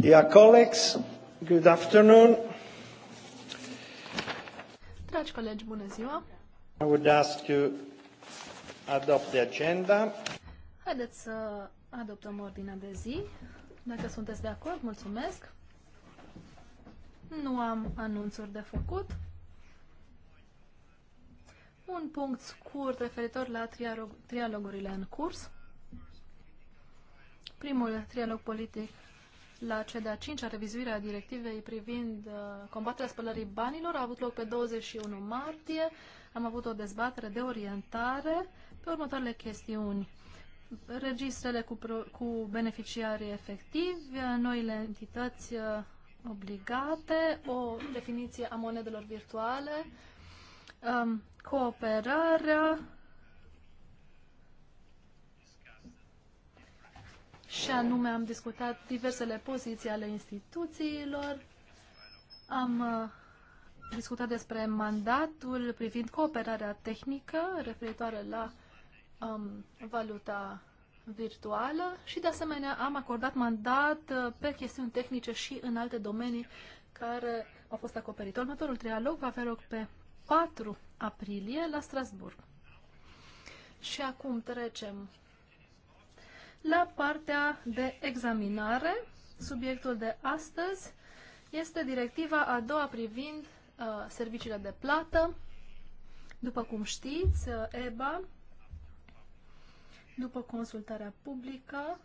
Dear colleagues, good afternoon. Dragi colegi, bună ziua. I would ask adopt the agenda. Haideți să adoptăm ordinea de zi. Dacă sunteți de acord, mulțumesc. Nu am anunțuri de făcut. Un punct scurt referitor la trialogurile în curs. Primul trialog politic la cea de-a cincea revizuire a directivei privind uh, combaterea spălării banilor a avut loc pe 21 martie. Am avut o dezbatere de orientare pe următoarele chestiuni. Registrele cu, cu beneficiarii efectivi, noile entități uh, obligate, o definiție a monedelor virtuale, um, cooperarea, și anume am discutat diversele poziții ale instituțiilor, am uh, discutat despre mandatul privind cooperarea tehnică referitoare la um, valuta virtuală și de asemenea am acordat mandat uh, pe chestiuni tehnice și în alte domenii care au fost acoperite. Următorul trialog va avea loc pe 4 aprilie la Strasburg. Și acum trecem la partea de examinare, subiectul de astăzi este directiva a doua privind uh, serviciile de plată. După cum știți, uh, EBA, după consultarea publică,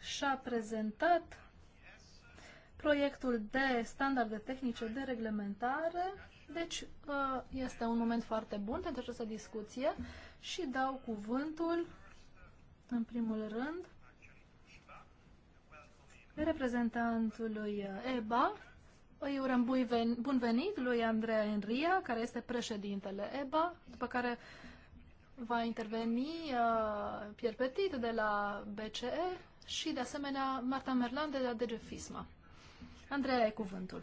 și-a prezentat proiectul de standarde tehnice de reglementare. Deci uh, este un moment foarte bun pentru această discuție și dau cuvântul în primul rând, reprezentantului EBA, îi urăm bun venit lui Andreea Enria, care este președintele EBA, după care va interveni uh, Pierre Petit de la BCE și, de asemenea, Marta Merlande de la DG Fisma. Andreea, ai cuvântul.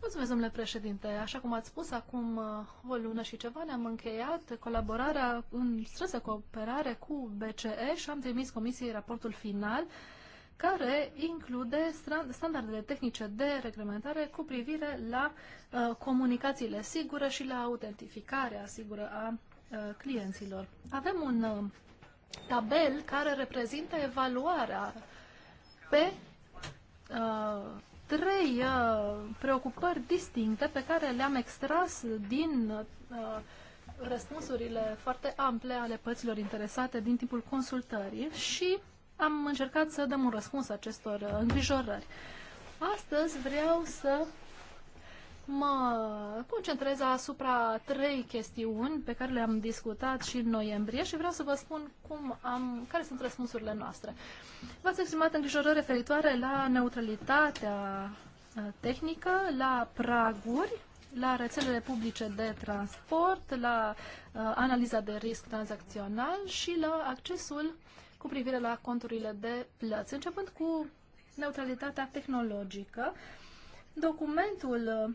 Mulțumesc, domnule președinte. Așa cum ați spus, acum uh, o lună și ceva ne-am încheiat colaborarea în strânsă cooperare cu BCE și am trimis Comisiei raportul final care include standardele tehnice de reglementare cu privire la uh, comunicațiile sigure și la autentificarea sigură a uh, clienților. Avem un tabel care reprezintă evaluarea pe trei uh, preocupări distincte pe care le-am extras din uh, răspunsurile foarte ample ale părților interesate din timpul consultării și am încercat să dăm un răspuns acestor uh, îngrijorări. Astăzi vreau să mă concentrez asupra trei chestiuni pe care le-am discutat și în noiembrie și vreau să vă spun cum am, care sunt răspunsurile noastre. V-ați exprimat îngrijorări referitoare la neutralitatea tehnică, la praguri, la rețelele publice de transport, la uh, analiza de risc tranzacțional și la accesul cu privire la conturile de plăți. Începând cu neutralitatea tehnologică, documentul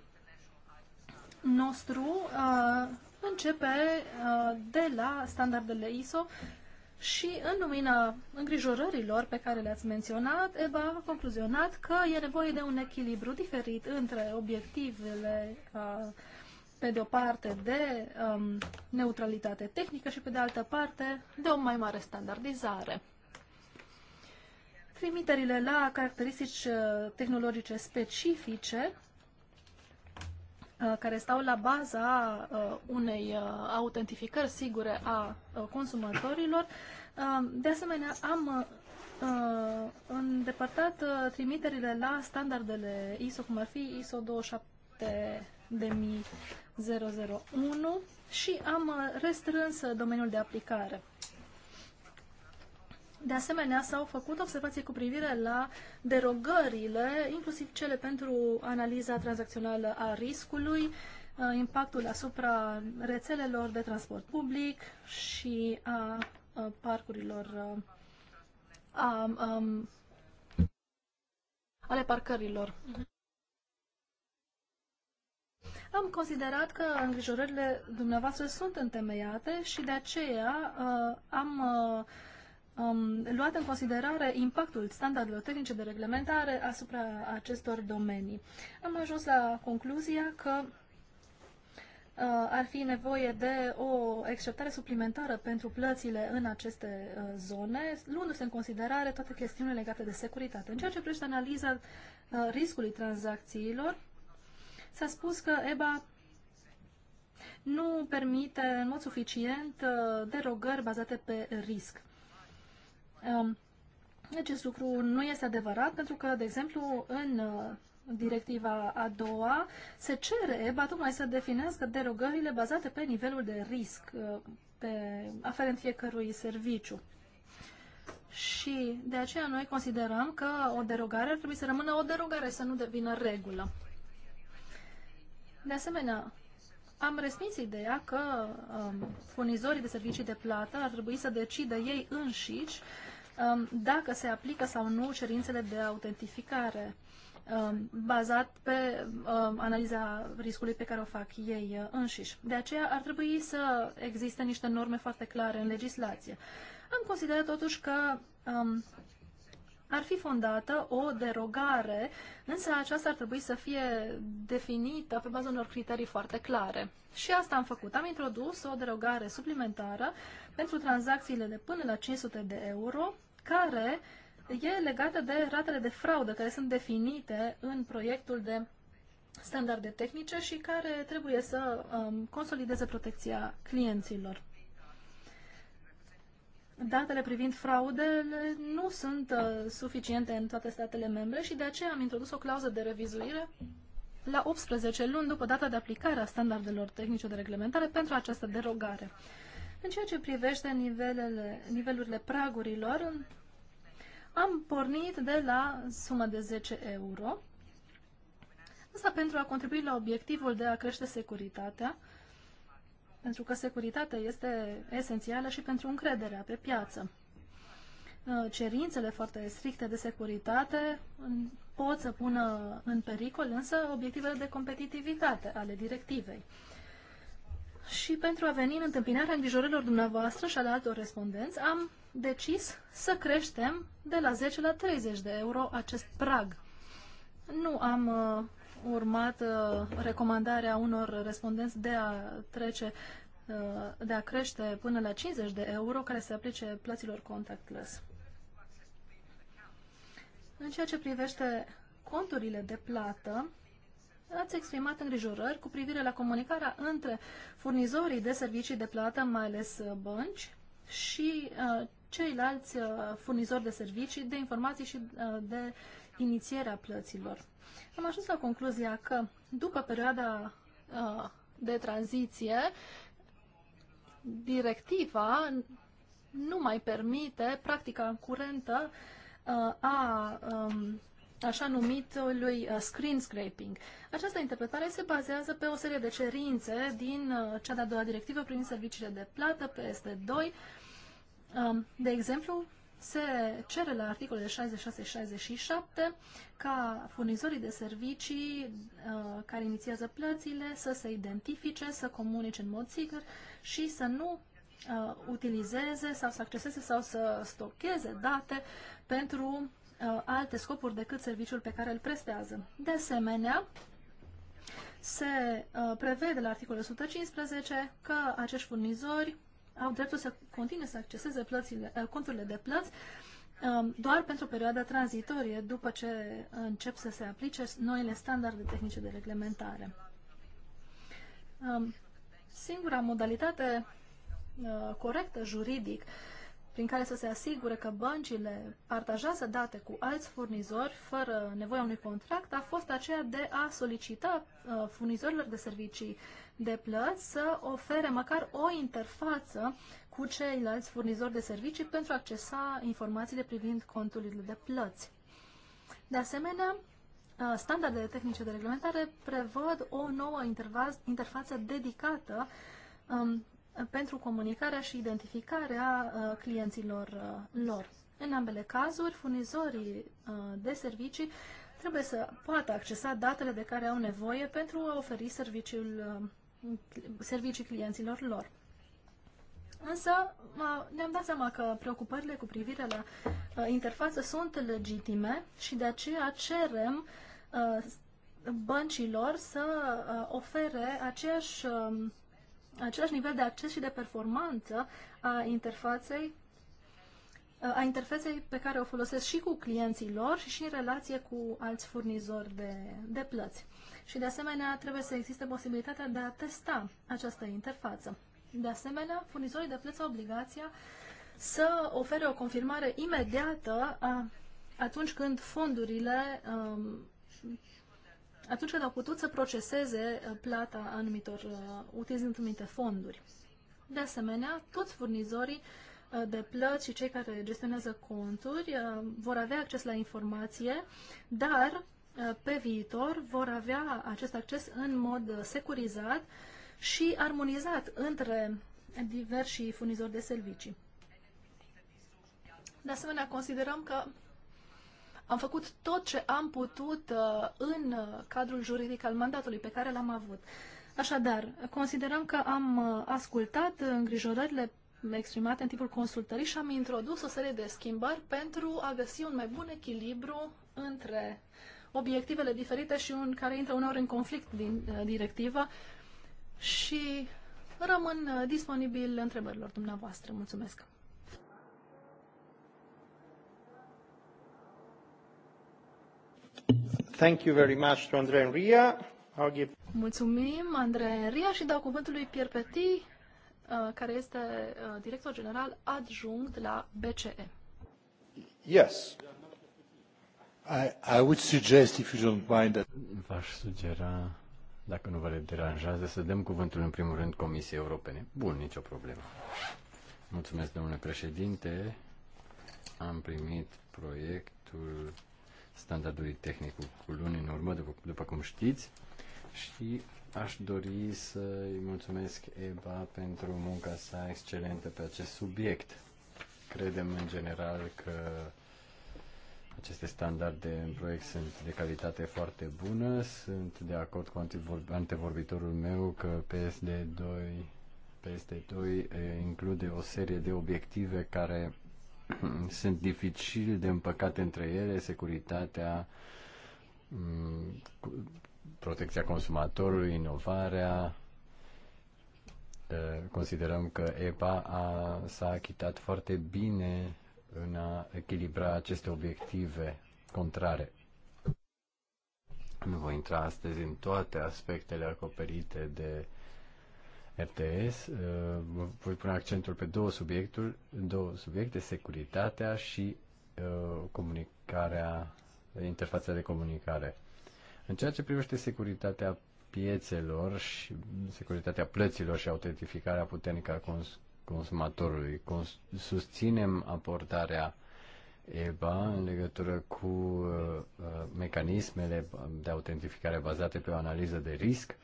nostru uh, începe uh, de la standardele ISO și în lumina îngrijorărilor pe care le-ați menționat, EBA a concluzionat că e nevoie de un echilibru diferit între obiectivele uh, pe de o parte de um, neutralitate tehnică și pe de altă parte de o mai mare standardizare. Trimiterile la caracteristici uh, tehnologice specifice Uh, care stau la baza uh, unei uh, autentificări sigure a consumatorilor. De asemenea, am îndepărtat trimiterile la standardele ISO, cum ar fi ISO 27001 și am restrâns domeniul de aplicare. De asemenea, s-au făcut observații cu privire la derogările, inclusiv cele pentru analiza tranzacțională a riscului, uh, impactul asupra rețelelor de transport public și a parcurilor, uh, a, a, um, ale parcărilor. Am considerat că îngrijorările dumneavoastră sunt întemeiate și de aceea uh, am uh, um, luat în considerare impactul standardelor tehnice de reglementare asupra acestor domenii. Am ajuns la concluzia că uh, ar fi nevoie de o acceptare suplimentară pentru plățile în aceste uh, zone, luându-se în considerare toate chestiunile legate de securitate. În ceea ce privește analiza uh, riscului tranzacțiilor, s-a spus că EBA nu permite în mod suficient uh, derogări bazate pe risc. Acest lucru nu este adevărat pentru că, de exemplu, în uh, directiva a doua se cere EBA tocmai să definească derogările bazate pe nivelul de risc uh, pe aferent fiecărui serviciu. Și de aceea noi considerăm că o derogare ar trebui să rămână o derogare, să nu devină regulă. De asemenea, am respins ideea că um, furnizorii de servicii de plată ar trebui să decidă ei înșiși uh, Um, dacă se aplică sau nu cerințele de autentificare um, bazat pe um, analiza riscului pe care o fac ei uh, înșiși. De aceea ar trebui să existe niște norme foarte clare în legislație. Am considerat totuși că ar fi fondată o derogare, însă aceasta ar trebui să fie definită pe baza unor criterii foarte clare. Și asta am făcut. Am introdus o derogare suplimentară pentru tranzacțiile de până la 500 de euro, care e legată de ratele de fraudă care sunt definite în proiectul de standarde tehnice și care trebuie să um, consolideze protecția clienților datele privind fraudele nu sunt uh, suficiente în toate statele membre și de aceea am introdus o clauză de revizuire la 18 luni după data de aplicare a standardelor tehnice de reglementare pentru această derogare. În ceea ce privește nivelele, nivelurile pragurilor, am pornit de la suma de 10 euro, asta pentru a contribui la obiectivul de a crește securitatea pentru că securitatea este esențială și pentru încrederea pe piață. Uh, cerințele foarte stricte de securitate pot să pună în pericol însă obiectivele de competitivitate ale directivei. Și pentru a veni în întâmpinarea îngrijorilor dumneavoastră și ale altor respondenți, am decis să creștem de la 10 la 30 de euro acest prag. Nu am uh, urmat uh, recomandarea unor respondenți de a trece uh, de a crește până la 50 de euro care se aplice plăților contactless. În ceea ce privește conturile de plată, ați exprimat îngrijorări cu privire la comunicarea între furnizorii de servicii de plată, mai ales uh, bănci, și ceilalți furnizori de servicii, de informații și de inițierea plăților am ajuns la concluzia că după perioada uh, de tranziție, directiva nu mai permite practica curentă uh, a um, așa numitului uh, screen scraping. Această interpretare se bazează pe o serie de cerințe din cea de-a doua directivă privind serviciile de plată, PSD2. Um, de exemplu, se cere la articolele 66-67 ca furnizorii de servicii uh, care inițiază plățile să se identifice, să comunice în mod sigur și să nu uh, utilizeze sau să acceseze sau să stocheze date pentru uh, alte scopuri decât serviciul pe care îl prestează. De asemenea, se uh, prevede la articolul 115 că acești furnizori au dreptul să continue să acceseze plățile, eh, conturile de plăți um, doar pentru perioada tranzitorie după ce încep să se aplice noile standarde tehnice de reglementare. Um, singura modalitate uh, corectă juridic prin care să se asigure că băncile partajează date cu alți furnizori fără nevoia unui contract a fost aceea de a solicita uh, furnizorilor de servicii uh, de plăți să ofere măcar o interfață cu ceilalți furnizori de servicii pentru a accesa informațiile privind conturile de plăți. De asemenea, uh, standardele tehnice de reglementare prevăd o nouă interfață dedicată um, pentru comunicarea și identificarea uh, clienților uh, lor. În ambele cazuri, furnizorii de servicii trebuie să poată accesa datele de care au nevoie pentru a oferi serviciul servicii clienților lor. Însă ne-am dat seama că preocupările cu privire la uh, interfață sunt legitime și de aceea cerem uh, băncilor să uh, ofere aceeași, um, același nivel de acces și de performanță a interfaței a interfeței pe care o folosesc și cu clienții lor și, și în relație cu alți furnizori de, de plăți și, de asemenea, trebuie să existe posibilitatea de a testa această interfață. De asemenea, furnizorii de plăți au obligația să ofere o confirmare imediată a, atunci când fondurile, um, atunci când au putut să proceseze uh, plata anumitor, uh, utilizând anumite fonduri. De asemenea, toți furnizorii uh, de plăți și cei care gestionează conturi vor avea acces la informație, dar Uh, pe viitor vor avea acest acces în mod securizat și armonizat între diversi furnizori de servicii. De asemenea, considerăm că am făcut tot ce am putut uh, în cadrul juridic al mandatului pe care l-am avut. Așadar, considerăm că am uh, ascultat îngrijorările exprimate în timpul consultării și am introdus o serie de schimbări pentru a găsi un mai bun echilibru între obiectivele diferite și un care intră uneori în conflict din uh, directivă și rămân uh, disponibil întrebărilor dumneavoastră. Mulțumesc! Thank you very much to Andrei Ria. I'll give... Mulțumim, Andrei Ria, și dau cuvântul lui Pierre Petit, uh, care este uh, director general adjunct la BCE. Yes. V-aș sugera, dacă nu vă deranjează, să dăm cuvântul în primul rând Comisiei Europene. Bun, nicio problemă. Mulțumesc, domnule președinte. Am primit proiectul standardului tehnic cu luni în urmă, după, după cum știți, și aș dori să-i mulțumesc Eva pentru munca sa excelentă pe acest subiect. Credem în general că aceste standarde în proiect sunt de calitate foarte bună. Sunt de acord cu antevorbitorul meu că PSD2 PSD2 include o serie de obiective care sunt dificil de împăcat între ele, securitatea, mm, protecția consumatorului, inovarea. Considerăm că EPA a, s-a achitat foarte bine în a echilibra aceste obiective contrare. Nu voi intra astăzi în toate aspectele acoperite de RTS. Uh, voi pune accentul pe două, subiectul, două subiecte, securitatea și uh, comunicarea, interfața de comunicare. În ceea ce privește securitatea piețelor și securitatea plăților și autentificarea puternică a cons- consumatorului. Cons- susținem aportarea EBA în legătură cu uh, uh, mecanismele de autentificare bazate pe o analiză de risc,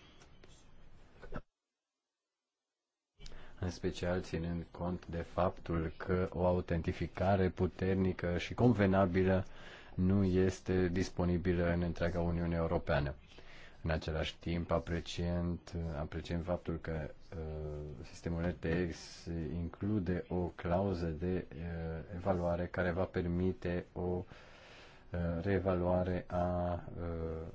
în special ținând cont de faptul că o autentificare puternică și convenabilă nu este disponibilă în întreaga Uniune Europeană. În același timp, apreciând, apreciând faptul că uh, sistemul RTX include o clauză de uh, evaluare care va permite o uh, reevaluare a uh,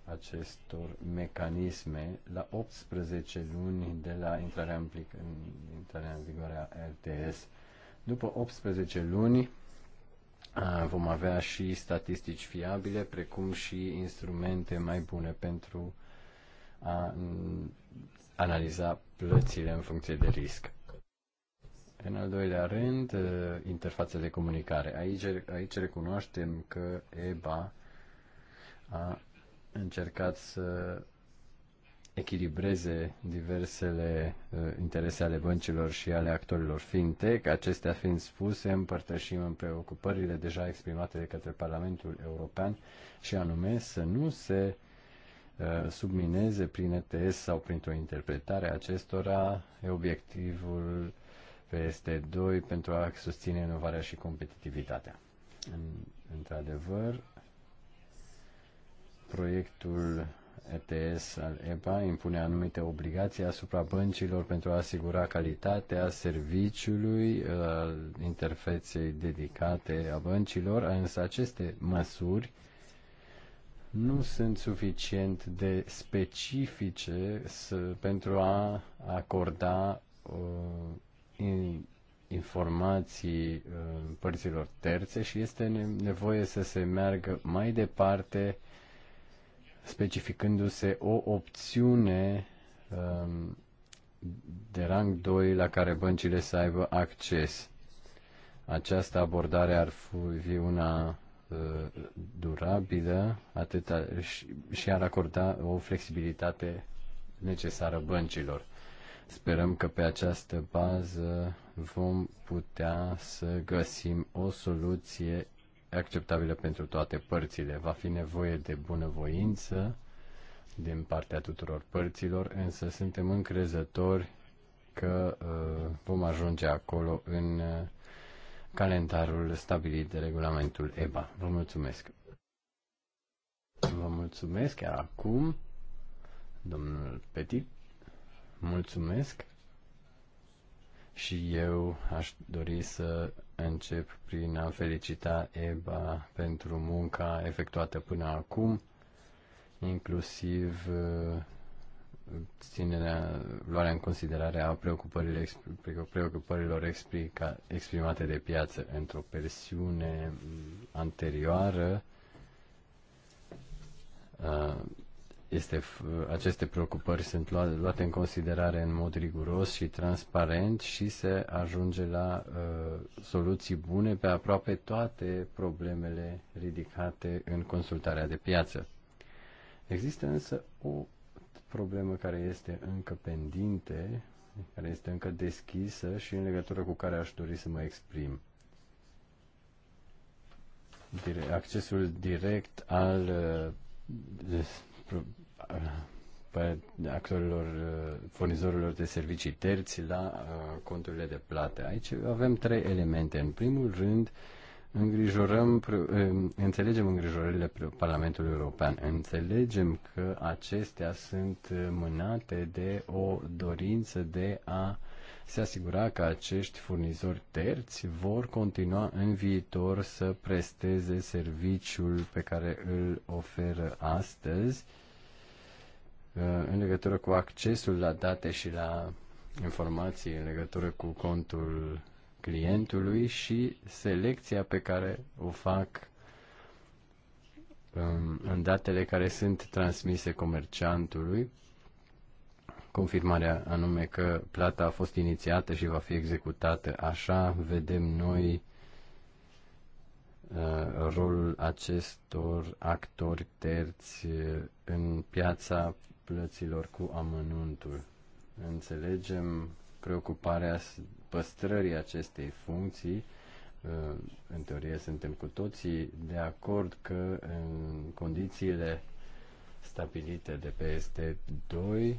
acestor mecanisme la 18 luni de la intrarea în, plic, în, intrarea în vigoare a RTS. După 18 luni vom avea și statistici fiabile, precum și instrumente mai bune pentru a analiza plățile în funcție de risc. În al doilea rând, interfața de comunicare. Aici, aici recunoaștem că EBA a încercat să echilibreze diversele interese ale băncilor și ale actorilor fintech. Acestea fiind spuse, împărtășim în preocupările deja exprimate de către Parlamentul European și anume să nu se uh, Uh, submineze prin ETS sau printr-o interpretare acestora obiectivul PST2 pentru a susține inovarea și competitivitatea. În, într-adevăr, proiectul ETS al EPA impune anumite obligații asupra băncilor pentru a asigura calitatea serviciului al uh, interfeței dedicate a băncilor, însă aceste măsuri uh, nu sunt suficient de specifice să, pentru a acorda uh, in, informații uh, părților terțe și este nevoie să se meargă mai departe specificându-se o opțiune uh, de rang 2 la care băncile să aibă acces. Această abordare ar fi una Uh, durabilă atâta, și, și ar acorda o flexibilitate necesară băncilor. Sperăm că pe această bază vom putea să găsim o soluție acceptabilă pentru toate părțile. Va fi nevoie de bunăvoință din partea tuturor părților, însă suntem încrezători că uh, vom ajunge acolo în uh, calendarul stabilit de regulamentul EBA. Vă mulțumesc. Vă mulțumesc, chiar acum, domnul Petit, mulțumesc. Și eu aș dori să încep prin a felicita EBA pentru munca efectuată până acum, inclusiv ținerea, luarea în considerare a preocupărilor, preocupărilor explica, exprimate de piață într-o versiune mm, anterioară este, aceste preocupări sunt luate în considerare în mod riguros și transparent și se ajunge la uh, soluții bune pe aproape toate problemele ridicate în consultarea de piață. Există însă o problemă care este încă pendinte, care este încă deschisă și în legătură cu care aș dori să mă exprim. Direct, accesul direct al uh, actorilor, uh, furnizorilor de servicii terți la uh, conturile de plată. Aici avem trei elemente. În primul rând, uh, îngrijorăm, înțelegem îngrijorările Parlamentului European, înțelegem că acestea sunt mânate de o dorință de a se asigura că acești furnizori terți vor continua în viitor să presteze serviciul pe care îl oferă astăzi în legătură cu accesul la date și la informații în legătură cu contul clientului și selecția pe care o fac um, în datele care sunt transmise comerciantului, confirmarea anume că plata a fost inițiată și va fi executată. Așa vedem noi uh, rolul acestor actori terți uh, în piața plăților cu amănuntul. Înțelegem preocuparea păstrării acestei funcții. În teorie suntem cu toții de acord că în condițiile stabilite de PST2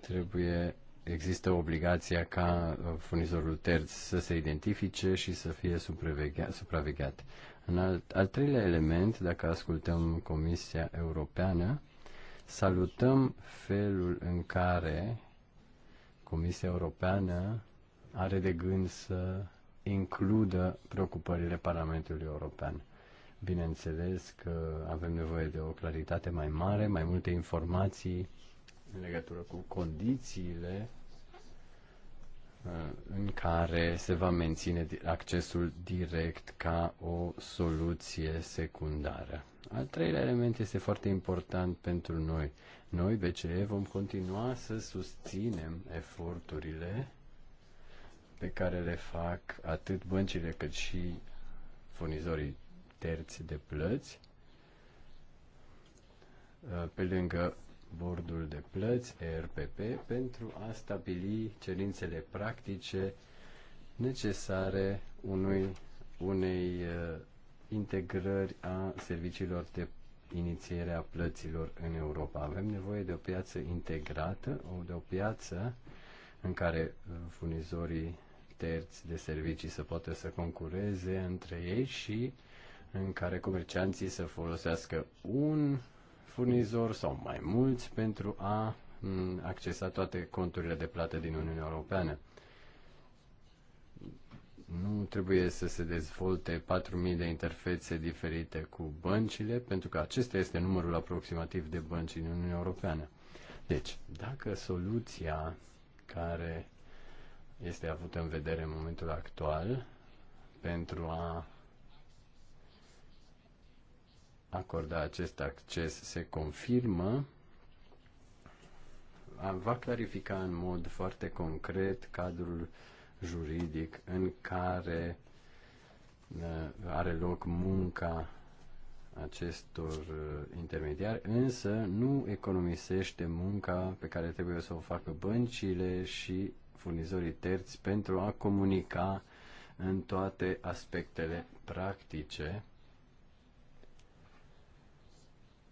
trebuie există obligația ca furnizorul terț să se identifice și să fie supravegheat. În al, al treilea element, dacă ascultăm Comisia Europeană, Salutăm felul în care Comisia Europeană are de gând să includă preocupările Parlamentului European. Bineînțeles că avem nevoie de o claritate mai mare, mai multe informații în legătură cu condițiile care se va menține accesul direct ca o soluție secundară. Al treilea element este foarte important pentru noi. Noi, BCE, vom continua să susținem eforturile pe care le fac atât băncile cât și furnizorii terți de plăți uh, pe lângă bordul de plăți, ERPP, pentru a stabili cerințele practice necesare unui, unei uh, integrări a serviciilor de inițiere a plăților în Europa. Avem nevoie de o piață integrată, o de o piață în care uh, furnizorii terți de servicii să poată să concureze între ei și în care comercianții să folosească un furnizor sau mai mulți pentru a mm, accesa toate conturile de plată din Uniunea Europeană. Nu trebuie să se dezvolte 4.000 de interfețe diferite cu băncile, pentru că acesta este numărul aproximativ de bănci în Uniunea Europeană. Deci, dacă soluția care este avută în vedere în momentul actual pentru a acorda acest acces se confirmă, va clarifica în mod foarte concret cadrul juridic în care uh, are loc munca acestor uh, intermediari, însă nu economisește munca pe care trebuie să o facă băncile și furnizorii terți pentru a comunica în toate aspectele practice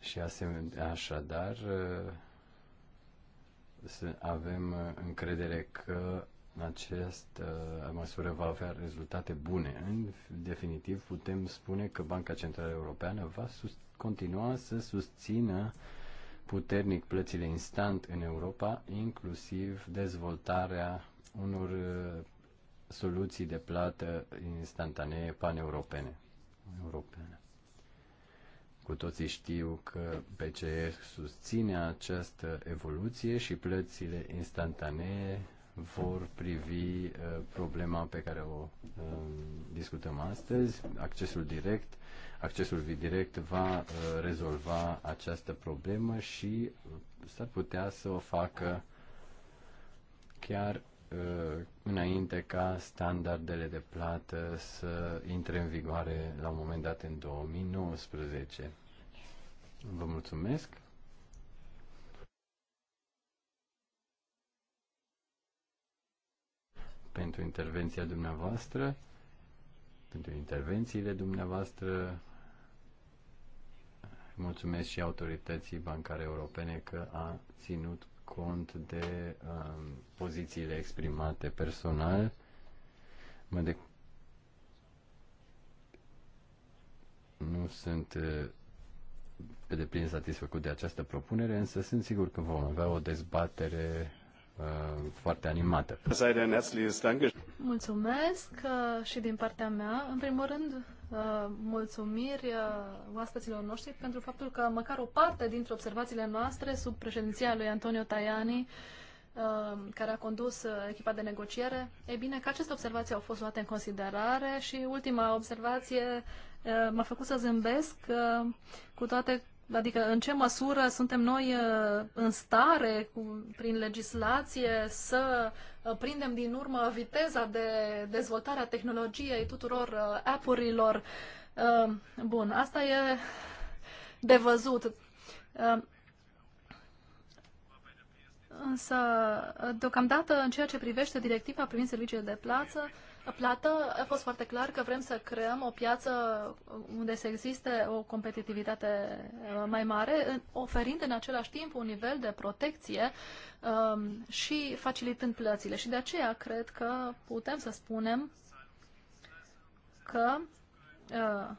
și asemenea, așadar uh, să avem încredere că această uh, măsură va avea rezultate bune. În definitiv, putem spune că Banca Centrală Europeană va sus- continua să susțină puternic plățile instant în Europa, inclusiv dezvoltarea unor uh, soluții de plată instantanee paneuropene. Europene. Cu toții știu că BCE susține această evoluție și plățile instantanee vor privi uh, problema pe care o um, discutăm astăzi, accesul direct. Accesul direct va uh, rezolva această problemă și s-ar putea să o facă chiar uh, înainte ca standardele de plată să intre în vigoare la un moment dat în 2019. Vă mulțumesc. pentru intervenția dumneavoastră, pentru intervențiile dumneavoastră. Mulțumesc și autorității bancare europene că a ținut cont de um, pozițiile exprimate personal. Mă de... Nu sunt uh, pe deplin satisfăcut de această propunere, însă sunt sigur că vom avea o dezbatere Uh, foarte animată. Mulțumesc uh, și din partea mea. În primul rând, uh, mulțumiri oaspeților noștri pentru faptul că măcar o parte dintre observațiile noastre sub președinția lui Antonio Tajani care a condus echipa de negociere. Ei bine, că aceste observații au fost luate în considerare și ultima observație m-a făcut să zâmbesc, cu toate Adică în ce măsură suntem noi uh, în stare, cu, prin legislație, să uh, prindem din urmă viteza de dezvoltare a tehnologiei tuturor uh, apurilor. Bun, asta e de văzut. Însă, deocamdată, în ceea ce privește directiva privind serviciile de plață, plată a fost foarte clar că vrem să creăm o piață unde să existe o competitivitate uh, mai mare, oferind în același timp un nivel de protecție um, și facilitând plățile. Și de aceea cred că putem să spunem că uh,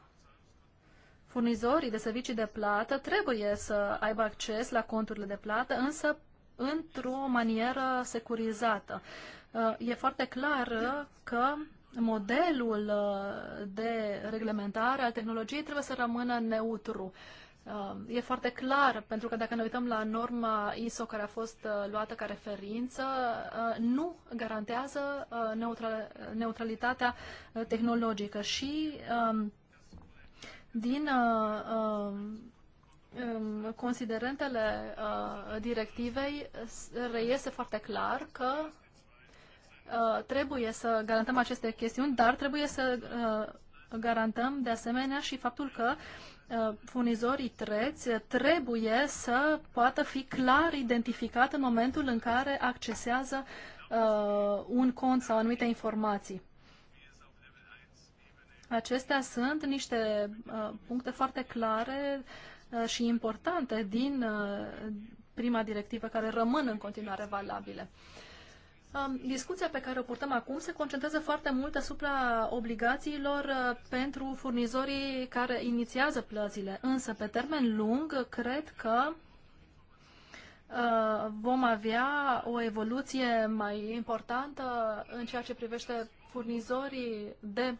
furnizorii de servicii de plată trebuie să aibă acces la conturile de plată, însă într-o manieră securizată. Uh, e foarte clar uh, că modelul uh, de reglementare al tehnologiei trebuie să rămână neutru. E foarte clar, pentru că dacă ne uităm la norma ISO care a fost luată ca referință, nu garantează neutralitatea tehnologică și um, din um, um, considerentele directivei reiese foarte clar că Uh, trebuie să garantăm aceste chestiuni, dar trebuie să uh, garantăm de asemenea și faptul că uh, furnizorii treți trebuie să poată fi clar identificat în momentul în care accesează un cont sau anumite informații. Acestea sunt niște puncte foarte clare și importante din prima directivă care rămân în continuare valabile discuția pe care o purtăm acum se concentrează foarte mult asupra obligațiilor uh, pentru furnizorii care inițiază plățile. Însă, pe termen lung, cred că uh, vom avea o evoluție mai importantă în ceea ce privește furnizorii de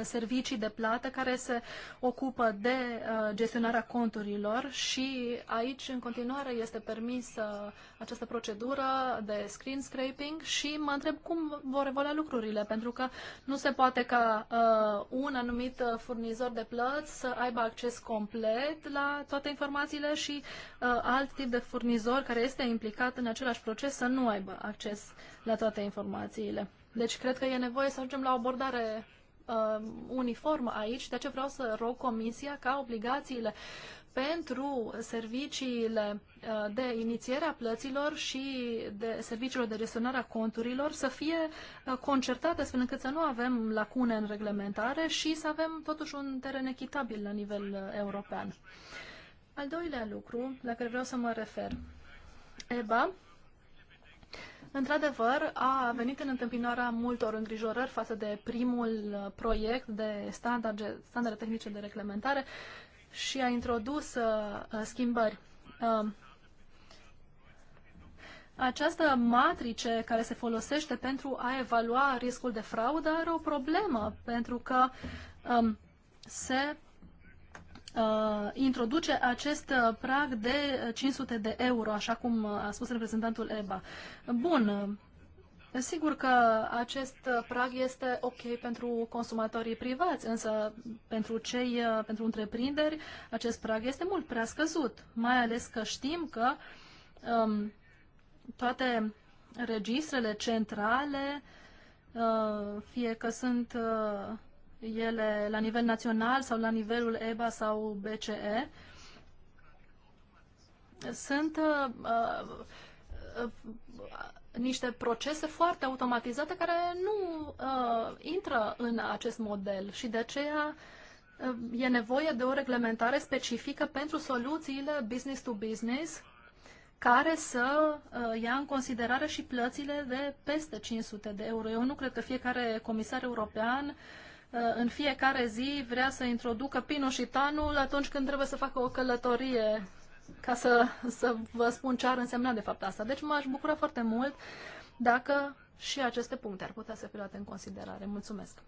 servicii de plată care se ocupă de uh, gestionarea conturilor și aici în continuare este permisă această procedură de screen scraping și mă întreb cum vor evolua lucrurile, pentru că nu se poate ca uh, un anumit furnizor de plăți să aibă acces complet la toate informațiile și uh, alt tip de furnizor care este implicat în același proces să nu aibă acces la toate informațiile. Deci cred că e nevoie să ajungem la o abordare uh, um, uniformă aici, de aceea vreau să rog Comisia ca obligațiile pentru serviciile uh, de inițiere a plăților și de serviciilor de gestionare a conturilor să fie uh, concertate astfel încât să nu avem lacune în reglementare și să avem totuși un teren echitabil la nivel uh, european. Al doilea lucru la care vreau să mă refer. EBA într-adevăr, a venit în întâmpinarea multor îngrijorări față de primul uh, proiect de standarde, standarde tehnice de reglementare și a introdus uh, uh schimbări. Uh, această matrice care se folosește pentru a evalua riscul de fraudă are o problemă, pentru că um, se uh, introduce acest uh, prag de 500 uh, de euro, așa cum uh, a spus reprezentantul EBA. Bun, Sigur că acest prag este ok pentru consumatorii privați, însă pentru cei, pentru întreprinderi, acest prag este mult prea scăzut, mai ales că știm că um, toate registrele centrale, uh, fie că sunt uh, ele la nivel național sau la nivelul EBA sau BCE, sunt uh, uh, niște procese foarte automatizate care nu uh, intră în acest model și de aceea uh, e nevoie de o reglementare specifică pentru soluțiile business to business care să uh, ia în considerare și plățile de peste 500 de euro. Eu nu cred că fiecare comisar european uh, Uh, în fiecare zi vrea să introducă tanul atunci când trebuie să facă o călătorie ca să, să vă spun ce ar însemna de fapt asta. Deci m-aș bucura foarte mult dacă și aceste puncte ar putea să fie luate în considerare. Mulțumesc!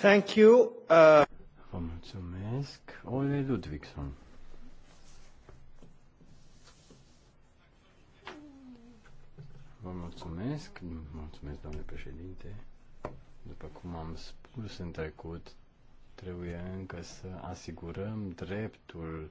Thank you. Uh... Vă mulțumesc, Ole Ludvigson. Vă mulțumesc. Mulțumesc, domnule președinte. După cum am spus în trecut, trebuie încă să asigurăm dreptul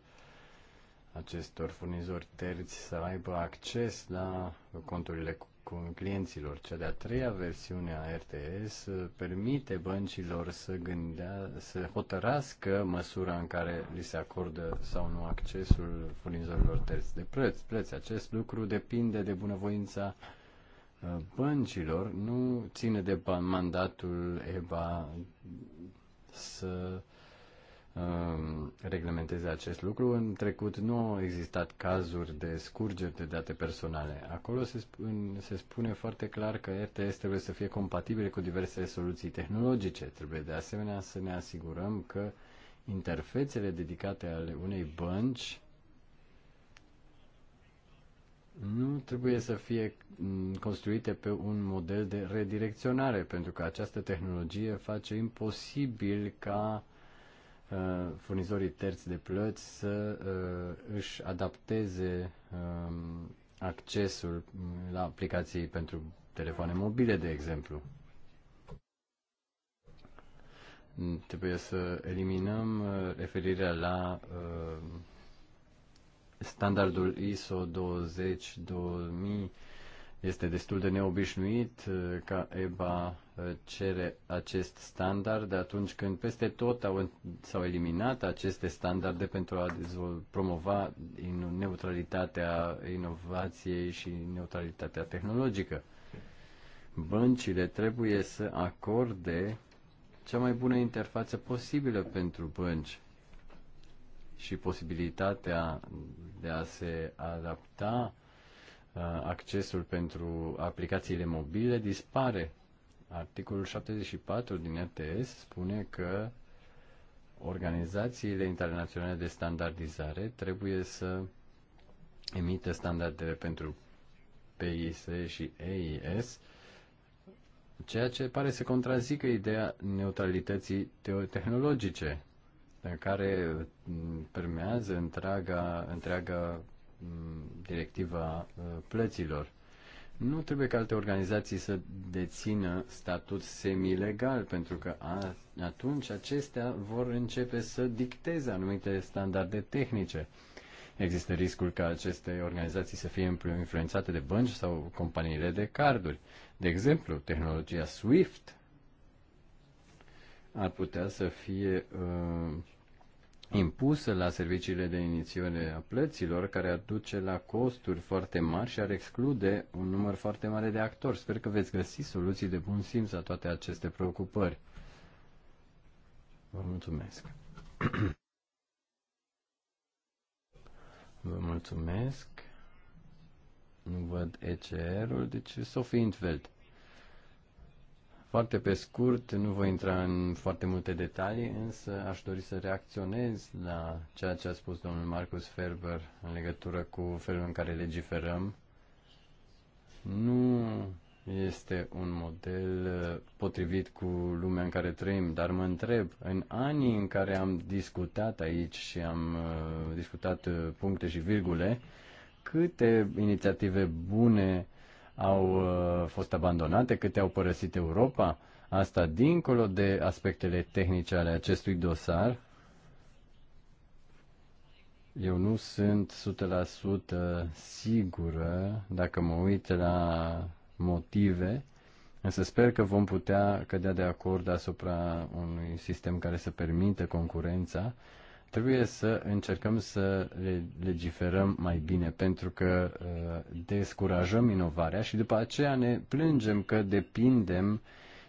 acestor furnizori terți să aibă acces la conturile cu clienților. Cea de-a treia versiune a RTS permite băncilor să gândea, să hotărască măsura în care li se acordă sau nu accesul furnizorilor terți de Preț. Acest lucru depinde de bunăvoința Uh, băncilor nu ține de mandatul EBA să um, reglementeze acest lucru. În trecut nu au existat cazuri de scurgeri de date personale. Acolo se, sp- se spune foarte clar că RTS trebuie să fie compatibile cu diverse soluții tehnologice. Trebuie de asemenea să ne asigurăm că interfețele dedicate ale unei bănci nu trebuie să fie mm, construite pe un model de redirecționare, pentru că această tehnologie face imposibil ca uh, furnizorii terți de plăți să uh, își adapteze uh, accesul mm, la aplicații pentru telefoane mobile, de exemplu. Trebuie să eliminăm uh, referirea la uh, Standardul ISO 20000 este destul de neobișnuit uh, ca EBA uh, cere acest standard atunci când peste tot au, s-au eliminat aceste standarde pentru a promova neutralitatea inovației și neutralitatea tehnologică. Băncile trebuie să acorde cea mai bună interfață posibilă pentru bănci și posibilitatea de a se adapta uh, accesul pentru aplicațiile mobile dispare. Articolul 74 din RTS spune că organizațiile internaționale de standardizare trebuie să emită standardele pentru PIS și EIS, ceea ce pare să contrazică ideea neutralității tehnologice care mm, permează întreaga, întreaga mm, directiva uh, plăților. Nu trebuie ca alte organizații să dețină statut semilegal, pentru că atunci acestea vor începe să dicteze anumite standarde tehnice. Există riscul ca aceste organizații să fie influențate de bănci sau companiile de carduri. De exemplu, tehnologia SWIFT ar putea să fie uh, impusă la serviciile de inițiere a plăților, care ar duce la costuri foarte mari și ar exclude un număr foarte mare de actori. Sper că veți găsi soluții de bun simț la toate aceste preocupări. Vă mulțumesc. Vă mulțumesc. Nu văd ECR-ul, deci Sofie Intveld. Foarte pe scurt, nu voi intra în foarte multe detalii, însă aș dori să reacționez la ceea ce a spus domnul Marcus Ferber în legătură cu felul în care legiferăm. Nu este un model uh, potrivit cu lumea în care trăim, dar mă întreb, în anii în care am discutat aici și am uh, discutat uh, puncte și virgule, câte inițiative bune au uh, fost abandonate, câte au părăsit Europa. Asta dincolo de aspectele tehnice ale acestui dosar. Eu nu sunt 100% sigură dacă mă uit la motive, însă sper că vom putea cădea de acord asupra unui sistem care să permită concurența Trebuie să încercăm să legiferăm mai bine, pentru că uh, descurajăm inovarea și după aceea ne plângem că depindem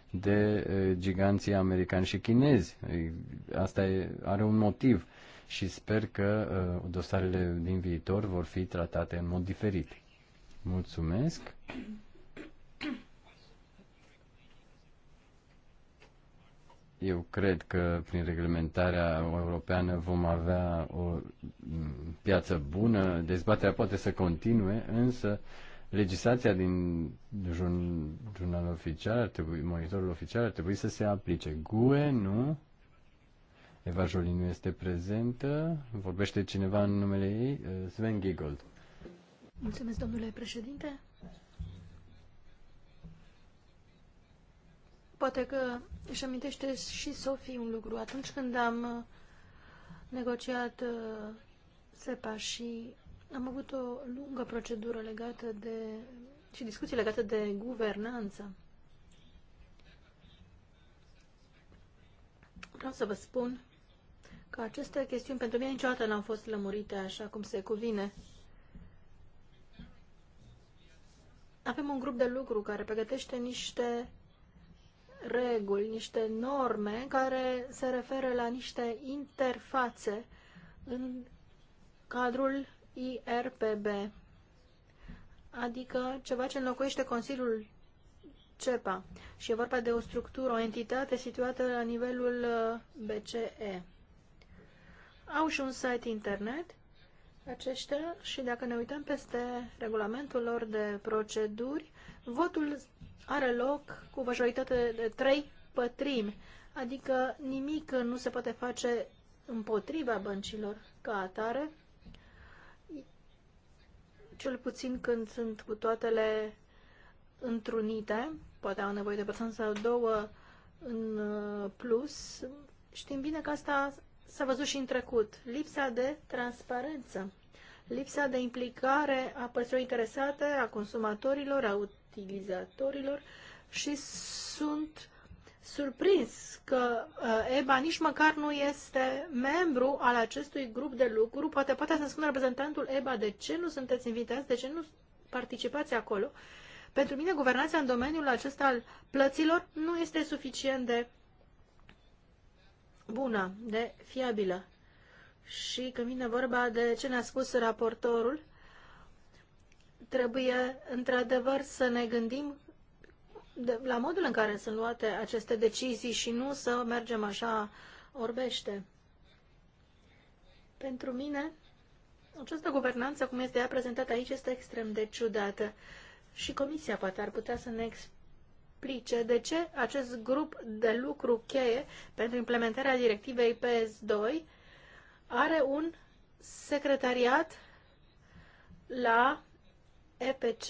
de uh, giganții americani și chinezi. Asta e, are un motiv și sper că uh, dosarele din viitor vor fi tratate în mod diferit. Mulțumesc! Eu cred că prin reglementarea europeană vom avea o piață bună, dezbaterea poate să continue, însă legislația din jurnalul oficial, ar trebui, monitorul oficial ar trebui să se aplice. GUE, nu? Eva Jolie nu este prezentă. Vorbește cineva în numele ei? Sven Giegold. Mulțumesc, domnule președinte. Poate că își amintește și Sofie un lucru. Atunci când am uh, negociat uh, SEPA și am avut o lungă procedură legată de și discuții legate de guvernanță. Vreau să vă spun că aceste chestiuni pentru mine niciodată n-au fost lămurite așa cum se cuvine. Avem un grup de lucru care pregătește niște reguli, niște norme care se referă la niște interfațe în cadrul IRPB, adică ceva ce înlocuiește Consiliul CEPA și e vorba de o structură, o entitate situată la nivelul uh, BCE. Au și un site internet aceștia și dacă ne uităm peste regulamentul lor de proceduri, votul are loc cu majoritate de trei pătrimi, adică nimic nu se poate face împotriva băncilor ca atare, cel puțin când sunt cu toatele întrunite, poate au nevoie de persoană sau două în uh, plus. Știm bine că asta s-a văzut și în trecut. Lipsa de transparență, lipsa de implicare a părților interesate, a consumatorilor, a utilizatorilor și sunt surprins că uh, EBA nici măcar nu este membru al acestui grup de lucru. Poate poate să-mi spună reprezentantul EBA de ce nu sunteți invitați, de ce nu participați acolo. Pentru mine, guvernația în domeniul acesta al plăților nu este suficient de bună, de fiabilă. Și când vine vorba de ce ne-a spus raportorul, trebuie într-adevăr să ne gândim de, la modul în care sunt luate aceste decizii și nu să mergem așa orbește. Pentru mine, această guvernanță, cum este ea prezentată aici, este extrem de ciudată. Și Comisia poate ar putea să ne explice de ce acest grup de lucru cheie pentru implementarea directivei PS2 are un secretariat la EPC,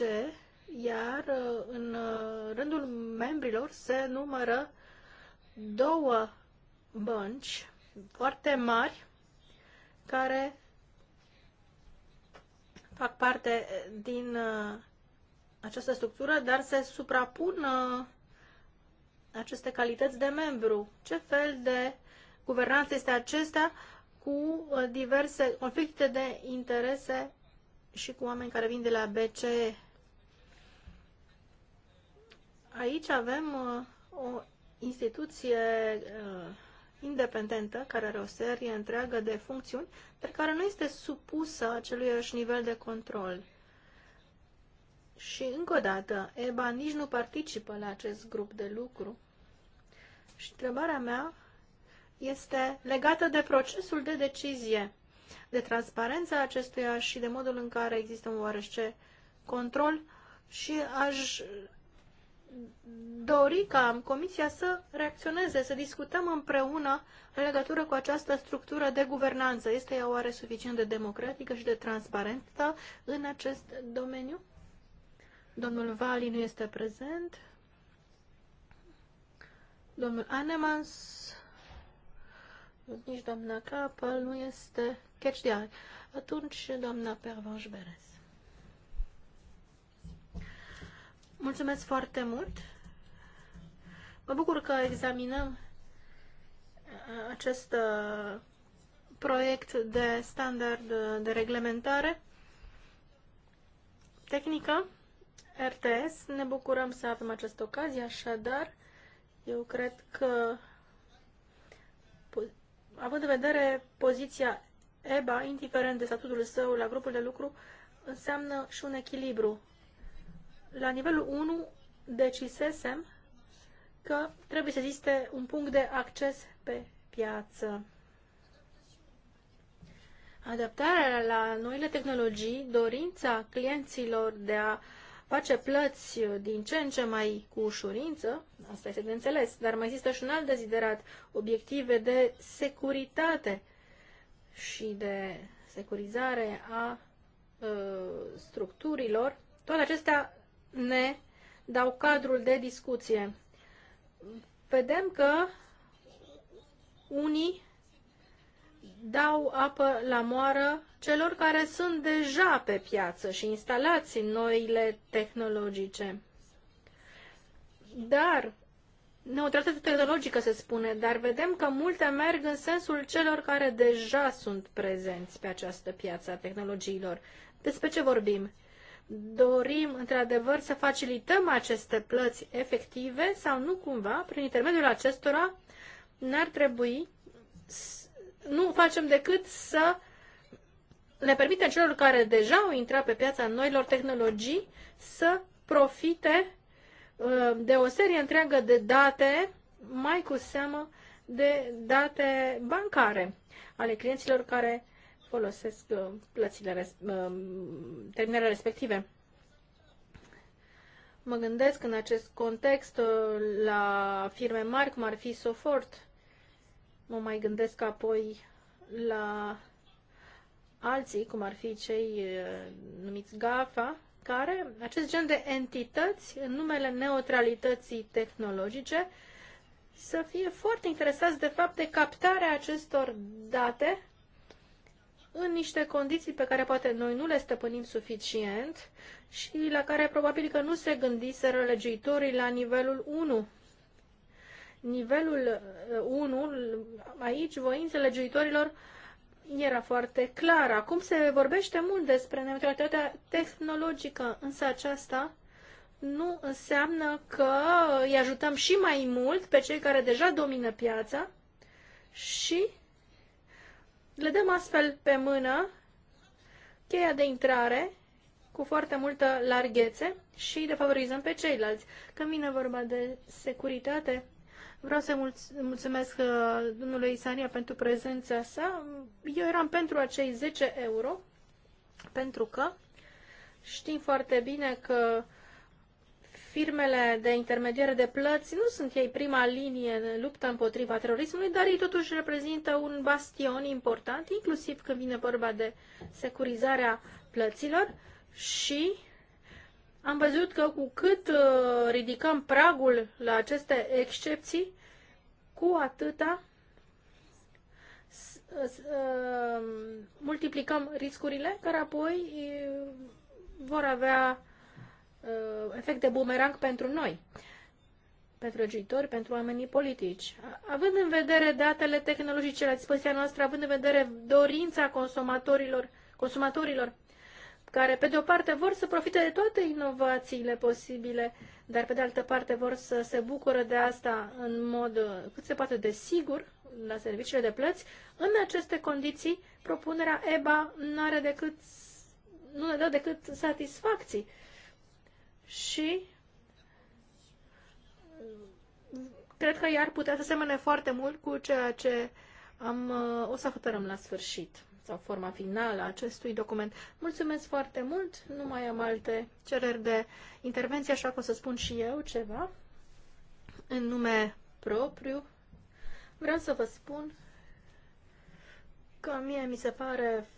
iar uh, în uh, rândul membrilor se numără două bănci foarte mari care fac parte din uh, această structură, dar se suprapun aceste calități de membru. Ce fel de guvernanță este acesta cu diverse conflicte de interese și cu oameni care vin de la BC. Aici avem uh, o instituție uh, independentă, care are o serie întreagă de funcțiuni, dar care nu este supusă aceluiași nivel de control. Și, încă o dată, EBA nici nu participă la acest grup de lucru. Și întrebarea mea este legată de procesul de decizie de transparența acestuia și de modul în care există un oarește control și aș dori ca Comisia să reacționeze, să discutăm împreună în legătură cu această structură de guvernanță. Este ea oare suficient de democratică și de transparentă în acest domeniu? Domnul Vali nu este prezent. Domnul Anemans nici doamna capă, nu este catch de ani. Atunci, doamna Pervanș Beres. Mulțumesc foarte mult. Mă bucur că examinăm uh, acest uh, proiect de standard de reglementare tehnică RTS. Ne bucurăm să avem această ocazie, așadar, eu cred că Având în vedere poziția EBA, indiferent de statutul său la grupul de lucru, înseamnă și un echilibru. La nivelul 1 decisesem că trebuie să existe un punct de acces pe piață. Adaptarea la noile tehnologii, dorința clienților de a uh, face plăți din ce în ce mai cu ușurință, asta este de înțeles, dar mai există și un alt deziderat, obiective de securitate și de securizare a uh, structurilor, toate acestea ne dau cadrul de discuție. Vedem că unii dau apă la moară celor care sunt deja pe piață și instalați în noile tehnologice. Dar, neutralitate tehnologică se spune, dar vedem că multe merg în sensul celor care deja sunt prezenți pe această piață a tehnologiilor. Despre ce vorbim? Dorim, într-adevăr, să facilităm aceste plăți efective sau nu cumva, prin intermediul acestora, n-ar trebui nu facem decât să le permitem celor care deja au intrat pe piața noilor tehnologii să profite uh, de o serie întreagă de date, mai cu seamă de date bancare ale clienților care folosesc uh, plățile, uh, terminele respective. Mă gândesc în acest context la firme mari cum ar fi Sofort, Mă mai gândesc apoi la alții, cum ar fi cei numiți GAFA, care, acest gen de entități, în numele neutralității tehnologice, să fie foarte interesați, de fapt, de captarea acestor date în niște condiții pe care poate noi nu le stăpânim suficient și la care probabil că nu se gândiseră legiuitorii la nivelul 1 nivelul 1, uh, aici voințele legiuitorilor era foarte clară. Acum se vorbește mult despre neutralitatea tehnologică, însă aceasta nu înseamnă că îi ajutăm și mai mult pe cei care deja domină piața și le dăm astfel pe mână cheia de intrare cu foarte multă larghețe și defavorizăm pe ceilalți. Când vine vorba de securitate, Vreau să mulțumesc uh, domnului Isania pentru prezența sa. Eu eram pentru acei 10 euro, pentru că știm foarte bine că firmele de intermediere de plăți nu sunt ei prima linie în lupta împotriva terorismului, dar ei totuși reprezintă un bastion important, inclusiv când vine vorba de securizarea plăților și am văzut că cu cât uh, ridicăm pragul la aceste excepții, cu atâta uh, multiplicăm riscurile care apoi uh, vor avea efecte bumerang pentru noi, pentru regitori, pentru oamenii politici. Având în vedere datele tehnologice la dispoziția noastră, având în vedere dorința consumatorilor, consumatorilor care, pe de o parte, vor să profite de toate inovațiile posibile, dar, pe de altă parte, vor să se bucură de asta în mod cât se poate de sigur la serviciile de plăți. În aceste condiții, propunerea EBA nu are decât, nu ne dă decât satisfacții. Și cred că i-ar putea să semene foarte mult cu ceea ce am, o să hotărăm la sfârșit sau forma finală a acestui document. Mulțumesc foarte mult, nu mai am alte cereri de intervenție, așa că o să spun și eu ceva în nume propriu. Vreau să vă spun că mie mi se pare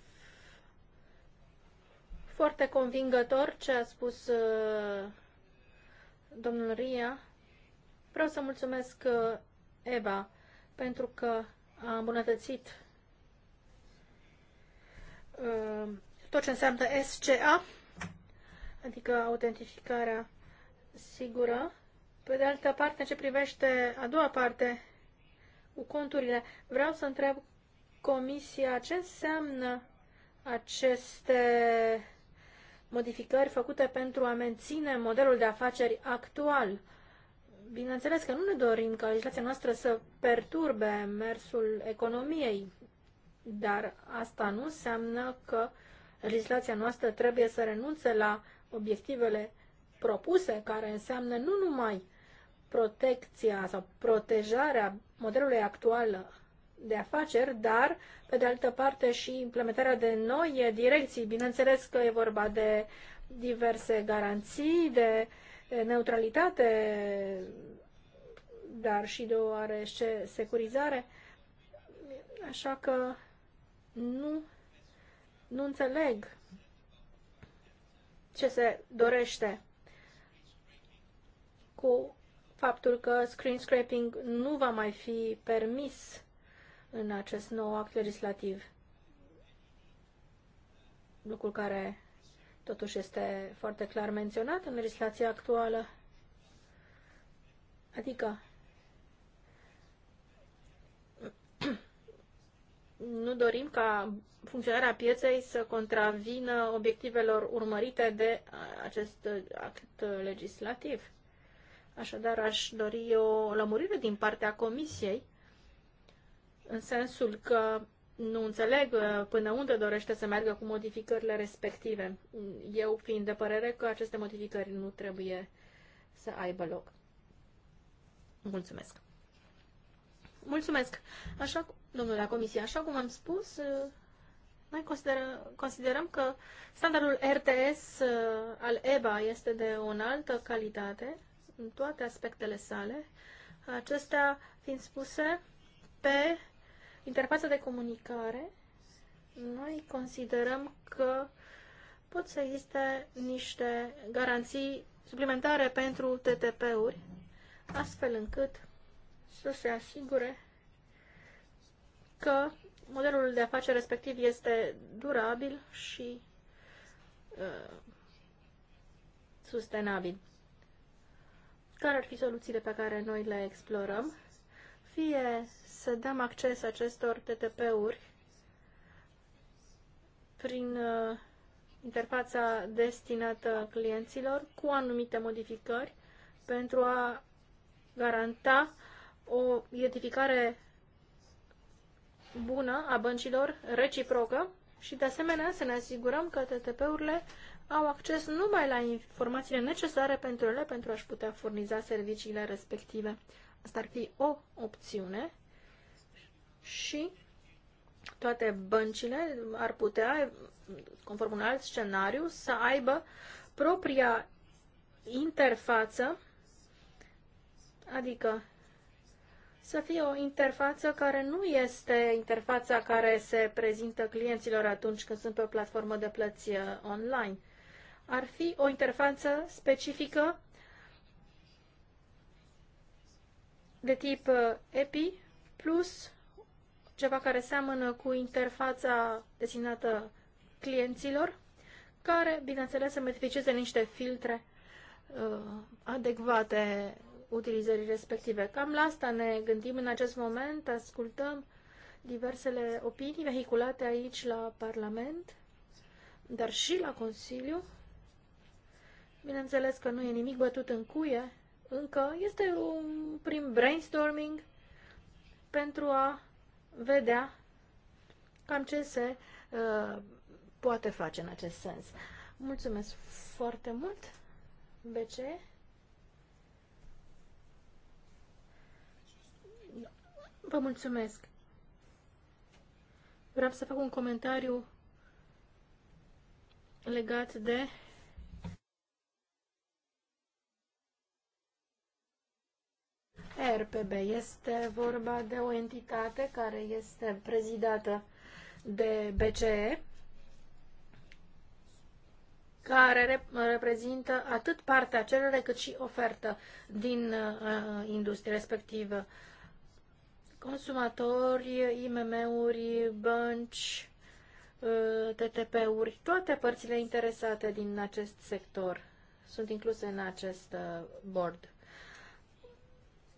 foarte convingător ce a spus uh, domnul Ria. Vreau să mulțumesc uh, Eva pentru că a îmbunătățit Ehm, tot ce înseamnă SCA, adică autentificarea sigură. Pe de altă parte, în ce privește a doua parte cu conturile, vreau să întreb Comisia ce înseamnă aceste modificări făcute pentru a menține modelul de afaceri actual. Bineînțeles că nu ne dorim ca legislația noastră să perturbe mersul economiei, dar asta nu înseamnă că legislația noastră trebuie să renunțe la obiectivele propuse, care înseamnă nu numai protecția sau protejarea modelului actual de afaceri, dar, pe de altă parte, și implementarea de noi direcții. Bineînțeles că e vorba de diverse garanții, de neutralitate, dar și de oarece securizare. Așa că nu, nu înțeleg ce se dorește cu faptul că screen scraping nu va mai fi permis în acest nou act legislativ. Lucru care totuși este foarte clar menționat în legislația actuală. Adică nu dorim ca funcționarea pieței să contravină obiectivelor urmărite de acest act legislativ. Așadar, aș dori o lămurire din partea Comisiei, în sensul că nu înțeleg uh, până unde dorește să meargă cu modificările respective. Eu fiind de părere că aceste modificări nu trebuie să aibă loc. Mulțumesc! Mulțumesc! Așa Domnule la comisie. Așa cum am spus, uh, noi consideră, considerăm că standardul RTS uh, al EBA este de o altă calitate în toate aspectele sale, acestea fiind spuse pe interfața de comunicare, noi considerăm că pot să existe niște garanții suplimentare pentru TTP-uri, astfel încât să se asigure că modelul de afaceri respectiv este durabil și uh, sustenabil. Care ar fi soluțiile pe care noi le explorăm? Fie să dăm acces acestor TTP-uri prin uh, interfața destinată clienților cu anumite modificări pentru a garanta o identificare bună a băncilor reciprocă și, de asemenea, să ne asigurăm că TTP-urile au acces numai la informațiile necesare pentru ele pentru a-și putea furniza serviciile respective. Asta ar fi o opțiune și toate băncile ar putea, conform un alt scenariu, să aibă propria interfață, adică să fie o interfață care nu este interfața care se prezintă clienților atunci când sunt pe o platformă de plăți uh, online. Ar fi o interfață specifică de tip uh, EPI plus ceva care seamănă cu interfața destinată clienților, care, bineînțeles, să modificeze niște filtre uh, adecvate utilizării respective. Cam la asta ne gândim în acest moment, ascultăm diversele opinii vehiculate aici la Parlament, dar și la Consiliu. Bineînțeles că nu e nimic bătut în cuie, încă este un prim brainstorming pentru a vedea cam ce se uh, poate face în acest sens. Mulțumesc foarte mult, BC. Vă mulțumesc! Vreau să fac un comentariu legat de RPB. Este vorba de o entitate care este prezidată de BCE, care reprezintă atât partea cerere cât și ofertă din uh, industrie respectivă. Consumatori, IMM-uri, bănci, uh, TTP-uri, toate părțile interesate din acest sector sunt incluse în acest uh, board.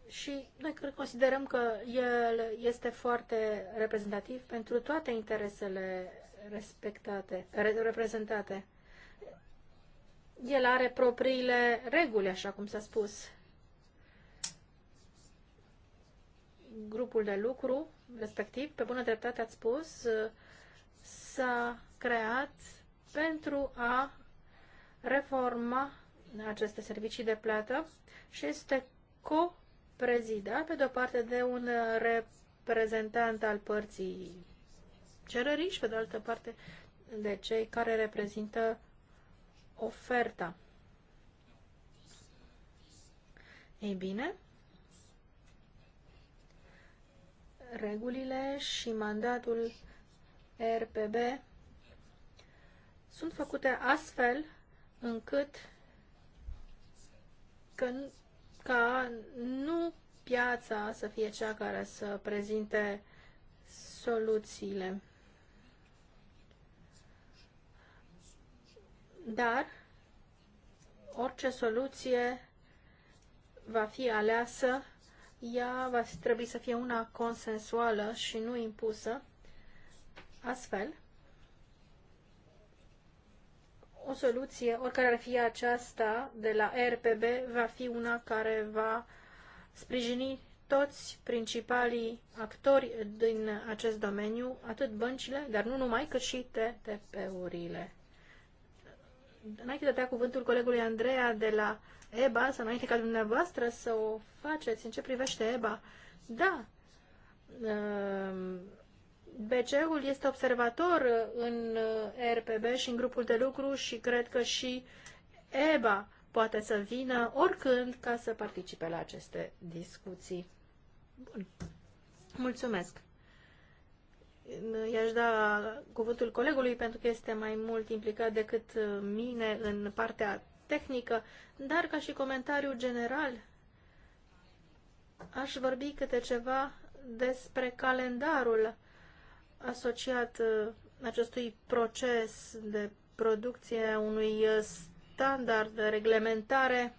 Și noi considerăm că el este foarte reprezentativ pentru toate interesele respectate, reprezentate. El are propriile reguli, așa cum s-a spus. grupul de lucru respectiv, pe bună dreptate ați spus, s-a creat pentru a reforma aceste servicii de plată și este co pe de-o parte, de un reprezentant al părții cererii și, pe de altă parte, de cei care reprezintă oferta. Ei bine, regulile și mandatul RPB sunt făcute astfel încât că, ca nu piața să fie cea care să prezinte soluțiile. Dar orice soluție va fi aleasă ea va trebui să fie una consensuală și nu impusă. Astfel, o soluție, oricare ar fi aceasta, de la RPB, va fi una care va sprijini toți principalii actori din acest domeniu, atât băncile, dar nu numai, cât și TTP-urile. Înainte de a da cuvântul colegului Andreea de la EBA, să înainte ca dumneavoastră să o faceți în ce privește EBA. Da, ehm, bc ul este observator în eh, RPB și în grupul de lucru și cred că și EBA poate să vină oricând ca să participe la aceste discuții. Bun. Mulțumesc. I-aș da cuvântul colegului pentru că este mai mult implicat decât eh, mine în partea tehnică, dar ca și comentariu general aș vorbi câte ceva despre calendarul asociat uh, acestui proces de producție a unui uh, standard de reglementare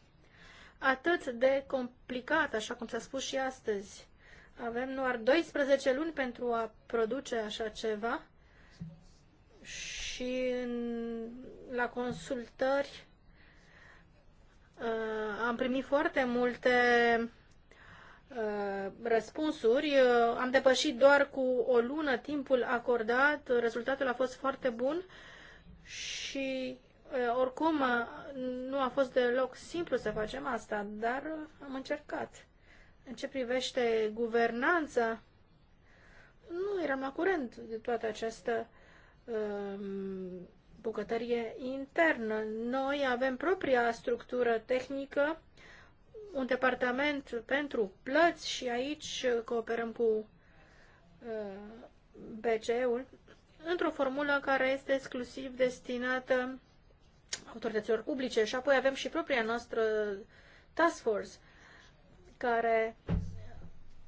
atât de complicat, așa cum s-a spus și astăzi. Avem doar 12 luni pentru a produce așa ceva și în, la consultări Uh, am primit foarte multe uh, răspunsuri. Uh, am depășit doar cu o lună timpul acordat, rezultatul a fost foarte bun și oricum nu a fost deloc simplu să facem asta, dar am încercat. În ce privește guvernanța, nu eram la curent de toată această bucătărie internă. Noi avem propria structură tehnică, un departament pentru plăți și aici cooperăm cu uh, BCE-ul într-o formulă care este exclusiv destinată autorităților publice și apoi avem și propria noastră task force care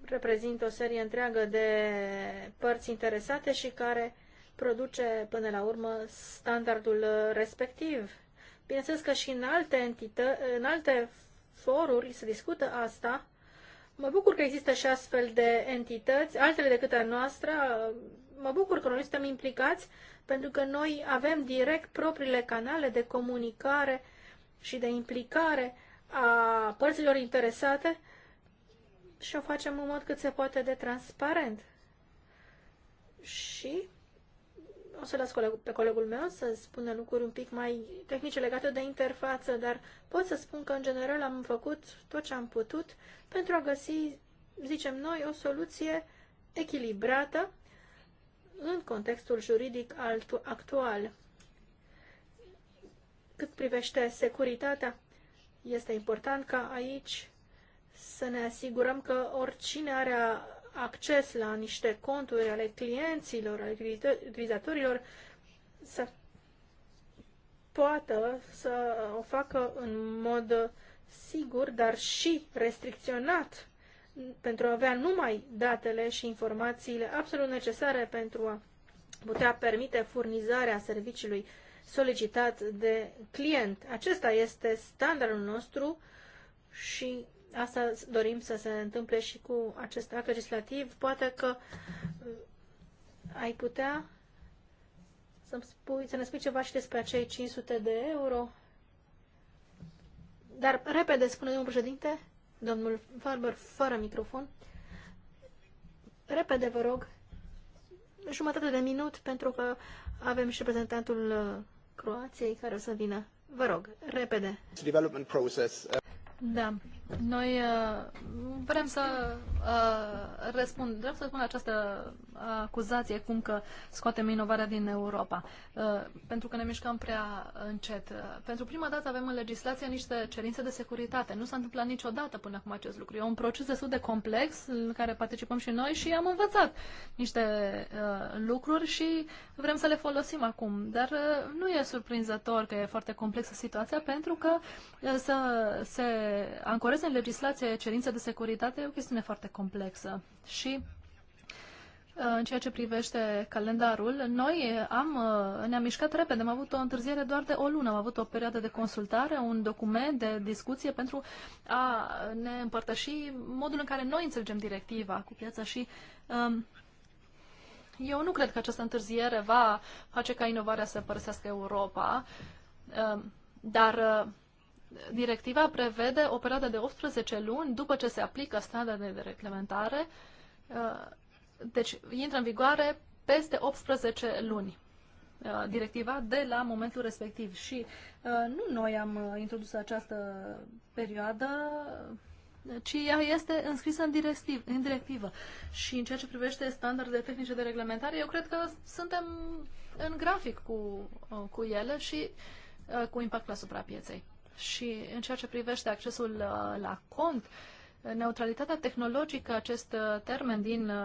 reprezintă o serie întreagă de părți interesate și care produce până la urmă standardul uh, respectiv. Bineînțeles că și în alte, entită, în alte foruri se discută asta. Mă bucur că există și astfel de entități, altele decât a noastră. Mă bucur că noi suntem implicați pentru că noi avem direct propriile canale de comunicare și de implicare a părților interesate și o facem în mod cât se poate de transparent. Și o să las coleg, pe colegul meu să spună lucruri un pic mai tehnice legate de interfață, dar pot să spun că, în general, am făcut tot ce am putut pentru a găsi, zicem noi, o soluție echilibrată în contextul juridic actual. Cât privește securitatea, este important ca aici să ne asigurăm că oricine are acces la niște conturi ale clienților, ale utilizatorilor, să poată să o facă în mod sigur, dar și restricționat pentru a avea numai datele și informațiile absolut necesare pentru a putea permite furnizarea serviciului solicitat de client. Acesta este standardul nostru și asta dorim să se întâmple și cu acest act legislativ. Poate că uh, ai putea să-mi spui, să ne spui ceva și despre acei 500 de euro. Dar repede, spune domnul președinte, domnul Farber, fără microfon. Repede, vă rog, jumătate de minut, pentru că avem și reprezentantul uh, Croației care o să vină. Vă rog, repede. Development process. Uh, da. Noi uh, vrem să uh, răspund, vrem să spun această uh, acuzație cum că scoatem inovarea din Europa, uh, pentru că ne mișcăm prea uh, încet. Uh, pentru prima dată avem în legislație niște cerințe de securitate. Nu s-a întâmplat niciodată până acum acest lucru. E un proces destul de complex în care participăm și noi și am învățat niște uh, lucruri și vrem să le folosim acum. Dar uh, nu e surprinzător că e foarte complexă situația pentru că uh, să se ancoreze integreze în legislație cerință de securitate e o chestiune foarte complexă și uh, în ceea ce privește calendarul, noi am, uh, ne-am mișcat repede. Am avut o întârziere doar de o lună. Am avut o perioadă de consultare, un document de discuție pentru a ne împărtăși modul în care noi înțelegem directiva cu piața și um, eu nu cred că această întârziere va face ca inovarea să părăsească Europa, um, dar uh, directiva prevede o perioadă de 18 luni după ce se aplică standardele de reglementare, uh, deci intră în vigoare peste 18 luni uh, directiva de la momentul respectiv. Și uh, nu noi am introdus această perioadă, ci ea este înscrisă în, directiv, în directivă. Și în ceea ce privește standardele tehnice de reglementare, eu cred că suntem în grafic cu, cu ele și cu impactul asupra pieței și în ceea ce privește accesul uh, la cont, neutralitatea tehnologică, acest uh, termen din uh,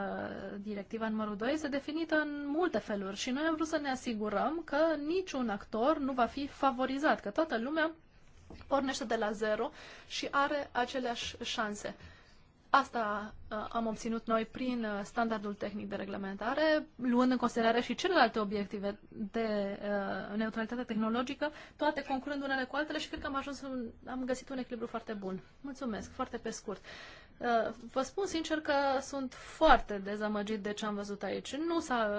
directiva numărul 2, este definită în multe feluri și noi am vrut să ne asigurăm că niciun actor nu va fi favorizat, că toată lumea pornește de la zero și are aceleași șanse. Asta uh, am obținut noi prin uh, standardul tehnic de reglementare, luând în considerare și celelalte obiective de uh, neutralitate tehnologică, toate concurând unele cu altele și cred că am ajuns, un, am găsit un echilibru foarte bun. Mulțumesc, foarte pe scurt. Vă spun sincer că sunt foarte dezamăgit de ce am văzut aici. Nu s-a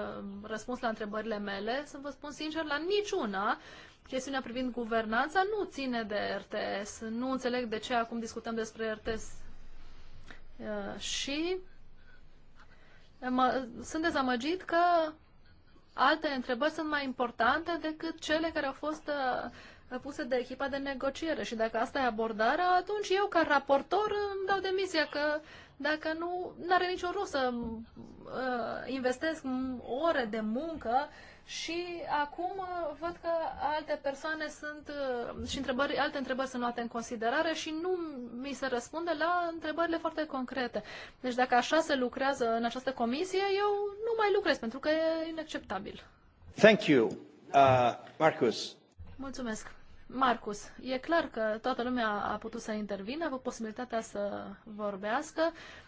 răspuns la întrebările mele, să vă spun sincer, la niciuna. Chestiunea privind guvernanța nu ține de RTS. Nu înțeleg de ce acum discutăm despre RTS Uh, și mă, sunt dezamăgit că alte întrebări sunt mai importante decât cele care au fost uh, puse de echipa de negociere și dacă asta e abordarea, atunci eu ca raportor îmi dau demisia că dacă nu, n-are niciun rost să uh, investesc ore de muncă și acum uh, văd că alte persoane sunt uh, și întrebări, alte întrebări sunt luate în considerare și nu mi se răspunde la întrebările foarte concrete. Deci dacă așa se lucrează în această comisie, eu nu mai lucrez pentru că e inacceptabil. Thank you, uh, Marcus. Mulțumesc. Marcus, e clar că toată lumea a putut să intervină, a avut posibilitatea să vorbească.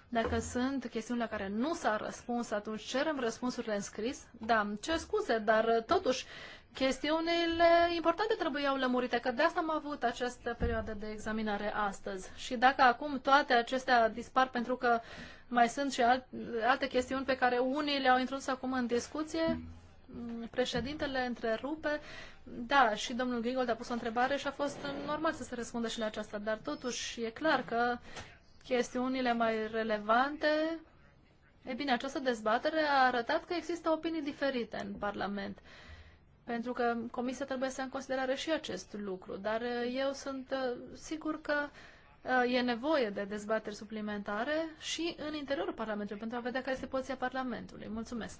Dacă sunt chestiuni la care nu s-a răspuns, atunci cerem răspunsurile în scris. Da, ce scuze, dar uh, totuși chestiunile importante trebuiau lămurite, că de asta am avut această perioadă de examinare astăzi. Și dacă acum toate acestea dispar pentru că mai sunt și alt, alte chestiuni pe care unii le-au introdus acum în discuție, mm, președintele întrerupe. Da, și domnul Gigol a pus o întrebare și a fost normal să se răspundă și la aceasta, dar totuși e clar că chestiunile mai relevante. E bine, această dezbatere a arătat că există opinii diferite în Parlament, pentru că Comisia trebuie să ia în considerare și acest lucru, dar uh, eu sunt uh, sigur că uh, e nevoie de dezbateri suplimentare și în interiorul Parlamentului, pentru a vedea care este poziția Parlamentului. Mulțumesc!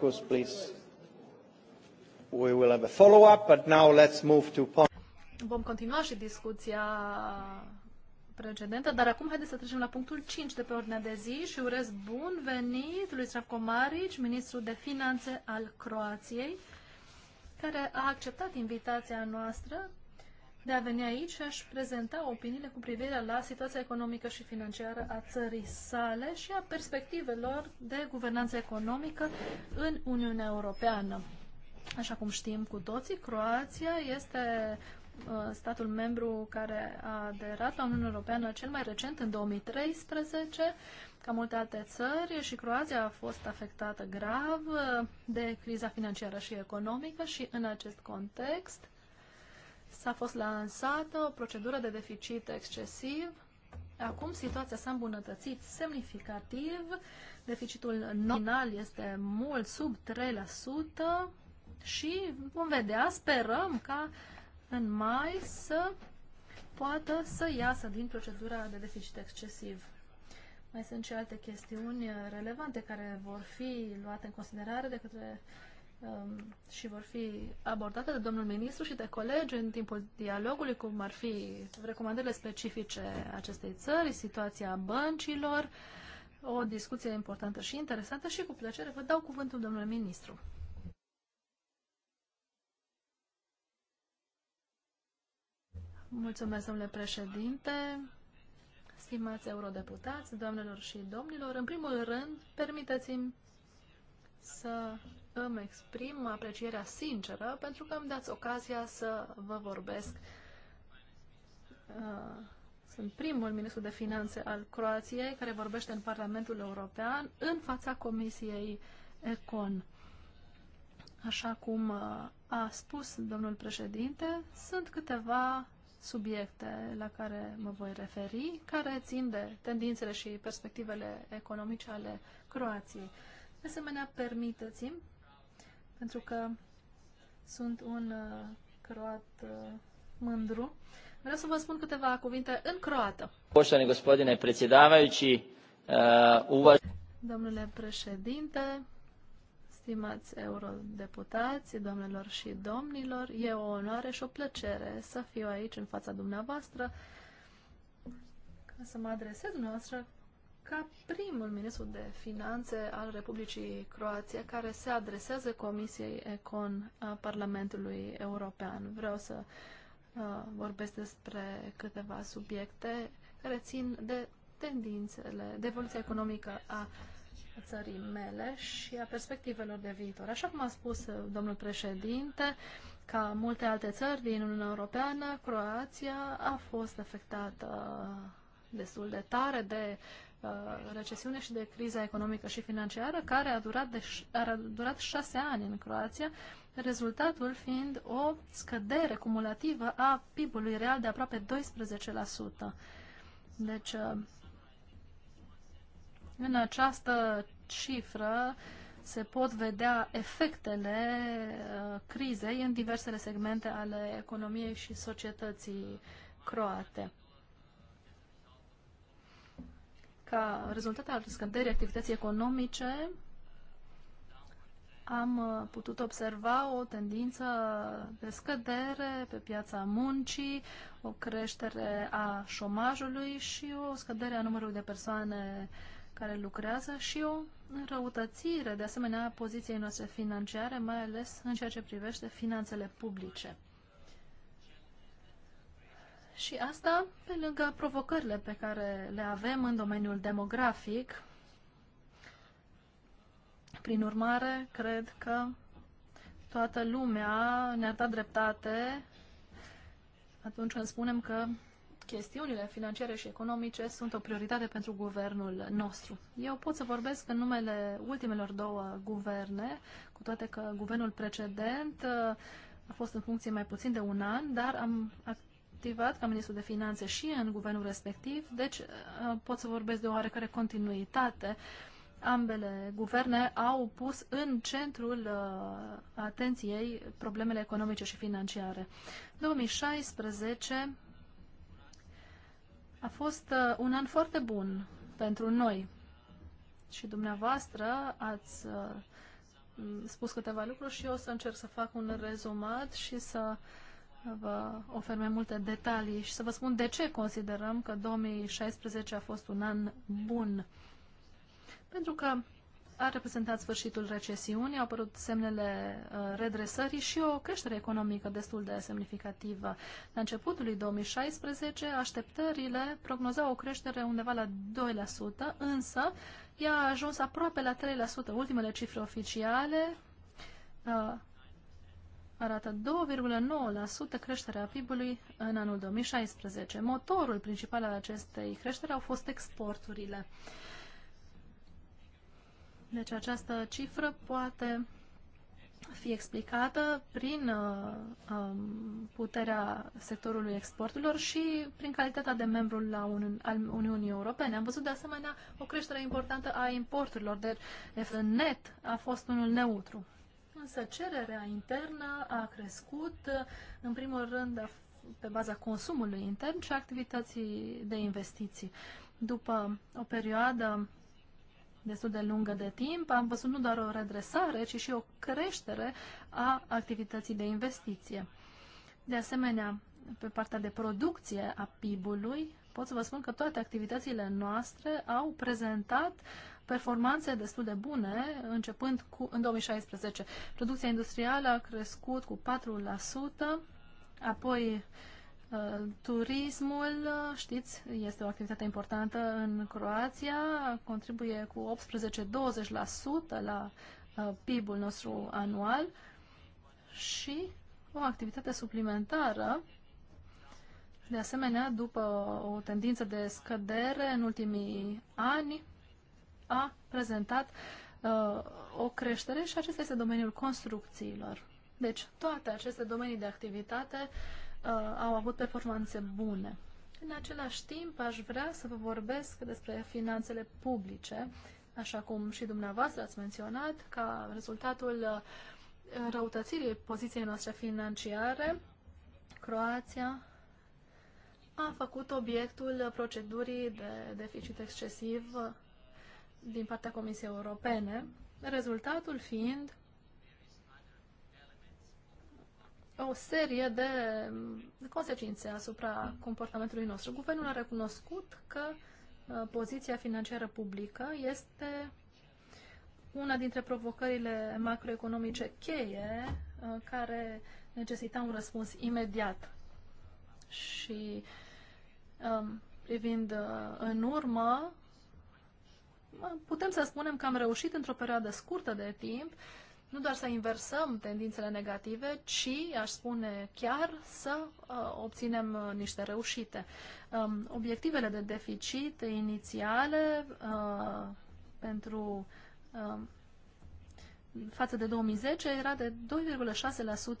Marcos, please. We will have a follow-up, but now let's move to point. Vom continua și discuția precedentă, dar acum haideți să trecem la punctul 5 de pe ordinea de zi și urez bun venit lui Zdravko Maric, ministrul de finanțe al Croației, care a acceptat invitația noastră de a veni aici și a-și prezenta opiniile cu privire la situația economică și financiară a țării sale și a perspectivelor de guvernanță economică în Uniunea Europeană. Așa cum știm cu toții, Croația este uh, statul membru care a aderat la Uniunea Europeană cel mai recent, în 2013, ca multe alte țări, și Croația a fost afectată grav uh, de criza financiară și economică și în acest context S-a fost lansată o procedură de deficit excesiv. Acum situația s-a îmbunătățit semnificativ. Deficitul nominal este mult sub 3% și vom vedea, sperăm ca în mai să poată să iasă din procedura de deficit excesiv. Mai sunt și alte chestiuni relevante care vor fi luate în considerare de către uh, Um, și vor fi abordate de domnul ministru și de colegi în timpul dialogului, cum ar fi recomandările specifice acestei țări, situația băncilor, o discuție importantă și interesantă și cu plăcere vă dau cuvântul domnului ministru. Mulțumesc, domnule președinte, stimați eurodeputați, doamnelor și domnilor. În primul rând, permiteți-mi să îmi exprim aprecierea sinceră pentru că îmi dați ocazia să vă vorbesc. Uh, sunt primul ministru de finanțe al Croației care vorbește în Parlamentul European în fața Comisiei Econ. Așa cum uh, a spus domnul președinte, sunt câteva subiecte la care mă voi referi, care țin de tendințele și perspectivele economice ale Croației. De asemenea, permiteți-mi pentru că sunt un uh, croat uh, mândru. Vreau să vă spun câteva cuvinte în croată. Poștani, gospodine prețidavajući, uh, Domnule președinte, stimați eurodeputați, domnilor și domnilor, e o onoare și o plăcere să fiu aici în fața dumneavoastră, ca să mă adresez dumneavoastră ca primul ministru de finanțe al Republicii Croația, care se adresează Comisiei Econ a Parlamentului European. Vreau să uh, vorbesc despre câteva subiecte care țin de tendințele, de evoluția economică a țării mele și a perspectivelor de viitor. Așa cum a spus uh, domnul președinte, ca multe alte țări din Uniunea Europeană, Croația a fost afectată uh, destul de tare de Uh, recesiune și de criza economică și financiară, care a durat, de, a durat șase ani în Croația, rezultatul fiind o scădere cumulativă a PIB-ului real de aproape 12%. Deci, uh, în această cifră se pot vedea efectele uh, crizei în diversele segmente ale economiei și societății croate. Ca rezultat al scăderii activității economice, am uh, putut observa o tendință de scădere pe piața muncii, o creștere a șomajului și o scădere a numărului de persoane care lucrează și o înrăutățire, de asemenea, a poziției noastre financiare, mai ales în ceea ce privește finanțele publice. Și asta pe lângă provocările pe care le avem în domeniul demografic. Prin urmare, cred că toată lumea ne-ar da dreptate atunci când spunem că chestiunile financiare și economice sunt o prioritate pentru guvernul nostru. Eu pot să vorbesc în numele ultimelor două guverne, cu toate că guvernul precedent uh, a fost în funcție mai puțin de un an, dar am activat ca ministru de finanțe și în guvernul respectiv, deci uh, pot să vorbesc de o oarecare continuitate. Ambele guverne au pus în centrul uh, atenției problemele economice și financiare. 2016 a fost uh, un an foarte bun pentru noi și dumneavoastră ați spus câteva lucruri și eu o să încerc să fac un rezumat și să uh, vă ofer mai multe detalii și să vă spun de ce considerăm că 2016 a fost un an bun. Pentru că a reprezentat sfârșitul recesiunii, au apărut semnele uh, redresării și o creștere economică destul de semnificativă. La începutul lui 2016, așteptările prognozau o creștere undeva la 2%, însă ea a ajuns aproape la 3%. Ultimele cifre oficiale uh, arată 2,9% creșterea PIB-ului în anul 2016. Motorul principal al acestei creșteri au fost exporturile. Deci această cifră poate fi explicată prin uh, um, puterea sectorului exporturilor și prin calitatea de membru la un, al Uniunii Europene. Am văzut de asemenea o creștere importantă a importurilor, deci net a fost unul neutru însă cererea internă a crescut, în primul rând, pe baza consumului intern și activității de investiții. După o perioadă destul de lungă de timp, am văzut nu doar o redresare, ci și o creștere a activității de investiție. De asemenea, pe partea de producție a PIB-ului, pot să vă spun că toate activitățile noastre au prezentat performanțe destul de bune, începând cu, în 2016. Producția industrială a crescut cu 4%, apoi uh, Turismul, uh, știți, este o activitate importantă în Croația, contribuie cu 18-20% la uh, PIB-ul nostru anual și o activitate suplimentară. De asemenea, după o tendință de scădere în ultimii ani, a prezentat uh, o creștere și acesta este domeniul construcțiilor. Deci, toate aceste domenii de activitate uh, au avut performanțe bune. În același timp, aș vrea să vă vorbesc despre finanțele publice, așa cum și dumneavoastră ați menționat, ca rezultatul uh, răutățirii poziției noastre financiare, Croația a făcut obiectul procedurii de deficit excesiv din partea Comisiei Europene, rezultatul fiind o serie de consecințe asupra comportamentului nostru. Guvernul a recunoscut că uh, poziția financiară publică este una dintre provocările macroeconomice cheie uh, care necesita un răspuns imediat. Și um, privind uh, în urmă, putem să spunem că am reușit într-o perioadă scurtă de timp nu doar să inversăm tendințele negative, ci, aș spune chiar, să uh, obținem uh, niște reușite. Um, obiectivele de deficit inițiale uh, pentru uh, față de 2010 era de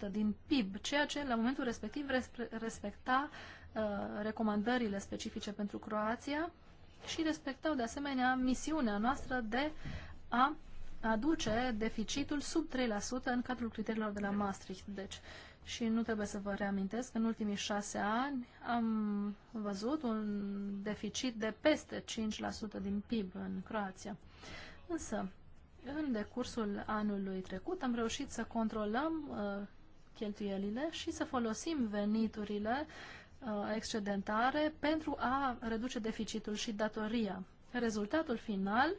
2,6% din PIB, ceea ce la momentul respectiv respecta uh, recomandările specifice pentru Croația, și respectau de asemenea misiunea noastră de a aduce deficitul sub 3% în cadrul criteriilor de la Maastricht. Deci, și nu trebuie să vă reamintesc în ultimii șase ani am văzut un deficit de peste 5% din PIB în Croația. Însă, în decursul anului trecut am reușit să controlăm uh, cheltuielile și să folosim veniturile Uh, excedentare pentru a reduce deficitul și datoria. Rezultatul final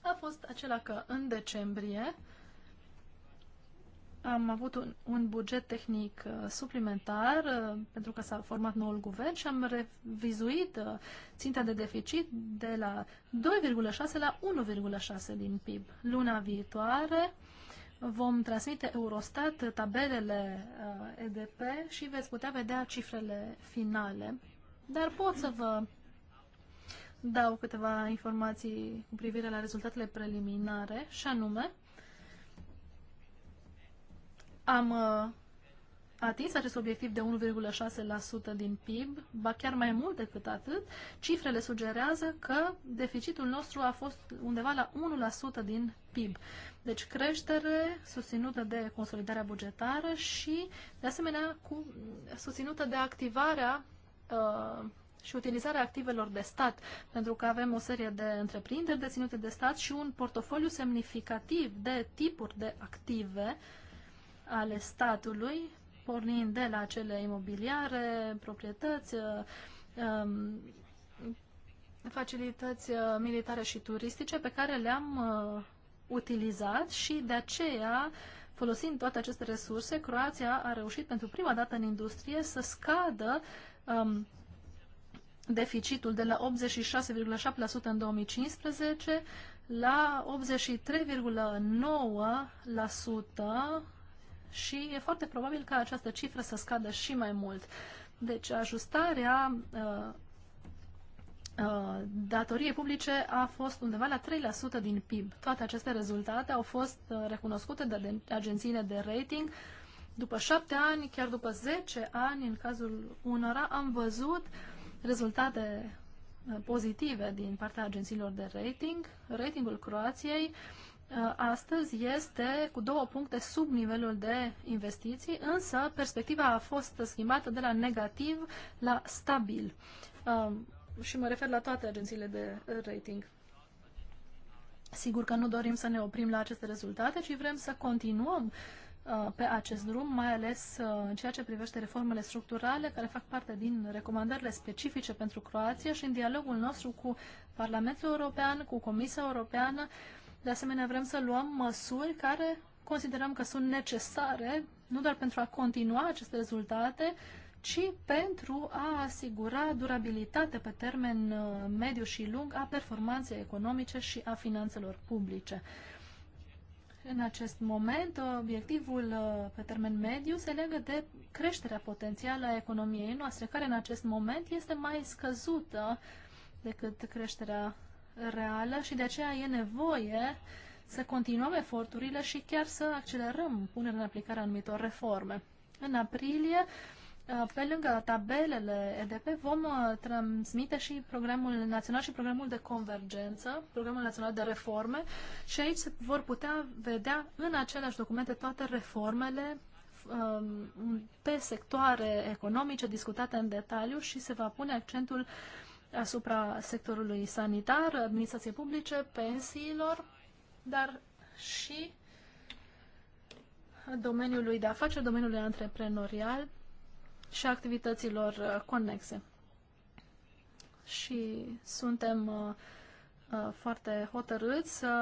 a fost acela că în decembrie am avut un, un buget tehnic uh, suplimentar uh, pentru că s-a format noul guvern și am revizuit uh, ținta de deficit de la 2,6 la 1,6 din PIB. Luna viitoare Vom transmite Eurostat tabelele uh, EDP și veți putea vedea cifrele finale. Dar pot să vă dau câteva informații cu privire la rezultatele preliminare și anume am uh, atins acest obiectiv de 1,6% din PIB, ba chiar mai mult decât atât, cifrele sugerează că deficitul nostru a fost undeva la 1% din PIB. Deci creștere susținută de consolidarea bugetară și, de asemenea, cu, susținută de activarea uh, și utilizarea activelor de stat, pentru că avem o serie de întreprinderi deținute de stat și un portofoliu semnificativ de tipuri de active ale statului, pornind de la cele imobiliare, proprietăți, uh, um, facilități uh, militare și turistice pe care le-am uh, utilizat și de aceea Folosind toate aceste resurse, Croația a reușit pentru prima dată în industrie să scadă um, deficitul de la 86,7% în 2015 la 83,9% și e foarte probabil ca această cifră să scadă și mai mult. Deci ajustarea uh, uh, datoriei publice a fost undeva la 3% din PIB. Toate aceste rezultate au fost uh, recunoscute de agențiile de rating. După șapte ani, chiar după zece ani, în cazul unora, am văzut rezultate uh, pozitive din partea agențiilor de rating. Ratingul Croației Uh, astăzi este cu două puncte sub nivelul de investiții, însă perspectiva a fost schimbată de la negativ la stabil. Um, și mă refer la toate agențiile de rating. Sigur că nu dorim să ne oprim la aceste rezultate, ci vrem să continuăm uh, pe acest drum, mai ales uh, în ceea ce privește reformele structurale care fac parte din recomandările specifice pentru Croația și în dialogul nostru cu Parlamentul European, cu Comisia Europeană, uh, de asemenea, vrem să luăm măsuri care considerăm că sunt necesare, nu doar pentru a continua aceste rezultate, ci pentru a asigura durabilitate pe termen uh, mediu și lung a performanței economice și a finanțelor publice. În acest moment, uh, obiectivul uh, pe termen mediu se legă de creșterea potențială a economiei noastre, care în acest moment este mai scăzută decât creșterea reală și de aceea e nevoie să continuăm eforturile și chiar să accelerăm punerea în aplicare a anumitor reforme. În aprilie, uh, pe lângă tabelele EDP, vom uh, transmite și programul național și programul de convergență, programul național de reforme și aici se vor putea vedea în aceleași documente toate reformele um, pe sectoare economice discutate în detaliu și se va pune accentul uh, asupra sectorului sanitar, administrației publice, pensiilor, dar și domeniului de afaceri, domeniului antreprenorial și activităților uh, conexe. Și suntem uh, uh, foarte hotărâți să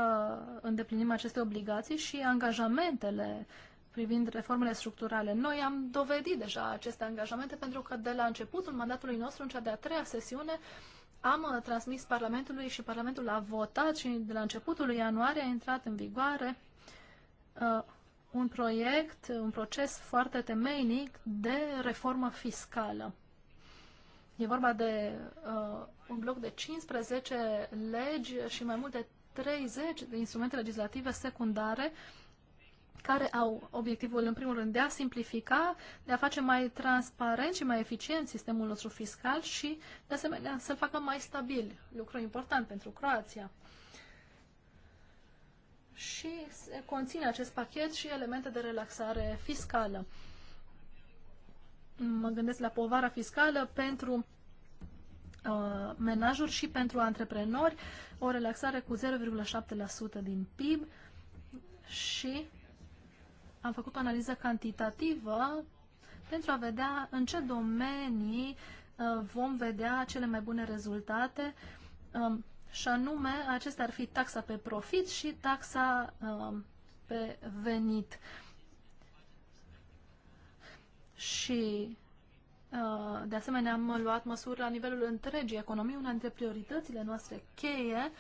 îndeplinim aceste obligații și angajamentele privind reformele structurale. Noi am dovedit deja aceste angajamente pentru că de la începutul mandatului nostru, în cea de-a treia sesiune, am uh, transmis Parlamentului și Parlamentul a votat și de la începutul lui ianuarie a intrat în vigoare uh, un proiect, un proces foarte temeinic de reformă fiscală. E vorba de uh, un bloc de 15 legi și mai multe 30 de instrumente legislative secundare uh, care au obiectivul, în primul rând, de a simplifica, de a face mai transparent și mai eficient sistemul nostru fiscal și, de asemenea, să-l facă mai stabil, lucru important pentru Croația. Și conține acest pachet și elemente de relaxare fiscală. Mă gândesc la povara fiscală pentru uh, menajuri și pentru antreprenori, o relaxare cu 0,7% din PIB și am făcut o analiză cantitativă pentru a vedea în ce domenii uh, vom vedea cele mai bune rezultate um, și anume acestea ar fi taxa pe profit și taxa um, pe venit. Și uh, de asemenea am luat măsuri la nivelul întregii economii, una dintre prioritățile noastre cheie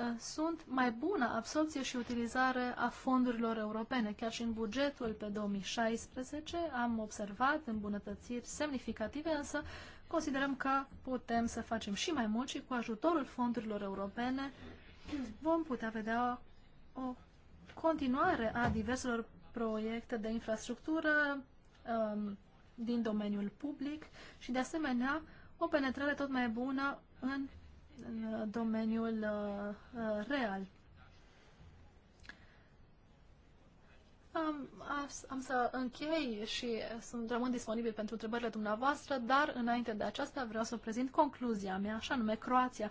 Uh, sunt mai bună absorție și utilizare a fondurilor europene. Chiar și în bugetul pe 2016 am observat îmbunătățiri semnificative, însă considerăm că putem să facem și mai mult și cu ajutorul fondurilor europene vom putea vedea o continuare a diverselor proiecte de infrastructură um, din domeniul public și, de asemenea, o penetrare tot mai bună în în uh, domeniul uh, uh, real. Am, am să închei și sunt, rămân disponibil pentru întrebările dumneavoastră, dar înainte de aceasta vreau să prezint concluzia mea, așa nume Croația.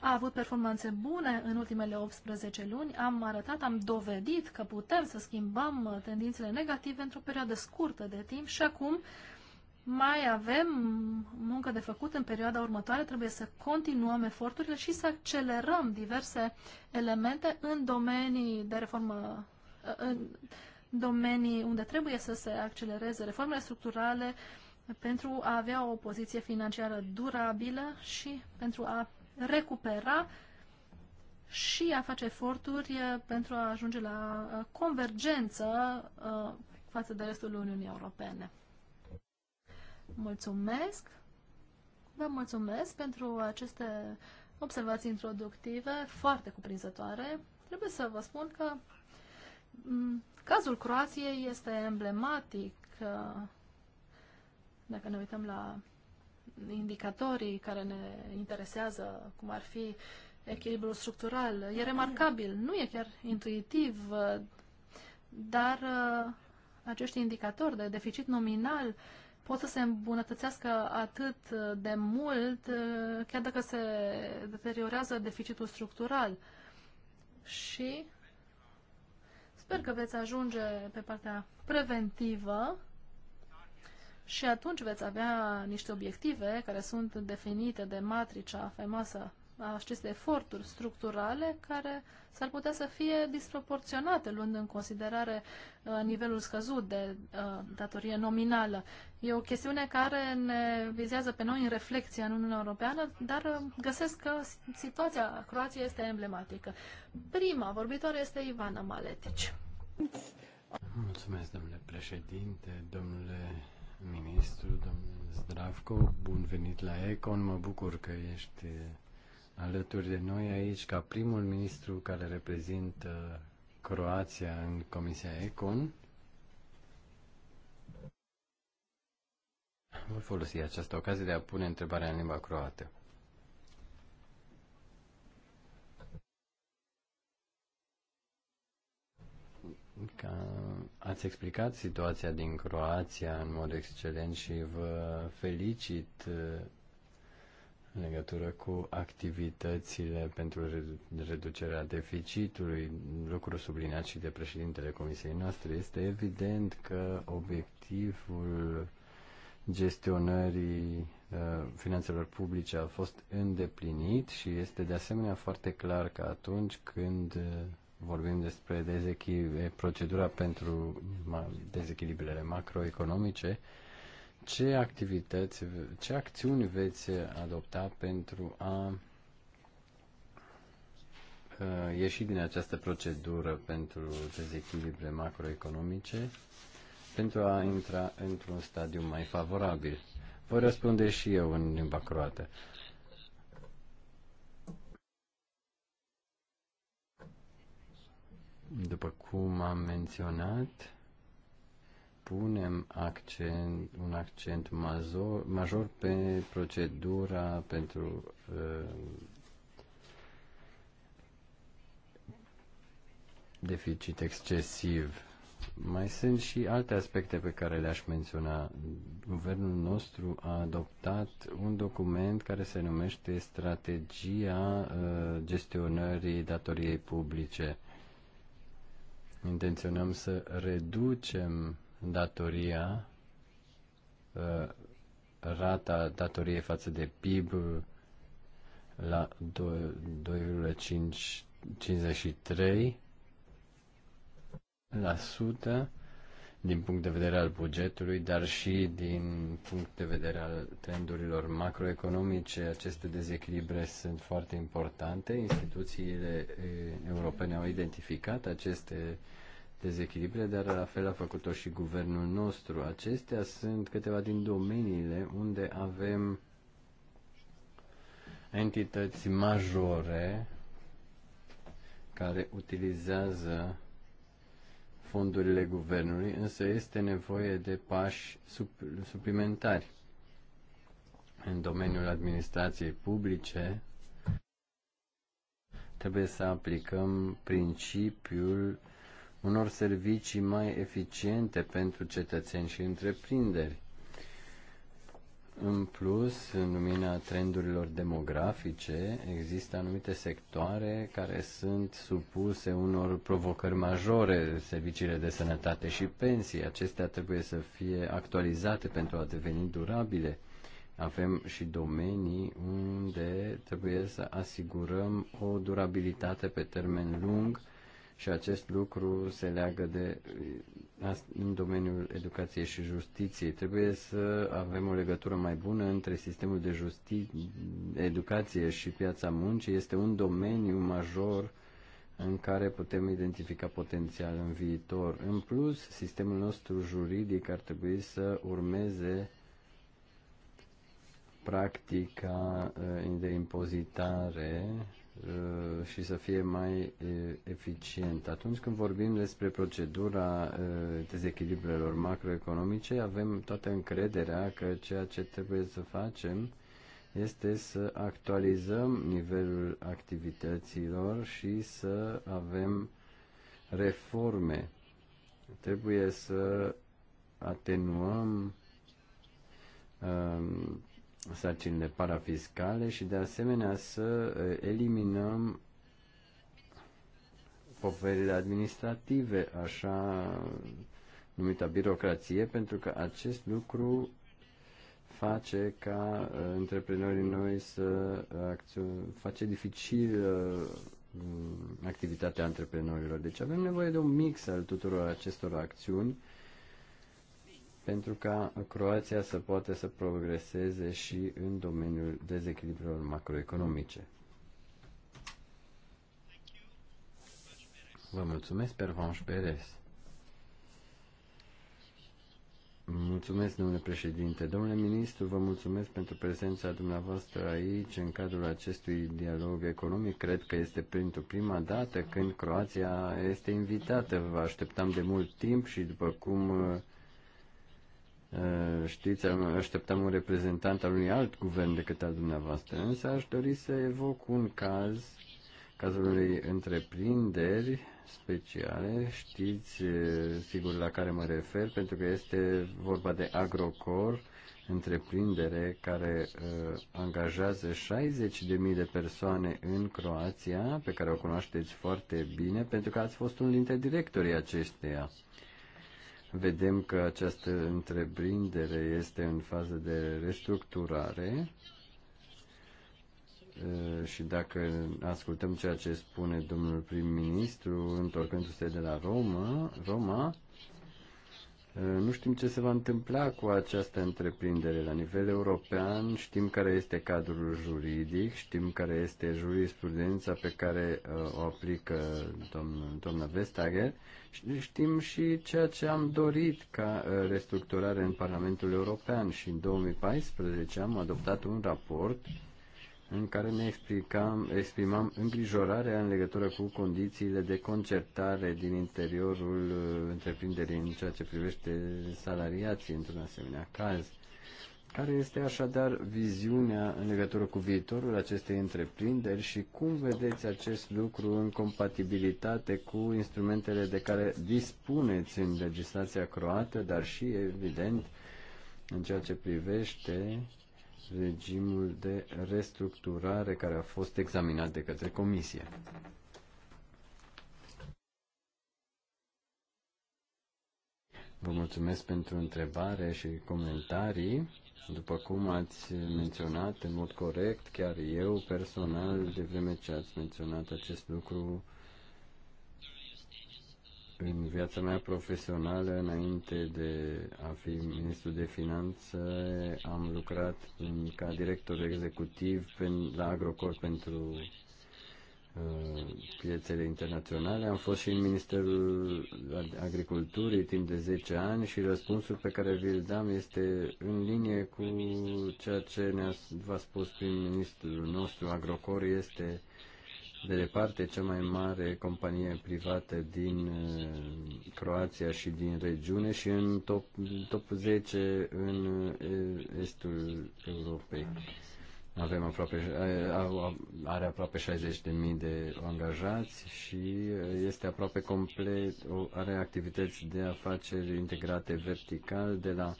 A avut performanțe bune în ultimele 18 luni, am arătat, am dovedit că putem să schimbăm tendințele negative într-o perioadă scurtă de timp și acum uh, mai avem muncă de făcut în perioada următoare, trebuie să continuăm eforturile și să accelerăm diverse elemente în domenii de reformă, în domenii unde trebuie să se accelereze reformele structurale pentru a avea o poziție financiară durabilă și pentru a recupera și a face eforturi pentru a ajunge la uh, convergență uh, față de restul Uniunii Europene. Mulțumesc! Vă mulțumesc pentru aceste observații introductive foarte cuprinzătoare. Trebuie să vă spun că mm, cazul Croației este emblematic dacă ne uităm la indicatorii care ne interesează, cum ar fi echilibrul structural, e remarcabil, nu e chiar intuitiv, dar uh, acești indicatori de deficit nominal uh, pot să se îmbunătățească atât de mult, uh, chiar dacă se deteriorează deficitul structural. Și sper că veți ajunge pe partea preventivă și atunci veți avea niște obiective care sunt definite de matricea faimoasă aceste eforturi structurale care s-ar putea să fie disproporționate, luând în considerare uh, nivelul scăzut de uh, datorie nominală. E o chestiune care ne vizează pe noi în reflexia în Uniunea Europeană, dar uh, găsesc că situația Croației este emblematică. Prima vorbitoare este Ivana Maletici. Mulțumesc, domnule președinte, domnule ministru, domnule Zdravko. bun venit la Econ, mă bucur că ești alături de noi aici ca primul ministru care reprezintă Croația în Comisia Econ. Voi folosi această ocazie de a pune întrebarea în limba croată. Ca ați explicat situația din Croația în mod excelent și vă felicit în legătură cu activitățile pentru reducerea deficitului, lucru subliniat și de președintele comisiei noastre, este evident că obiectivul gestionării uh, finanțelor publice a fost îndeplinit și este de asemenea foarte clar că atunci când uh, vorbim despre procedura pentru dezechilibrele macroeconomice, ce activități, ce acțiuni veți adopta pentru a ieși din această procedură pentru dezechilibre macroeconomice pentru a intra într-un stadiu mai favorabil? Voi răspunde și eu în limba croată. După cum am menționat, punem accent, un accent major, major pe procedura pentru uh, deficit excesiv. Mai sunt și alte aspecte pe care le-aș menționa. Guvernul nostru a adoptat un document care se numește Strategia uh, gestionării datoriei publice. Intenționăm să reducem datoria, uh, rata datoriei față de PIB uh, la 2,53 la sută din punct de vedere al bugetului, dar și din punct de vedere al trendurilor macroeconomice, aceste dezechilibre sunt foarte importante. Instituțiile eh, europene au identificat aceste uh, dezechilibre, dar la fel a făcut-o și guvernul nostru. Acestea sunt câteva din domeniile unde avem entități majore care utilizează fondurile guvernului, însă este nevoie de pași suplimentari în domeniul administrației publice. Trebuie să aplicăm principiul unor servicii mai eficiente pentru cetățeni și întreprinderi. În plus, în lumina trendurilor demografice, există anumite sectoare care sunt supuse unor provocări majore, serviciile de sănătate și pensii. Acestea trebuie să fie actualizate pentru a deveni durabile. Avem și domenii unde trebuie să asigurăm o durabilitate pe termen lung, și acest lucru se leagă de în domeniul educației și justiției. Trebuie să avem o legătură mai bună între sistemul de justiție, educație și piața muncii. Este un domeniu major în care putem identifica potențial în viitor. În plus, sistemul nostru juridic ar trebui să urmeze practica eh, de impozitare Uh, și să fie mai uh, eficient. Atunci când vorbim despre procedura uh, dezechilibrelor macroeconomice, avem toată încrederea că ceea ce trebuie să facem este să actualizăm nivelul activităților și să avem reforme. Trebuie să atenuăm um, sarcinile parafiscale și de asemenea să eliminăm poverile administrative, așa numita birocrație, pentru că acest lucru face ca uh, întreprenorii noi să acțio- face dificil uh, activitatea antreprenorilor. Deci avem nevoie de un mix al tuturor acestor acțiuni pentru ca Croația să poată să progreseze și în domeniul dezechilibrelor macroeconomice. Vă mulțumesc, Pervanș Perez. Mulțumesc, domnule președinte. Domnule ministru, vă mulțumesc pentru prezența dumneavoastră aici în cadrul acestui dialog economic. Cred că este pentru prima dată când Croația este invitată. Vă așteptam de mult timp și după cum Eh, știți, așteptam un reprezentant al unui alt guvern decât al dumneavoastră, însă aș dori să evoc un caz, cazul unei întreprinderi speciale, știți eh, sigur la care mă refer, pentru că este vorba de Agrocor, întreprindere care uh, angajează 60.000 de persoane în Croația, pe care o cunoașteți foarte bine, pentru că ați fost unul dintre directorii acesteia. Uh, vedem că această întreprindere este în fază de restructurare uh, și dacă ascultăm ceea ce spune domnul prim-ministru întorcându-se de la Roma, Roma Eh, nu știm ce se va întâmpla cu această întreprindere la nivel european, știm care este cadrul juridic, știm care este jurisprudența pe care uh, o aplică domn, doamna Vestager și știm și ceea ce am dorit ca uh, restructurare în Parlamentul European și în 2014 am adoptat un raport uh, în care ne explicam, exprimam îngrijorarea în legătură cu condițiile de concertare din interiorul uh, întreprinderii în ceea ce privește salariații într-un asemenea caz. Care este așadar viziunea în legătură cu viitorul acestei întreprinderi și cum vedeți acest lucru în compatibilitate cu instrumentele de care dispuneți în legislația croată, dar și, evident, în ceea ce privește regimul de restructurare care a fost examinat de către Comisie. Vă mulțumesc pentru întrebare și comentarii. După cum ați menționat în mod corect, chiar eu personal, de vreme ce ați menționat acest lucru, în viața mea profesională, înainte de a fi ministru de finanțe, am lucrat în, ca director executiv pen, la Agrocor pentru uh, piețele internaționale. Am fost și în Ministerul Agriculturii timp de 10 ani și răspunsul pe care vi-l dam este în linie cu ceea ce ne-a, a spus prim-ministrul nostru. Agrocor este de departe cea mai mare companie privată din uh, Croația și din regiune și în top, top 10 în uh, estul Europei. Avem aproape, uh, are aproape 60.000 de angajați și este aproape complet, are activități de afaceri integrate vertical de la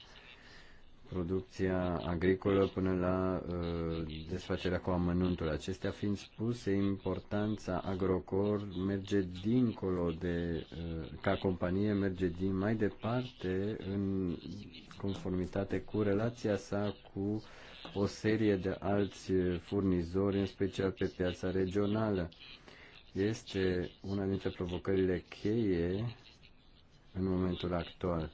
producția agricolă până la uh, desfacerea cu amănuntul. Acestea fiind spuse, importanța Agrocor merge dincolo de, uh, ca companie, merge din mai departe în conformitate cu relația sa cu o serie de alți furnizori, în special pe piața regională. Este una dintre provocările cheie în momentul actual.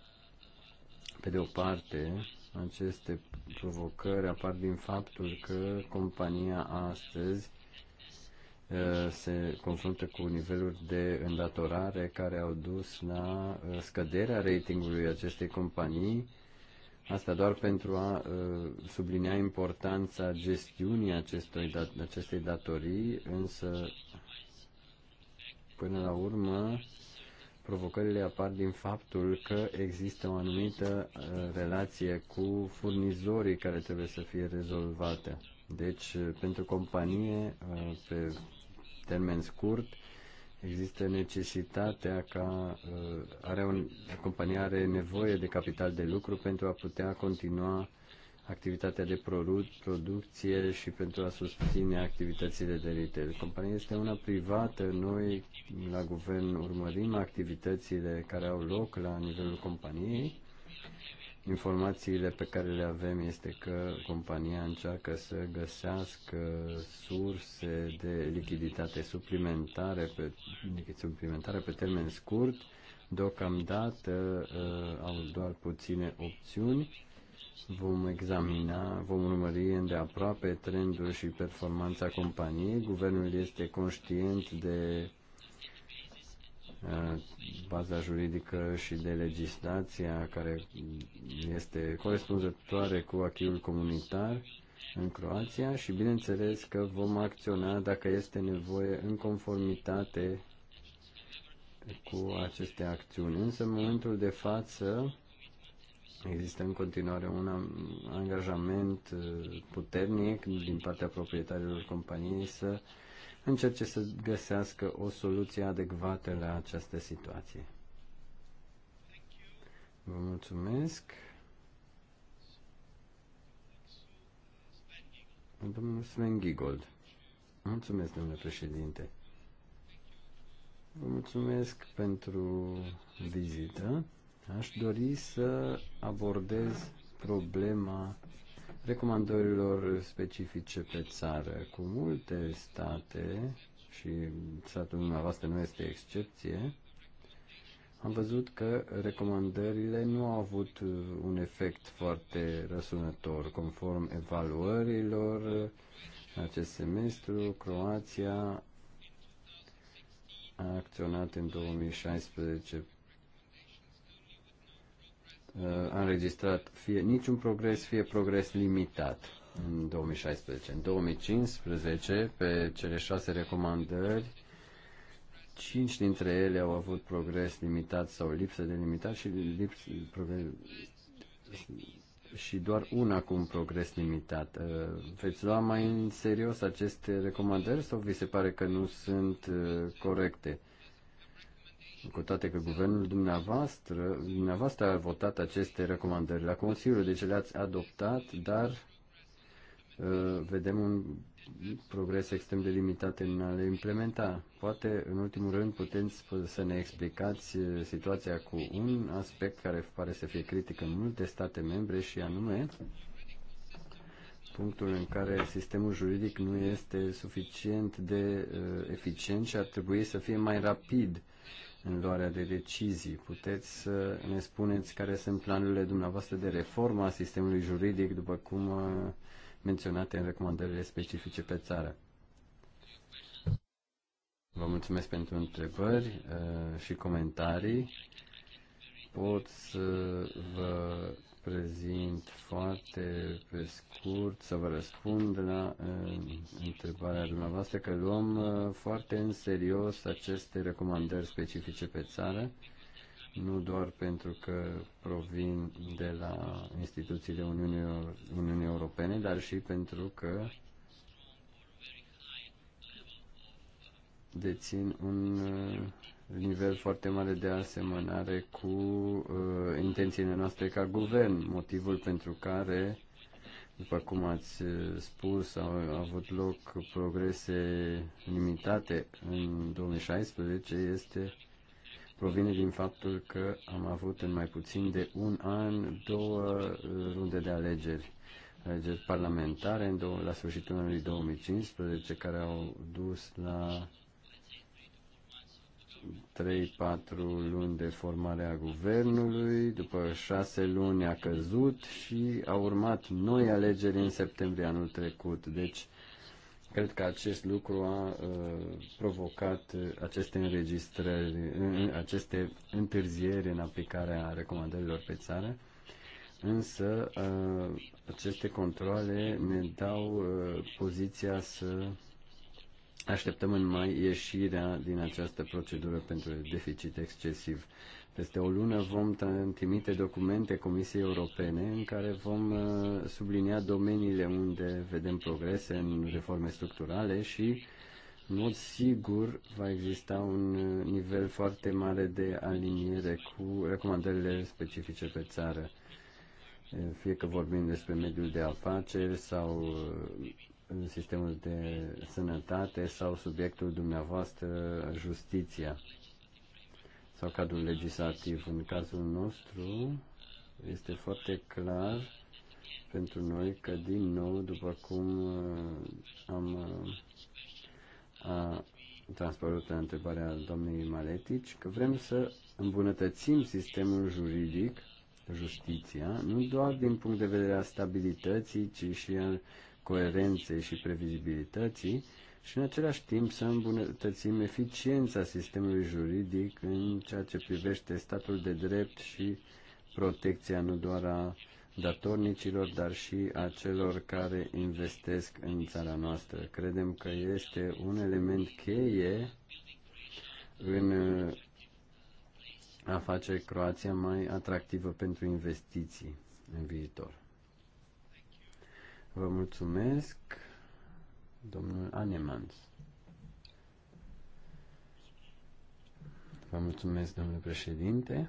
Pe de o parte, aceste provocări apar din faptul că compania astăzi uh, se confruntă cu niveluri de îndatorare care au dus la uh, scăderea ratingului acestei companii. Asta doar pentru a uh, sublinia importanța gestiunii acestui, acestei datorii, însă până la urmă Provocările apar din faptul că există o anumită uh, relație cu furnizorii care trebuie să fie rezolvate. Deci, uh, pentru companie, uh, pe termen scurt, există necesitatea ca are un, compania are nevoie de capital de lucru pentru a putea continua activitatea de producție și pentru a susține activitățile de retail. Compania este una privată, noi la guvern urmărim activitățile care au loc la nivelul companiei. Informațiile pe care le avem este că compania încearcă să găsească surse de lichiditate suplimentare pe, suplimentare pe termen scurt. Deocamdată uh, au doar puține opțiuni Vom examina, vom urmări îndeaproape trendul și performanța companiei. Guvernul este conștient de uh, baza juridică și de legislația care este corespunzătoare cu achiul comunitar în Croația și bineînțeles că vom acționa dacă este nevoie în conformitate cu aceste acțiuni. Însă în momentul de față Există în continuare un angajament uh, puternic din partea proprietarilor companiei să încerce să găsească o soluție adecvată la această situație. Vă mulțumesc. Domnul Sven Giegold. Mulțumesc, domnule președinte. Vă mulțumesc pentru vizită. Aș dori să abordez problema recomandărilor specifice pe țară. Cu multe state, și statul dumneavoastră nu este excepție, am văzut că recomandările nu au avut un efect foarte răsunător. Conform evaluărilor, acest semestru, Croația a acționat în 2016 a uh, înregistrat fie niciun progres, fie progres limitat în 2016. În 2015, pe cele șase recomandări, cinci dintre ele au avut progres limitat sau lipsă de limitat și, lips, progres, și doar una cu un progres limitat. Uh, veți lua mai în serios aceste recomandări sau vi se pare că nu sunt uh, corecte? cu toate că guvernul dumneavoastră, dumneavoastră a votat aceste recomandări la Consiliu, deci le-ați adoptat, dar uh, vedem un progres extrem de limitat în a le implementa. Poate, în ultimul rând, puteți să ne explicați uh, situația cu un aspect care pare să fie critic în multe state membre și anume punctul în care sistemul juridic nu este suficient de uh, eficient și ar trebui să fie mai rapid uh, în luarea de decizii. Puteți să ne spuneți care sunt planurile dumneavoastră de reformă a sistemului juridic, după cum uh, menționate în recomandările specifice pe țară. Vă mulțumesc pentru întrebări uh, și comentarii. Pot să vă prezint foarte pe scurt, să vă răspund la uh, întrebarea dumneavoastră, că luăm uh, foarte în serios aceste recomandări specifice pe țară, nu doar pentru că provin de la instituțiile Uniunii, Uniunii Europene, dar și pentru că dețin un uh, nivel foarte mare de asemănare cu uh, intențiile noastre ca guvern, motivul pentru care, după cum ați uh, spus, au, au avut loc progrese limitate în 2016 este provine din faptul că am avut în mai puțin de un an două uh, runde de alegeri alegeri parlamentare în două, la sfârșitul anului 2015 care au dus la 3-4 luni de formare a guvernului, după 6 luni a căzut și a urmat noi alegeri în septembrie anul trecut. Deci, cred că acest lucru a uh, provocat aceste înregistrări, aceste întârzieri în aplicarea recomandărilor pe țară. Însă, uh, aceste controle ne dau uh, poziția să Așteptăm în mai ieșirea din această procedură pentru deficit excesiv. Peste o lună vom trimite documente Comisiei Europene în care vom uh, sublinia domeniile unde vedem progrese în reforme structurale și, în mod sigur, va exista un uh, nivel foarte mare de aliniere cu recomandările specifice pe țară. Fie că vorbim despre mediul de afaceri sau uh, sistemul de sănătate sau subiectul dumneavoastră justiția sau cadrul legislativ. În cazul nostru este foarte clar pentru noi că din nou, după cum uh, am uh, a la întrebarea domnului Maletici, că vrem să îmbunătățim sistemul juridic, justiția, nu doar din punct de vedere a stabilității, ci și al coerenței și previzibilității și în același timp să îmbunătățim eficiența sistemului juridic în ceea ce privește statul de drept și protecția nu doar a datornicilor, dar și a celor care investesc în țara noastră. Credem că este un element cheie în a face Croația mai atractivă pentru investiții în viitor. Vă mulțumesc, domnul Anemans. Vă mulțumesc, domnule președinte.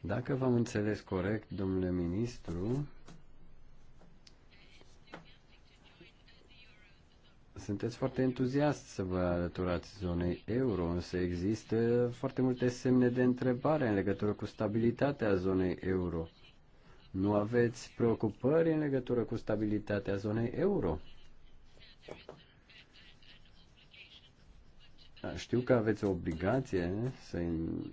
Dacă v-am înțeles corect, domnule ministru, sunteți foarte entuziast să vă alăturați zonei euro, însă există foarte multe semne de întrebare în legătură cu stabilitatea zonei euro. Nu aveți preocupări în legătură cu stabilitatea zonei euro? Știu că aveți o obligație să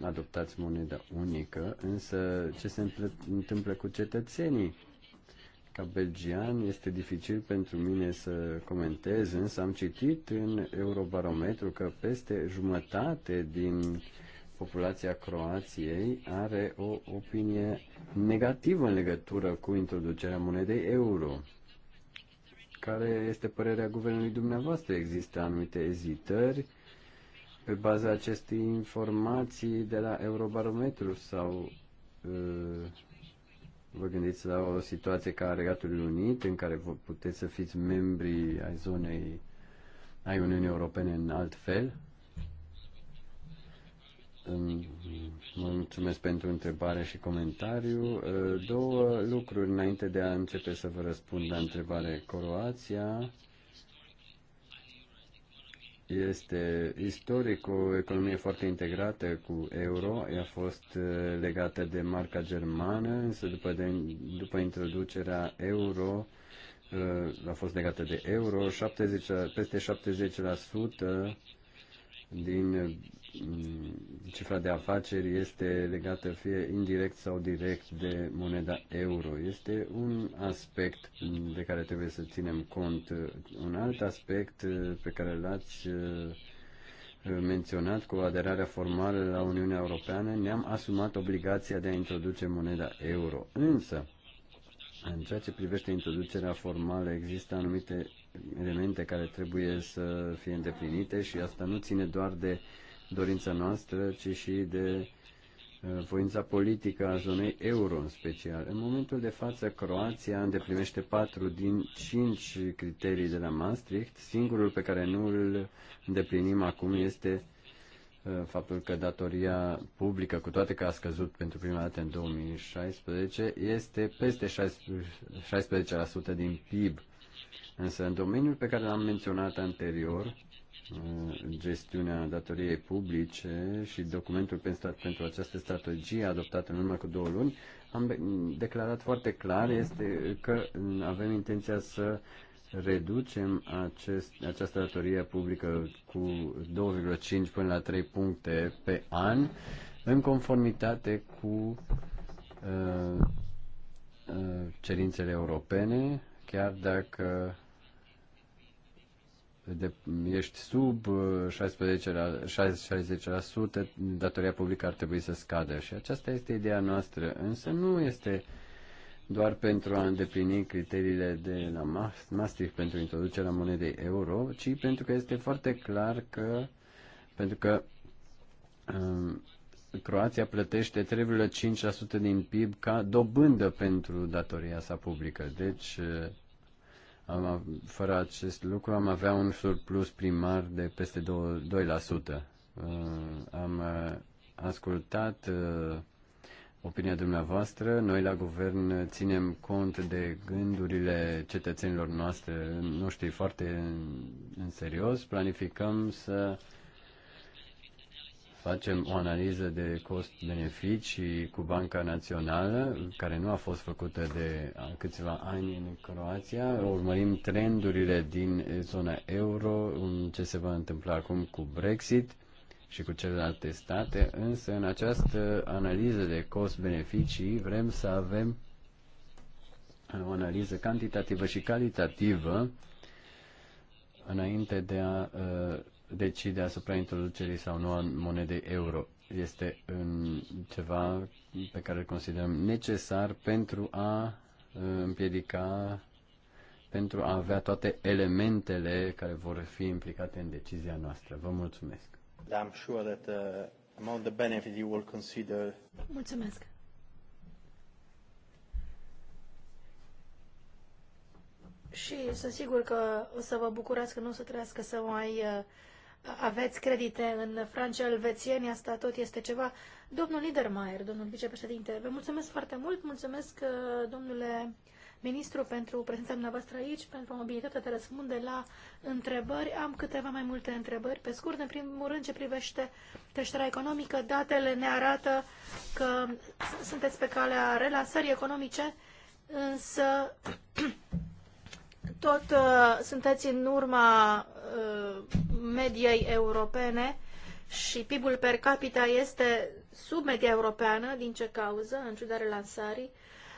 adoptați moneda unică, însă ce se întâmplă cu cetățenii? Ca belgian este dificil pentru mine să comentez, însă am citit în Eurobarometru că peste jumătate din populația Croației are o opinie negativă în legătură cu introducerea monedei euro. Care este părerea guvernului dumneavoastră? Există anumite ezitări pe baza acestei informații de la Eurobarometru sau uh, vă gândiți la o situație ca Regatul Unit în care puteți să fiți membri ai zonei ai Uniunii Europene în alt fel? Mă mulțumesc pentru întrebare și comentariu. Uh, două lucruri înainte de a începe să vă răspund la întrebare. Croația este istoric o economie foarte integrată cu euro. Ea a fost uh, legată de marca germană, însă după, de, după introducerea euro uh, a fost legată de euro. 70, peste 70% din Mm, cifra de afaceri este legată fie indirect sau direct de moneda euro. Este un aspect de care trebuie să ținem cont. Un alt aspect uh, pe care l-ați uh, menționat cu aderarea formală la Uniunea Europeană, ne-am asumat obligația de a introduce moneda euro. Însă, în ceea ce privește introducerea formală, există anumite elemente care trebuie să fie îndeplinite și asta nu ține doar de uh, dorința noastră, ci și de uh, voința politică a zonei euro în special. În momentul de față, Croația îndeplinește patru din cinci criterii de la Maastricht. Singurul pe care nu îl îndeplinim acum este uh, faptul că datoria publică, cu toate că a scăzut pentru prima dată în 2016, este peste 16% din PIB. Însă în domeniul pe care l-am menționat anterior, Mm, gestiunea datoriei publice și documentul pentru această strategie adoptată în urmă cu două luni, am declarat foarte clar este că avem intenția să reducem acest, această datorie publică cu 2,5 până la 3 puncte pe an în conformitate cu uh, uh, cerințele europene, chiar dacă de, ești sub 16 uh, la, 60%, datoria publică ar trebui să scadă. Și aceasta este ideea noastră, însă nu este doar pentru a îndeplini criteriile de la Maastricht pentru introducerea monedei euro, ci pentru că este foarte clar că pentru că um, Croația plătește 3,5% din PIB ca dobândă pentru datoria sa publică. Deci uh, am, fără acest lucru am avea un surplus primar de peste 2%. Uh, am uh, ascultat uh, opinia dumneavoastră. Noi la guvern ținem cont de gândurile cetățenilor noastre, știu, foarte în, în serios. Planificăm să uh, facem o analiză de cost-beneficii cu Banca Națională, care nu a fost făcută de câțiva ani în Croația. Urmărim trendurile din zona euro, ce se va întâmpla acum cu Brexit și cu celelalte state, însă în această analiză de cost-beneficii vrem să avem o analiză cantitativă și calitativă înainte de a uh, decide asupra introducerii sau nu a monedei euro. Este în ceva pe care îl considerăm necesar pentru a uh, împiedica, pentru a avea toate elementele care vor fi implicate în decizia noastră. Vă mulțumesc. Da, I'm sure that uh, among the benefit you will consider. Mulțumesc. Și sunt sigur că o să vă bucurați că nu o să trească să mai uh, aveți credite în Francia, elvețieni, asta tot este ceva. Domnul Lidermayer, domnul vicepreședinte, vă mulțumesc foarte mult, mulțumesc uh, domnule ministru pentru prezența dumneavoastră aici, pentru mobilitatea de a răspunde la întrebări. Am câteva mai multe întrebări. Pe scurt, în primul rând, ce privește creșterea economică, datele ne arată că sunteți pe calea relansării economice, însă tot uh, sunteți în urma uh, mediei europene și PIB-ul per capita este sub media europeană, din ce cauză, în ciuda relansării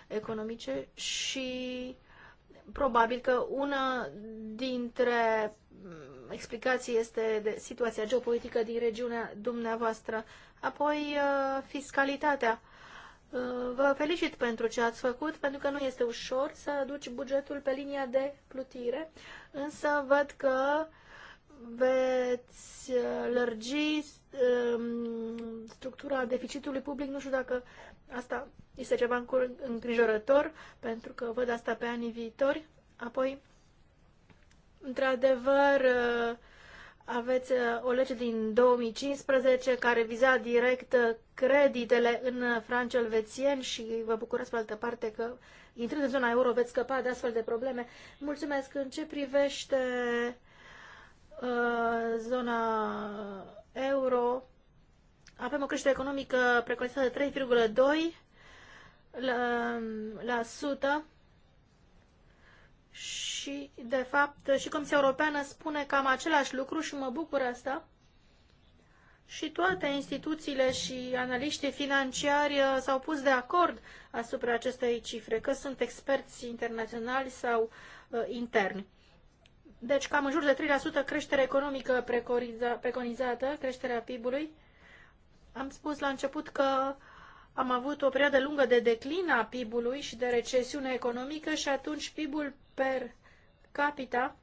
economice și probabil că una dintre mm, explicații este de situația geopolitică din regiunea dumneavoastră. Apoi, uh, fiscalitatea. Uh, vă felicit pentru ce ați făcut, pentru că nu este ușor să aduci bugetul pe linia de plutire, însă văd că veți uh, lărgi um, structura deficitului public. Nu știu dacă asta este ceva îngrijorător, pentru că văd asta pe anii viitori. Apoi, într-adevăr, uh, aveți uh, o lege din 2015 care viza direct creditele în franc elvețien și vă bucurați pe altă parte că intrând în zona euro veți scăpa de astfel de probleme. Mulțumesc. În ce privește Uh, zona euro. Avem o creștere economică preconizată de 3,2% la, la sută și, de fapt, și Comisia Europeană spune cam același lucru și mă bucur asta. Și toate instituțiile și analiștii financiari uh, s-au pus de acord asupra acestei cifre, că sunt experți internaționali sau uh, interni. Deci cam în jur de 3% creștere economică preconizată, creșterea PIB-ului. Am spus la început că am avut o perioadă lungă de declin a PIB-ului și de recesiune economică și atunci PIB-ul per capita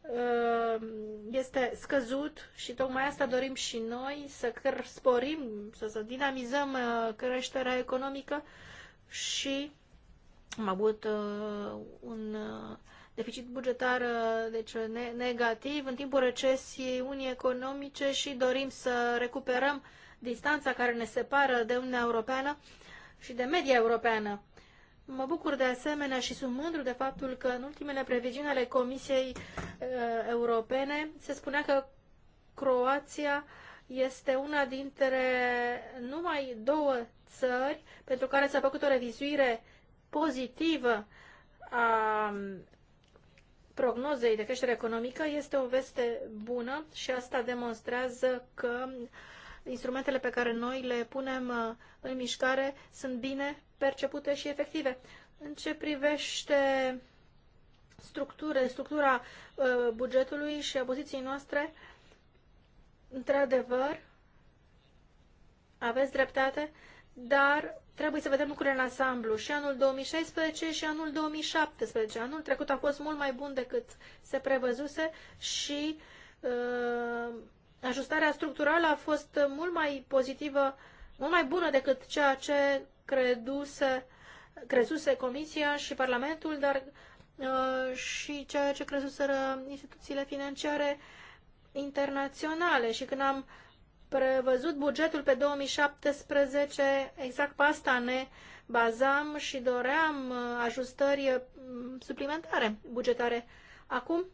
uh, este scăzut și tocmai asta dorim și noi, să sporim, să, să dinamizăm uh, creșterea economică și am avut uh, un deficit bugetar uh, deci uh, negativ în timpul recesiunii economice și dorim să recuperăm distanța care ne separă de Uniunea Europeană și de media europeană. Mă bucur de asemenea și sunt mândru de faptul că în ultimele previziuni ale Comisiei uh, Europene se spunea că Croația este una dintre numai două țări pentru care s-a făcut o revizuire pozitivă a prognozei de creștere economică este o veste bună și asta demonstrează că instrumentele pe care noi le punem uh, în mișcare sunt bine percepute și efective. În ce privește structura, structura uh, bugetului și a poziției noastre, într-adevăr, aveți dreptate, dar Trebuie să vedem lucrurile în ansamblu și anul 2016 și anul 2017. Anul trecut a fost mult mai bun decât se prevăzuse și uh, ajustarea structurală a fost mult mai pozitivă, mult mai bună decât ceea ce creduse, crezuse Comisia și Parlamentul, dar uh, și ceea ce crezuseră instituțiile financiare internaționale. Și când am uh, prevăzut bugetul pe 2017, exact pe asta ne bazam și doream uh, ajustări uh, suplimentare bugetare. Acum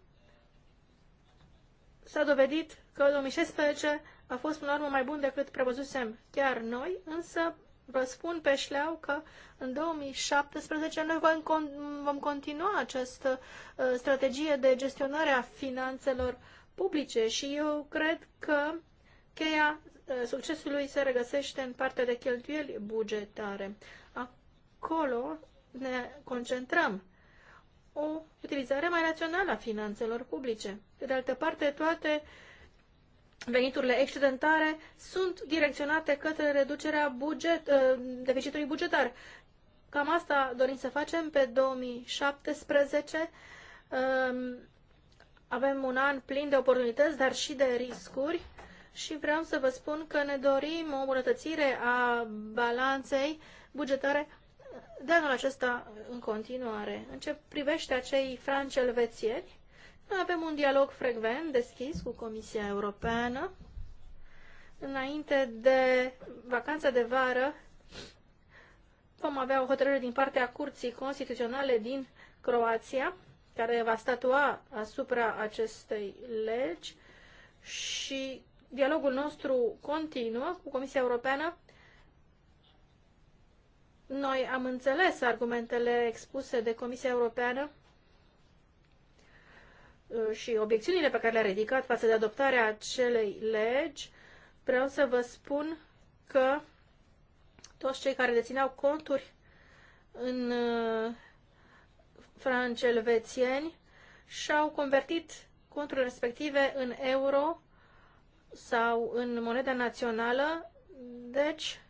s-a dovedit că 2016 a fost până la urmă mai bun decât prevăzusem chiar noi, însă vă spun pe șleau că în 2017 noi vom, vom continua această uh, strategie de gestionare a finanțelor publice și eu cred că Cheia eh, succesului se regăsește în partea de cheltuieli bugetare. Acolo ne concentrăm o utilizare mai rațională a finanțelor publice. Pe de altă parte, toate veniturile excedentare sunt direcționate către reducerea buget, eh, deficitului bugetar. Cam asta dorim să facem pe 2017. Ehm, avem un an plin de oportunități, dar și de riscuri și vreau să vă spun că ne dorim o îmbunătățire a balanței bugetare de anul acesta în continuare. În ce privește acei franci elvețieni, noi avem un dialog frecvent deschis cu Comisia Europeană. Înainte de vacanța de vară vom avea o hotărâre din partea Curții Constituționale din Croația, care va statua asupra acestei legi și dialogul nostru continuă cu Comisia Europeană. Noi am înțeles argumentele expuse de Comisia Europeană uh, și obiecțiunile pe care le-a ridicat față de adoptarea acelei legi. Vreau să vă spun că toți cei care dețineau conturi în uh, francelvețieni și-au convertit conturile respective în euro sau în moneda națională, deci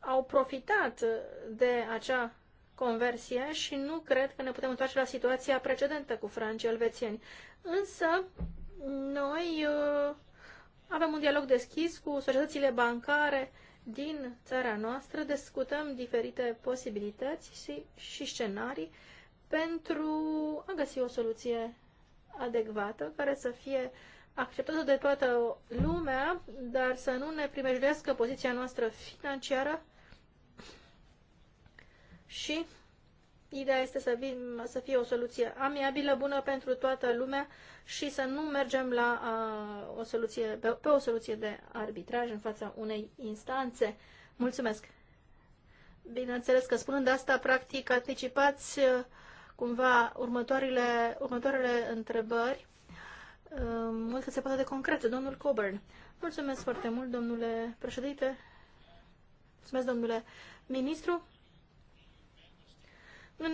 au profitat de acea conversie și nu cred că ne putem întoarce la situația precedentă cu francii elvețieni. Însă, noi uh, avem un dialog deschis cu societățile bancare din țara noastră, discutăm diferite posibilități și, și scenarii pentru a găsi o soluție adecvată care să fie uh, acceptată de toată lumea, dar să nu ne primejdească poziția noastră financiară și ideea este să, vin, să fie o soluție amiabilă, bună pentru toată lumea și să nu mergem la a, o soluție, pe, pe o soluție de arbitraj în fața unei instanțe. Mulțumesc! Bineînțeles că spunând asta, practic anticipați uh, cumva următoarele, următoarele întrebări Ehm, mult cât se poate de concrete. Domnul Coburn. Mulțumesc foarte mult, domnule președinte. Mulțumesc, domnule ministru. În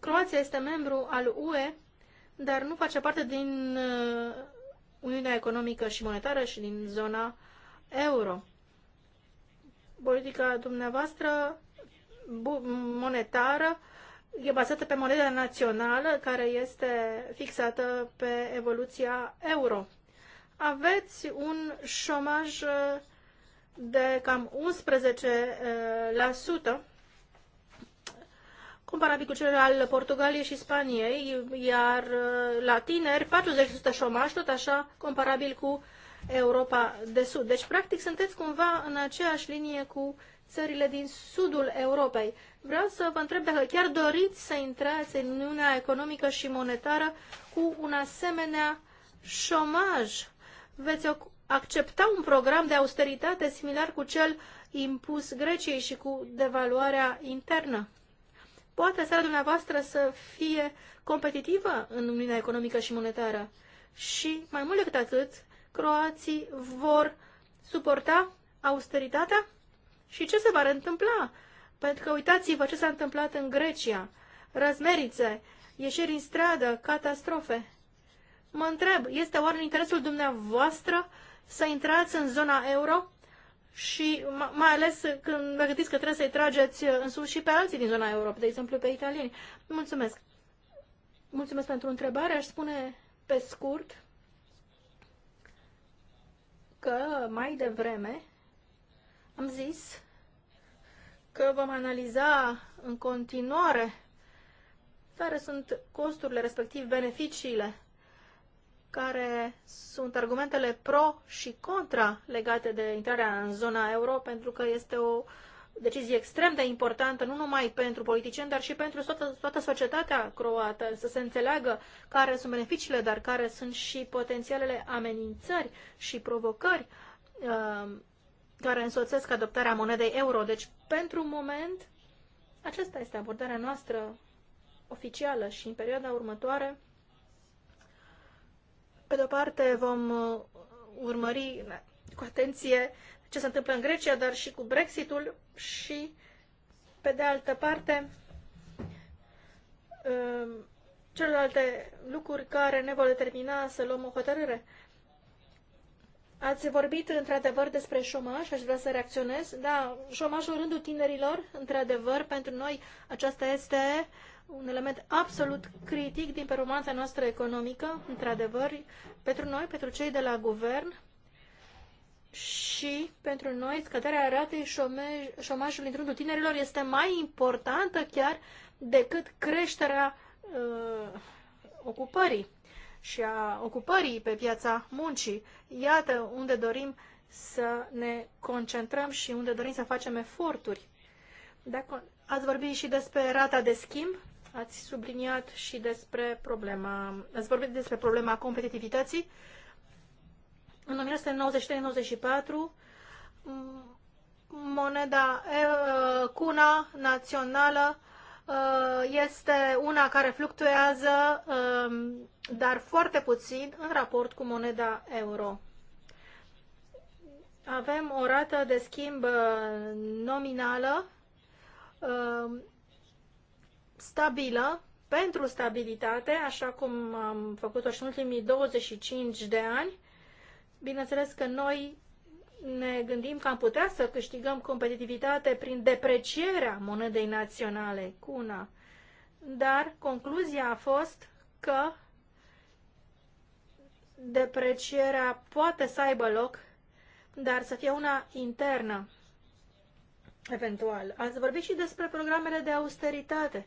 Croația este membru al UE, dar nu face parte din uh, Uniunea Economică și Monetară și din zona euro. Politica dumneavoastră monetară e bazată pe moneda națională care este fixată pe evoluția euro. Aveți un șomaj de cam 11% comparabil cu cel al Portugaliei și Spaniei, iar la tineri 40% șomaj, tot așa comparabil cu Europa de Sud. Deci, practic, sunteți cumva în aceeași linie cu țările din sudul Europei. Vreau să vă întreb dacă chiar doriți să intrați în Uniunea Economică și Monetară cu un asemenea șomaj. Veți accepta un program de austeritate similar cu cel impus Greciei și cu devaluarea internă? Poate țara dumneavoastră să fie competitivă în Uniunea Economică și Monetară? Și, mai mult decât atât, croații vor suporta austeritatea? Și ce se va întâmpla? Pentru că uitați-vă ce s-a întâmplat în Grecia. Răzmerițe, ieșiri în stradă, catastrofe. Mă întreb, este oare în interesul dumneavoastră să intrați în zona euro? Și mai ales când vă gândiți că trebuie să-i trageți în sus și pe alții din zona euro, de exemplu pe italieni. Mulțumesc. Mulțumesc pentru întrebare. Aș spune pe scurt că mai devreme am zis că vom analiza în continuare care sunt costurile, respectiv beneficiile, care sunt argumentele pro și contra legate de intrarea în zona euro, pentru că este o decizie extrem de importantă, nu numai pentru politicieni, dar și pentru toată, toată societatea croată, să se înțeleagă care sunt beneficiile, dar care sunt și potențialele amenințări și provocări uh, care însoțesc adoptarea monedei euro. Deci, pentru moment, aceasta este abordarea noastră oficială și în perioada următoare, pe de-o parte, vom uh, urmări cu atenție ce se întâmplă în Grecia, dar și cu Brexitul și, pe de altă parte, uh, celelalte lucruri care ne vor determina să luăm o hotărâre Ați vorbit într-adevăr despre șomaj, aș vrea să reacționez. Da, șomajul în rândul tinerilor, într-adevăr, pentru noi aceasta este un element absolut critic din performanța noastră economică, într-adevăr, pentru noi, pentru cei de la guvern și pentru noi scăderea ratei șomajului în rândul tinerilor este mai importantă chiar decât creșterea uh, ocupării și a ocupării pe piața muncii. Iată unde dorim să ne concentrăm și unde dorim să facem eforturi. Dacă ați vorbit și despre rata de schimb, ați subliniat și despre problema, ați vorbit despre problema competitivității. În 1993-94, moneda, uh, cuna națională Uh, este una care fluctuează, um, dar foarte puțin în raport cu moneda euro. Avem o rată de schimb uh, nominală um, stabilă pentru stabilitate, așa cum am făcut-o și în ultimii 25 de ani. Bineînțeles că noi ne gândim că am putea să câștigăm competitivitate prin deprecierea monedei naționale cuna. Dar concluzia a fost că deprecierea poate să aibă loc, dar să fie una internă, eventual. Ați vorbit și despre programele de austeritate.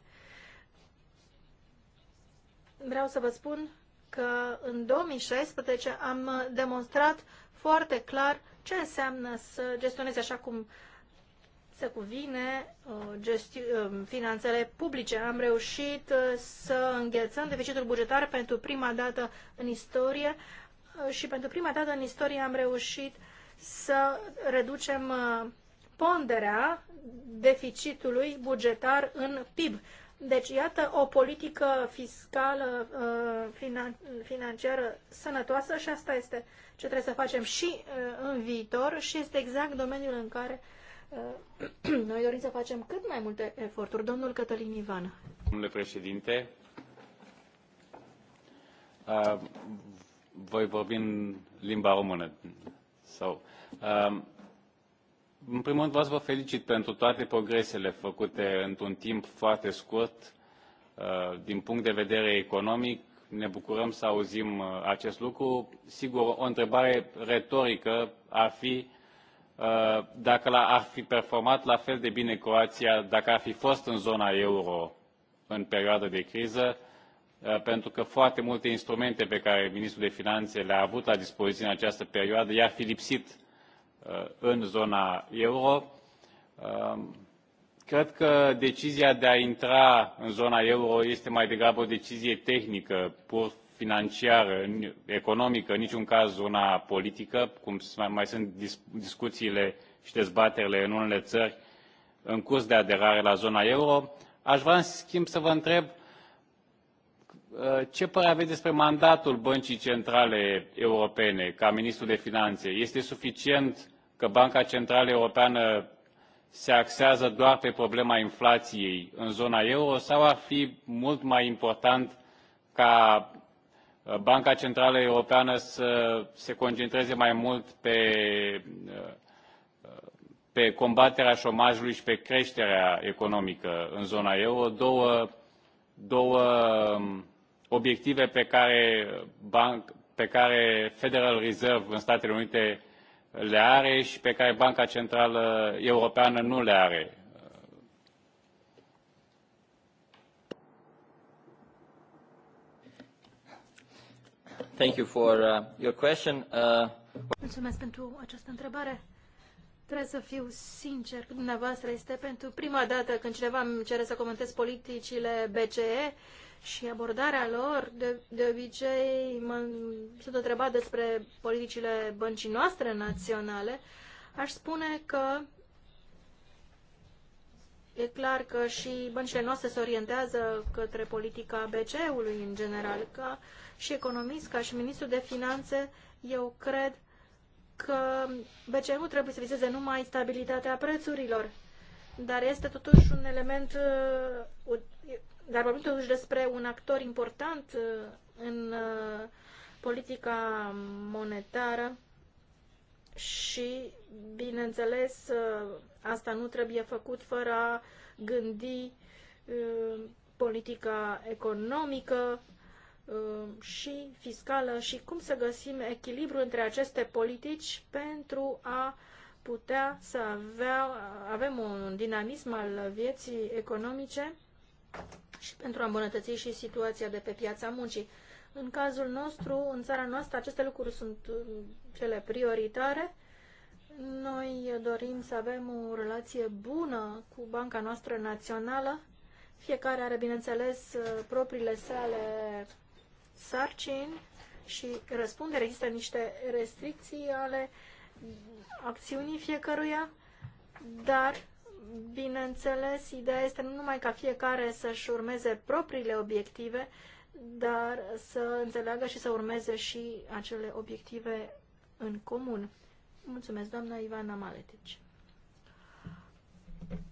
Vreau să vă spun că în 2016 am demonstrat foarte clar ce înseamnă să gestionezi așa cum se cuvine uh, uh, finanțele publice. Am reușit uh, să înghețăm deficitul bugetar pentru prima dată în istorie și pentru prima dată în istorie am reușit să reducem ponderea deficitului bugetar în PIB. Deci, iată o politică fiscală, uh, finan- financiară sănătoasă și asta este ce trebuie să facem și uh, în viitor și este exact domeniul în care uh, noi dorim să facem cât mai multe eforturi. Domnul Cătălin Ivan. Domnule președinte, voi vorbi în limba română. So, în primul rând, vreau să vă felicit pentru toate progresele făcute într-un timp foarte scurt. Uh, din punct de vedere economic, ne bucurăm să auzim uh, acest lucru. Sigur, o întrebare retorică ar fi uh, dacă ar fi performat la fel de bine Croația, dacă ar fi fost în zona euro în perioada de criză, pentru că foarte multe instrumente pe care ministrul de finanțe le-a avut la dispoziție în această perioadă i-ar fi lipsit Uh, în zona euro. Um, cred că decizia de a intra în zona euro este mai degrabă o decizie tehnică, pur financiară, economică, în niciun caz una politică, cum mai sunt discuțiile și dezbaterile în unele țări în curs de aderare la zona euro. Aș vrea, în schimb, să vă întreb Uh, ce părere aveți despre mandatul Băncii Centrale Europene ca ministru de finanțe? Este suficient că Banca Centrală Europeană se axează doar pe problema inflației în zona euro sau ar fi mult mai important ca uh, Banca Centrală Europeană să se concentreze mai mult pe, uh, pe combaterea șomajului și pe creșterea economică în zona euro, două, două um, obiective pe care, banc, pe care Federal Reserve în Statele Unite le are și pe care Banca Centrală Europeană nu le are. Thank you for uh, your question. Uh... Mulțumesc pentru această întrebare. Trebuie să fiu sincer cu dumneavoastră. Este pentru prima dată când cineva îmi cere să comentez politicile BCE. Uh, și abordarea lor, de, de obicei mă, sunt întrebat despre politicile băncii noastre naționale, aș spune că e clar că și băncile noastre se orientează către politica BCE-ului în general. Ca și economist, ca și ministru de finanțe, eu cred că BCE ul trebuie să vizeze numai stabilitatea prețurilor, dar este totuși un element uh, dar vorbim totuși despre un actor important uh, în uh, politica monetară și, bineînțeles, uh, asta nu trebuie făcut fără a gândi politica economică și fiscală și cum să găsim echilibru între aceste politici pentru a putea să avea, avem un dinamism al vieții economice și pentru a îmbunătăți și situația de pe piața muncii. În cazul nostru, în țara noastră, aceste lucruri sunt uh, cele prioritare. Noi dorim să avem o relație bună cu banca noastră națională. Fiecare are, bineînțeles, uh, propriile sale sarcini și răspundere. Există niște restricții ale acțiunii fiecăruia, dar Bineînțeles, ideea este nu numai ca fiecare să-și urmeze propriile obiective, dar să înțeleagă și să urmeze și acele obiective în comun. Mulțumesc, doamna Ivana Maletici.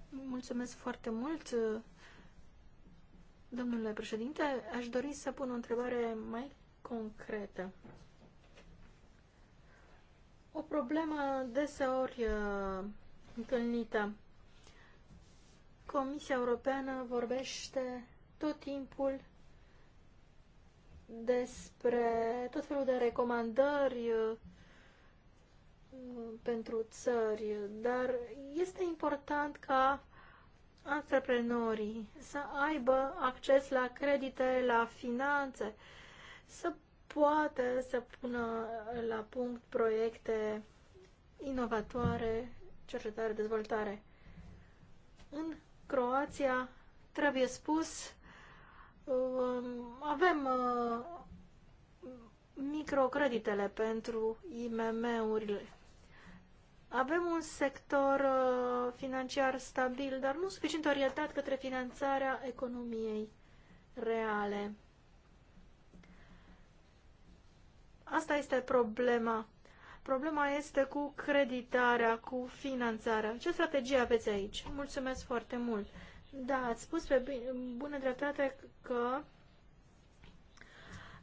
Mulțumesc foarte mult, domnule președinte. Aș dori să pun o întrebare mai concretă. O problemă deseori uh, întâlnită Comisia Europeană vorbește tot timpul despre tot felul de recomandări uh, pentru țări, dar este important ca antreprenorii să aibă acces la credite, la finanțe, să poată să pună la punct proiecte inovatoare, cercetare, dezvoltare. În Croația, trebuie spus, um, avem uh, microcreditele pentru IMM-urile. Avem un sector uh, financiar stabil, dar nu suficient orientat către finanțarea economiei reale. Asta este problema Problema este cu creditarea, cu finanțarea. Ce strategie aveți aici? Mulțumesc foarte mult. Da, ați spus pe bună dreptate că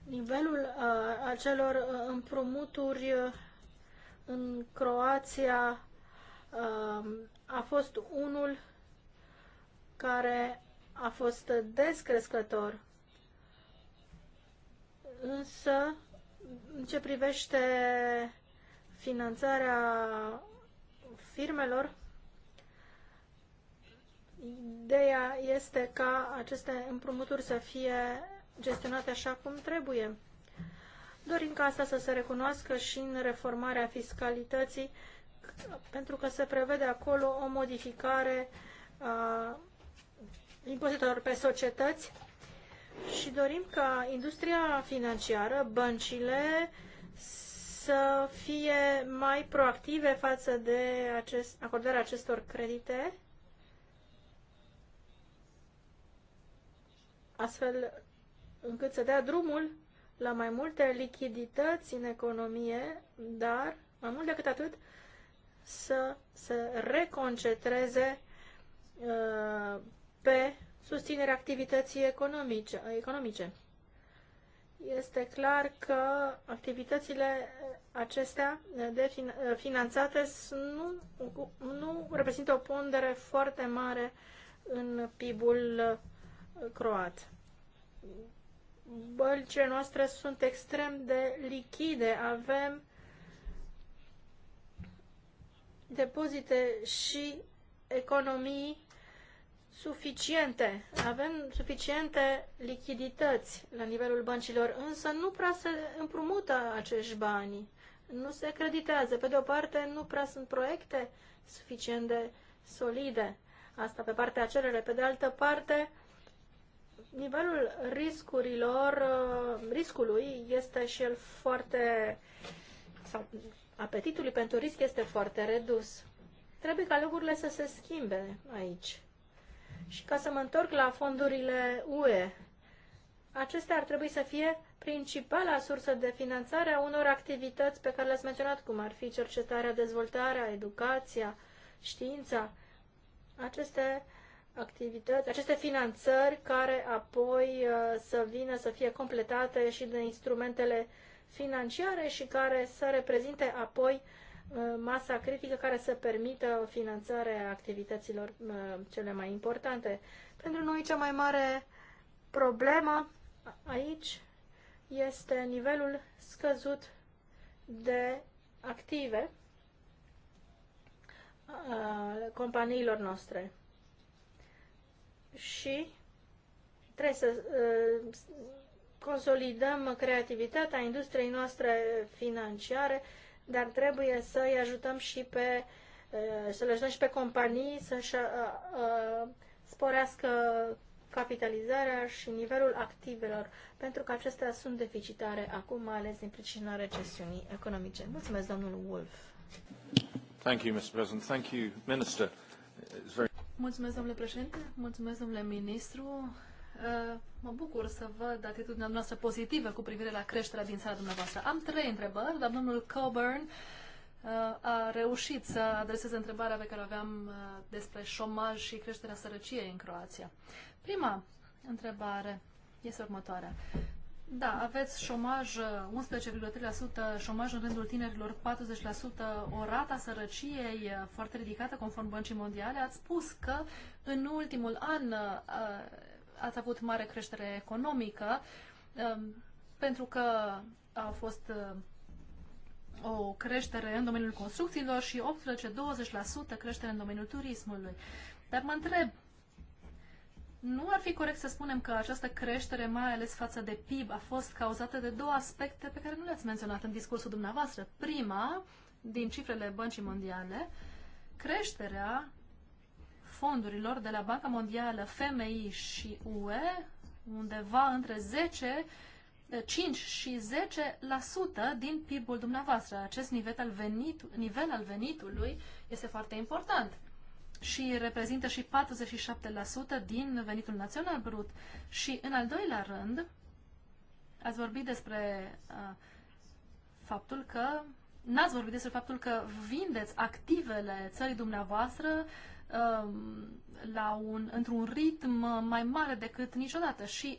nivelul uh, acelor uh, împrumuturi uh, în Croația uh, a fost unul care a fost descrescător. Însă, în ce privește finanțarea firmelor. Ideea este ca aceste împrumuturi să fie gestionate așa cum trebuie. Dorim ca asta să se recunoască și în reformarea fiscalității, pentru că se prevede acolo o modificare a impozitelor pe societăți și dorim ca industria financiară, băncile, să fie mai proactive față de acest, acordarea acestor credite, astfel încât să dea drumul la mai multe lichidități în economie, dar, mai mult decât atât, să se reconcentreze uh, pe susținerea activității economice. economice este clar că activitățile acestea de finanțate nu, nu reprezintă o pondere foarte mare în PIB-ul croat. Bălcile noastre sunt extrem de lichide, avem depozite și economii suficiente, avem suficiente lichidități la nivelul băncilor, însă nu prea se împrumută acești bani, nu se creditează. Pe de o parte, nu prea sunt proiecte suficient de solide. Asta pe partea cerere. Pe de altă parte, nivelul riscurilor, uh, riscului este și el foarte, sau apetitului pentru risc este foarte redus. Trebuie ca lucrurile să se schimbe aici. Și ca să mă întorc la fondurile UE, acestea ar trebui să fie principala sursă de finanțare a unor activități pe care le-ați menționat, cum ar fi cercetarea, dezvoltarea, educația, știința. Aceste activități, aceste finanțări care apoi uh, să vină să fie completate și de instrumentele financiare și care să reprezinte apoi uh, Uh, masa critică care să permită o finanțare a activităților uh, cele mai importante. Pentru noi cea mai mare problemă aici este nivelul scăzut de active uh, companiilor noastre. Și trebuie să consolidăm creativitatea industriei noastre financiare dar trebuie să-i ajutăm și pe să le ajutăm și pe companii să își sporească capitalizarea și nivelul activelor, pentru că acestea sunt deficitare acum, mai ales din pricina recesiunii economice. Mulțumesc, domnul Wolf. Thank you, Mr. President. Thank you, Minister. very... Mulțumesc, domnule președinte. Mulțumesc, domnule ministru. Eh, mă bucur să văd atitudinea noastră pozitivă cu privire la creșterea din țara dumneavoastră. Am trei întrebări, dar domnul Coburn eh, a reușit să adreseze întrebarea pe care o aveam eh, despre șomaj și creșterea sărăciei în Croația. Prima întrebare este următoarea. Da, aveți șomaj 11,3%, șomaj în rândul tinerilor 40%, o rata sărăciei foarte ridicată conform Băncii Mondiale. Ați spus că în ultimul an ați avut mare creștere economică um, pentru că a fost uh, o creștere în domeniul construcțiilor și 18-20% creștere în domeniul turismului. Dar mă întreb, nu ar fi corect să spunem că această creștere, mai ales față de PIB, a fost cauzată de două aspecte pe care nu le-ați menționat în discursul dumneavoastră. Prima, din cifrele Băncii Mondiale, creșterea fondurilor de la Banca Mondială, FMI și UE, undeva între 10, 5 eh, și 10% din PIB-ul dumneavoastră. Acest nivel al, venit, nivel al venitului este foarte important și reprezintă și 47% din venitul național brut. Și în al doilea rând, ați vorbit despre uh, faptul că n-ați vorbit despre faptul că vindeți activele țării dumneavoastră Um, la un, într-un ritm mai mare decât niciodată și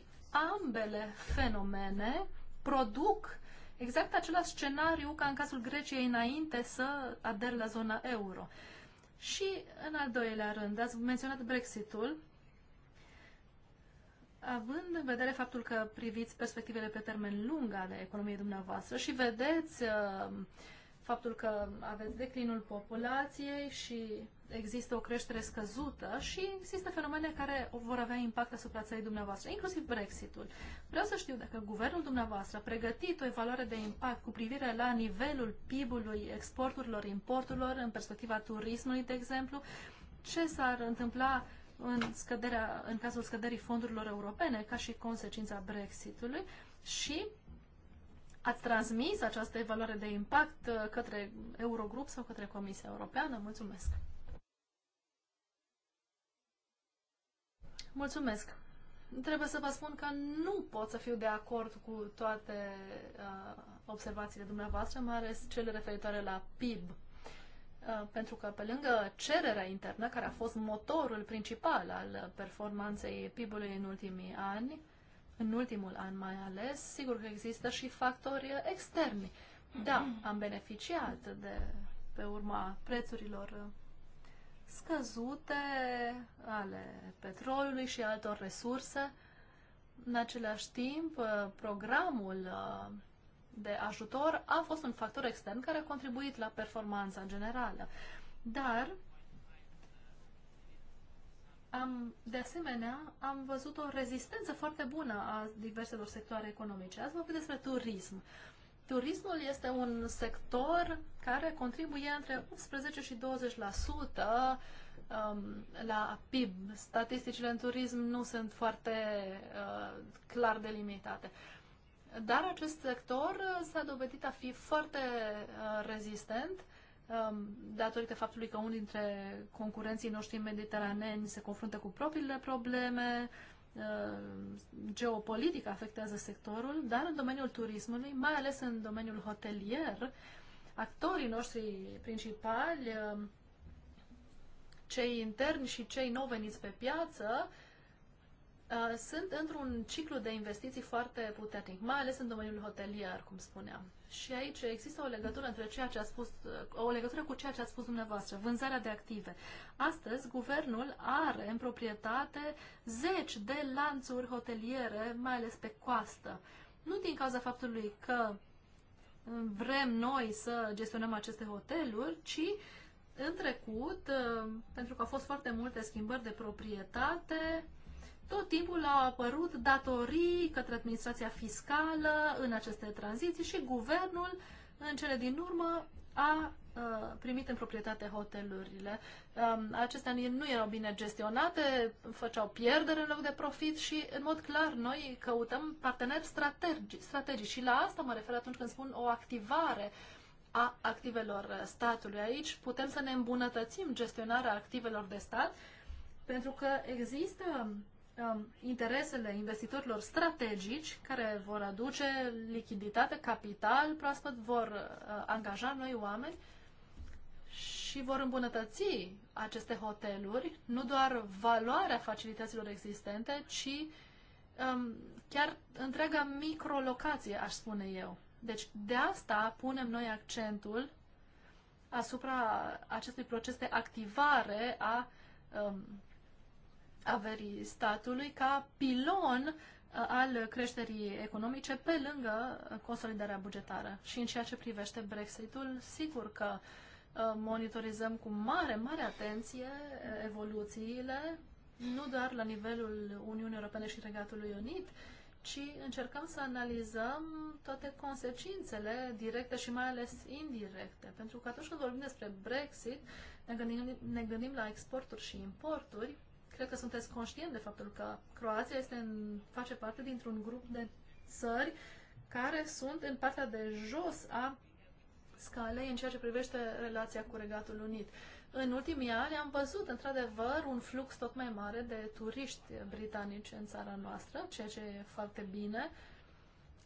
ambele fenomene produc exact același scenariu ca în cazul Greciei înainte să adere la zona euro. Și în al doilea rând, ați menționat Brexitul, având în vedere faptul că priviți perspectivele pe termen lung ale economiei dumneavoastră și vedeți uh, faptul că aveți declinul populației și există o creștere scăzută și există fenomene care vor avea impact asupra țării dumneavoastră, inclusiv Brexitul. Vreau să știu dacă guvernul dumneavoastră a pregătit o evaluare de impact cu privire la nivelul PIB-ului, exporturilor, importurilor, în perspectiva turismului, de exemplu, ce s-ar întâmpla în, scăderea, în cazul scăderii fondurilor europene ca și consecința Brexitului și Ați transmis această evaluare de impact uh, către Eurogrup sau către Comisia Europeană? Mulțumesc! Mulțumesc! Trebuie să vă spun că nu pot să fiu de acord cu toate uh, observațiile dumneavoastră, mai ales cele referitoare la PIB. Uh, pentru că pe lângă cererea internă, care a fost motorul principal al performanței PIB-ului în ultimii ani, uh, în ultimul an mai ales, sigur că există și factori externi. Da, am beneficiat de pe urma prețurilor scăzute ale petrolului și altor resurse. În același timp, programul de ajutor a fost un factor extern care a contribuit la performanța generală. Dar am, de asemenea, am văzut o rezistență foarte bună a diverselor sectoare economice. Ați vorbit despre turism. Turismul este un sector care contribuie între 18 și 20% la um, PIB. Statisticile în turism nu sunt foarte uh, clar delimitate. Dar acest sector uh, s-a dovedit a fi foarte uh, rezistent Um, datorită faptului că unii dintre concurenții noștri mediteraneni se confruntă cu propriile probleme, uh, geopolitică afectează sectorul, dar în domeniul turismului, mai ales în domeniul hotelier, actorii noștri principali, uh, cei interni și cei nou veniți pe piață, Uh, sunt într-un ciclu de investiții foarte puternic, mai ales în domeniul hotelier, cum spuneam. Și aici există o legătură între ceea ce a spus, uh, o legătură cu ceea ce a spus dumneavoastră, vânzarea de active. Astăzi, guvernul are în proprietate zeci de lanțuri hoteliere, mai ales pe coastă. Nu din cauza faptului că vrem noi să gestionăm aceste hoteluri, ci în trecut, uh, pentru că au fost foarte multe schimbări de proprietate, tot timpul au apărut datorii către administrația fiscală în aceste tranziții și guvernul, în cele din urmă, a uh, primit în proprietate hotelurile. Um, acestea nu erau bine gestionate, făceau pierdere în loc de profit și, în mod clar, noi căutăm parteneri strategici. strategici. Și la asta mă refer atunci când spun o activare a activelor statului. Aici putem să ne îmbunătățim gestionarea activelor de stat, pentru că există Um, interesele investitorilor strategici care vor aduce lichiditate, capital proaspăt, vor uh, angaja noi oameni și vor îmbunătăți aceste hoteluri, nu doar valoarea facilităților existente, ci um, chiar întreaga microlocație, aș spune eu. Deci de asta punem noi accentul asupra acestui proces de activare a um, averii statului ca pilon uh, al creșterii economice pe lângă consolidarea bugetară. Și în ceea ce privește Brexitul, sigur că uh, monitorizăm cu mare, mare atenție uh, evoluțiile, nu doar la nivelul Uniunii Europene și Regatului Unit, ci încercăm să analizăm toate consecințele directe și mai ales indirecte. Pentru că atunci când vorbim despre Brexit, ne gândim, ne gândim la exporturi și importuri, Cred că sunteți conștient de faptul că Croația este în, face parte dintr-un grup de țări care sunt în partea de jos a scalei în ceea ce privește relația cu Regatul Unit. În ultimii ani am văzut, într-adevăr, un flux tot mai mare de turiști britanici în țara noastră, ceea ce e foarte bine.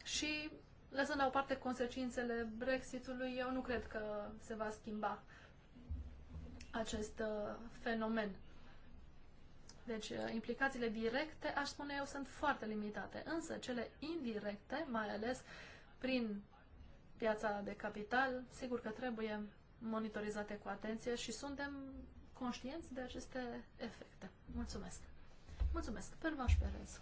Și, lăsând la o parte consecințele Brexitului, eu nu cred că se va schimba acest uh, fenomen. Deci, uh, implicațiile directe, aș spune eu, sunt foarte limitate. Însă, cele indirecte, mai ales prin piața de capital, sigur că trebuie monitorizate cu atenție și suntem conștienți de aceste efecte. Mulțumesc! Mulțumesc! Pervaș Perez!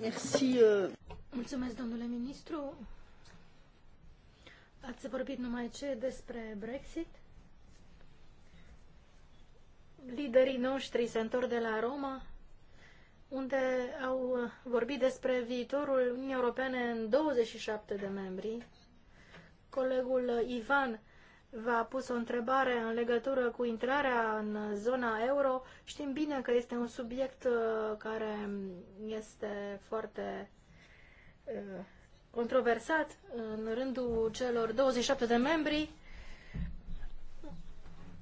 Merci. Uh. Mulțumesc, domnule ministru! Ați vorbit numai ce despre Brexit liderii noștri se întorc de la Roma, unde au vorbit despre viitorul Uniunii Europene în 27 de membri. Colegul Ivan v-a pus o întrebare în legătură cu intrarea în zona euro. Știm bine că este un subiect uh, care este foarte uh, controversat în rândul celor 27 de membri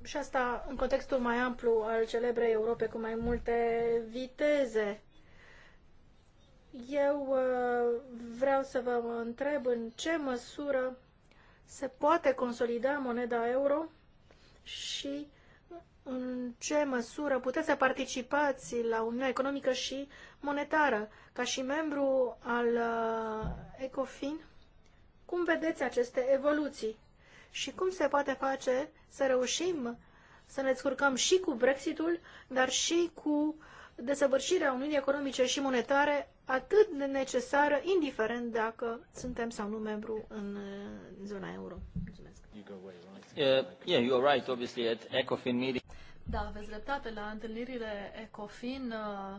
și asta în contextul mai amplu al celebrei Europe cu mai multe viteze. Eu uh, vreau să vă întreb în ce măsură se poate consolida moneda euro și în ce măsură puteți să participați la Uniunea Economică și Monetară ca și membru al uh, ECOFIN? Cum vedeți aceste evoluții și cum se poate face să reușim să ne descurcăm și cu Brexitul, dar și cu desăvârșirea Uniunii Economice și Monetare atât de necesară, indiferent dacă suntem sau nu membru în zona euro. Mulțumesc. Uh, yeah, you are right, obviously, at ECOFIN meeting. Da, aveți dreptate. La întâlnirile ECOFIN uh,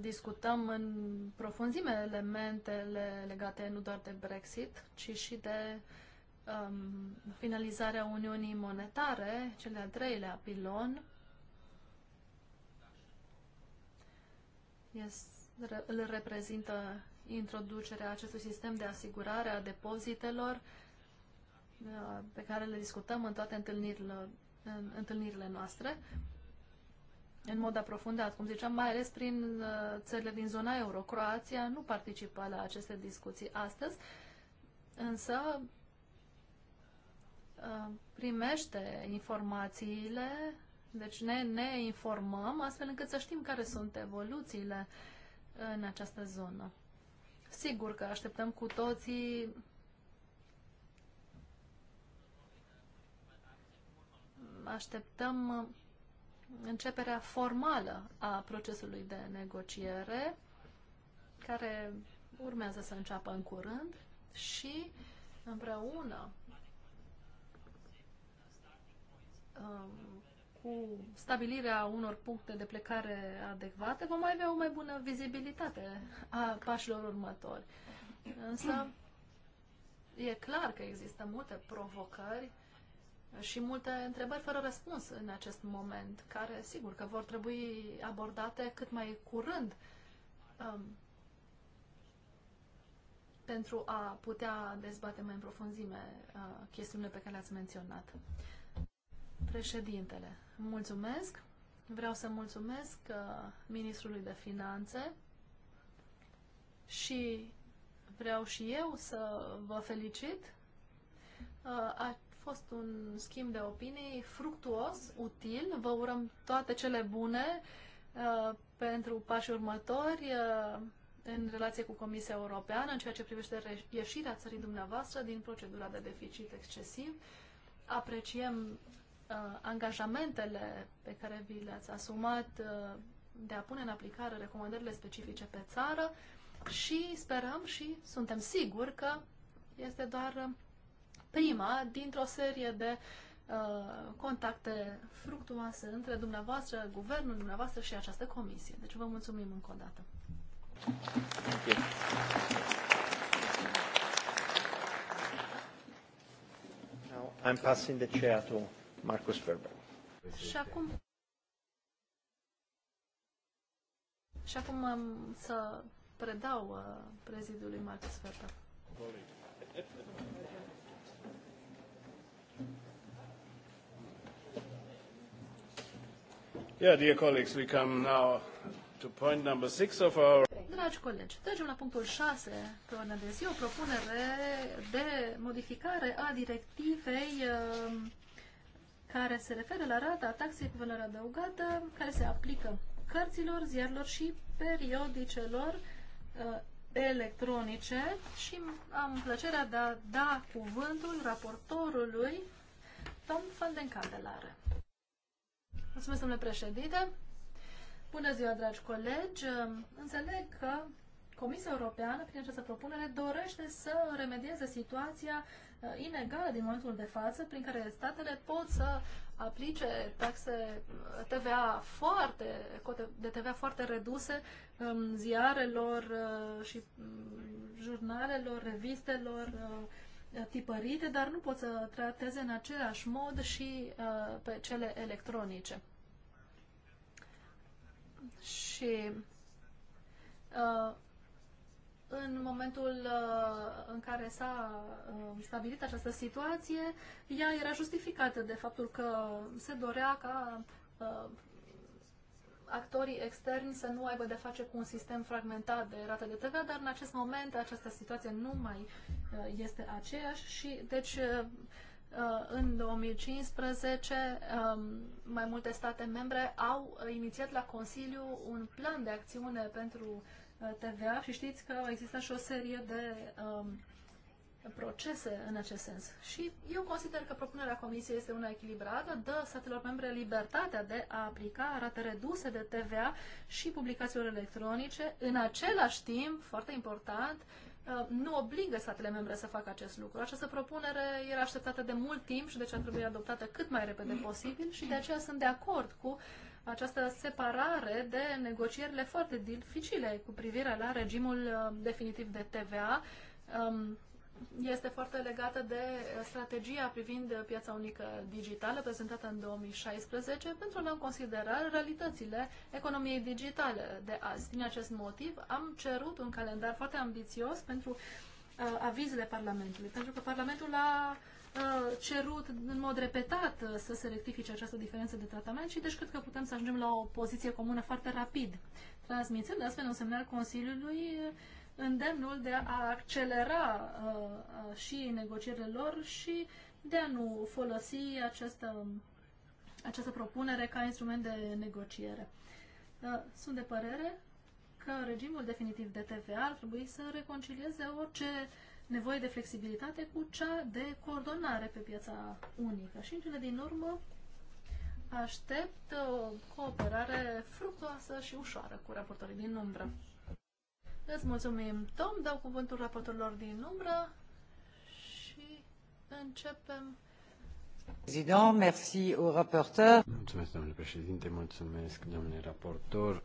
discutăm în profunzime elementele legate nu doar de Brexit, ci și de uh, um, finalizarea Uniunii Monetare, cel de-al treilea pilon, este, îl reprezintă introducerea acestui sistem de asigurare a depozitelor uh, pe care le discutăm în toate întâlnirile, în, întâlnirile noastre, în mod aprofundat. Cum ziceam, mai ales prin uh, țările din zona euro. Croația nu participă la aceste discuții astăzi, însă Uh, primește informațiile, deci ne, ne informăm astfel încât să știm care sunt evoluțiile în această zonă. Sigur că așteptăm cu toții așteptăm începerea formală a procesului de negociere care urmează să înceapă în curând și împreună Um, cu stabilirea unor puncte de plecare adecvate, vom mai avea o mai bună vizibilitate a pașilor următori. Însă, e clar că există multe provocări și multe întrebări fără răspuns în acest moment, care sigur că vor trebui abordate cât mai curând um, pentru a putea dezbate mai în profunzime uh, chestiunile pe care le-ați menționat. Președintele, mulțumesc. Vreau să mulțumesc uh, Ministrului de Finanțe și vreau și eu să vă felicit. Uh, a fost un schimb de opinii fructuos, util. Vă urăm toate cele bune uh, pentru pașii următori uh, în relație cu Comisia Europeană în ceea ce privește ieșirea țării dumneavoastră din procedura de deficit excesiv. Apreciem Uh, angajamentele pe care vi le-ați asumat uh, de a pune în aplicare recomandările specifice pe țară și sperăm și suntem siguri că este doar uh, prima dintr-o serie de contacte fructuoase între dumneavoastră, guvernul dumneavoastră și această comisie. Deci vă mulțumim încă o dată. Now I'm passing the chair to Marcus Ferber. Și acum... Și acum am să predau uh, prezidului Marcus Ferber. Yeah, dear colleagues, we come now to point number six of our... Dragi colegi, trecem la punctul 6 pe ordine de zi, o propunere de modificare a directivei uh, care se referă la rata taxei cu valoare adăugată care se aplică cărților, ziarilor și periodicelor uh, electronice și am plăcerea de a da cuvântul raportorului Tom van den Candelare. Mulțumesc, domnule președinte! Bună ziua, dragi colegi! Um, înțeleg că Comisia Europeană, prin această propunere, dorește să remedieze situația uh, Uh, inegală din momentul de față, prin care statele pot să aplice taxe uh, TVA foarte, de TVA foarte reduse um, ziarelor uh, și mm, jurnalelor, revistelor tipărite, dar nu pot să trateze în același mod și pe cele electronice. Și în momentul uh, în care s-a uh, stabilit această situație, ea era justificată de faptul că se dorea ca uh, actorii externi să nu aibă de face cu un sistem fragmentat de rate de TVA, dar în acest moment această situație nu mai este aceeași și deci în 2015 um, mai multe state membre au inițiat la Consiliu un plan de acțiune pentru Uh, TVA și știți că există și o serie de um, procese în acest sens. Și eu consider că propunerea Comisiei este una echilibrată, dă statelor membre libertatea de a aplica rate reduse de TVA și publicațiilor electronice. În același timp, foarte important, uh, nu obligă statele membre să facă acest lucru. Această propunere era așteptată de mult timp și deci ar trebui adoptată cât mai repede posibil și de aceea sunt de acord cu uh, această separare de negocierile foarte dificile cu privire la regimul uh, definitiv de TVA. Um, este foarte legată de uh, strategia privind piața unică digitală prezentată în 2016 pentru a ne considera realitățile economiei digitale de azi. Din acest motiv am cerut un calendar foarte ambițios pentru uh, avizele Parlamentului, pentru că Parlamentul a cerut în mod repetat uh, să se rectifice această diferență de tratament și deci cred că putem să ajungem la o poziție comună foarte rapid, transmițând astfel un semnal Consiliului uh, îndemnul de a accelera uh, și negocierile lor și de a nu folosi această, această propunere ca instrument de negociere. sunt de părere că regimul definitiv de TVA ar trebui să reconcilieze orice nevoie de flexibilitate cu cea de coordonare pe piața unică. Și în cele din urmă aștept o uh, cooperare fructoasă și ușoară cu raportorii din umbră. Îți mulțumim, Tom, dau cuvântul raportorilor din umbră și începem. Président, merci au rapporteur. Mulțumesc, domnule președinte, mulțumesc, domnule raportor.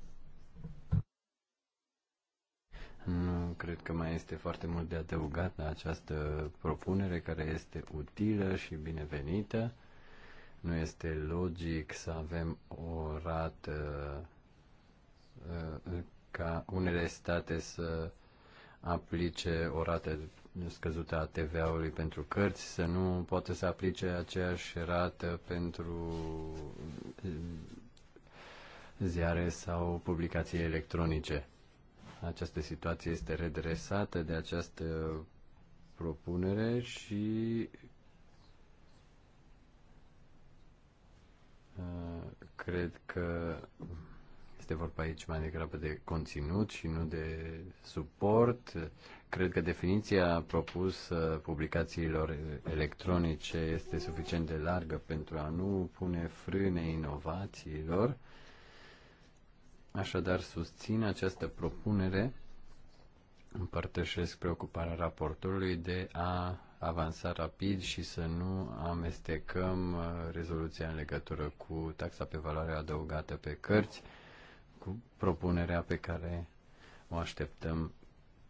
Nu cred că mai este foarte mult de adăugat la această propunere care este utilă și binevenită. Nu este logic să avem o rată uh, ca unele state să aplice o rată scăzută a TVA-ului pentru cărți, să nu poată să aplice aceeași rată pentru uh, ziare sau publicații electronice această situație este redresată de această propunere și uh, cred că este vorba aici mai degrabă de conținut și nu de suport. Cred că definiția propusă publicațiilor electronice este suficient de largă pentru a nu pune frâne inovațiilor Așadar, susțin această propunere, împărtășesc preocuparea raportorului de a avansa rapid și să nu amestecăm uh, rezoluția în legătură cu taxa pe valoare adăugată pe cărți cu propunerea pe care o așteptăm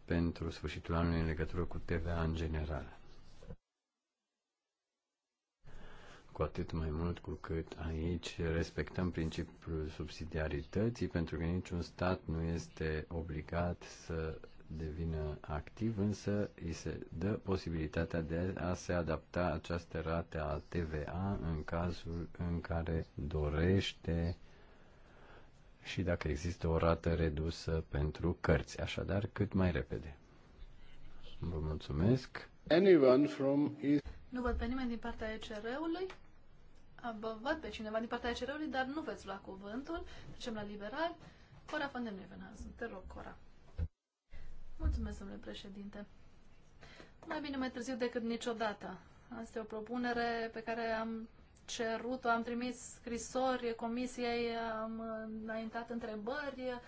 pentru sfârșitul anului în legătură cu TVA în general. cu atât mai mult cu cât aici respectăm principiul subsidiarității, pentru că niciun stat nu este obligat să devină activ, însă îi se dă posibilitatea de a se adapta această rate a TVA în cazul în care dorește și dacă există o rată redusă pentru cărți, așadar cât mai repede. Vă mulțumesc. Anyone from... Nu văd pe nimeni din partea ECR-ului. Vă văd pe cineva din partea cerului, dar nu veți lua cuvântul. Trecem la liberal. Cora van den Te rog, Cora. Mulțumesc, domnule președinte. Mai bine mai târziu decât niciodată. Asta e o propunere pe care am cerut-o, am trimis scrisori comisiei, am înaintat întrebări,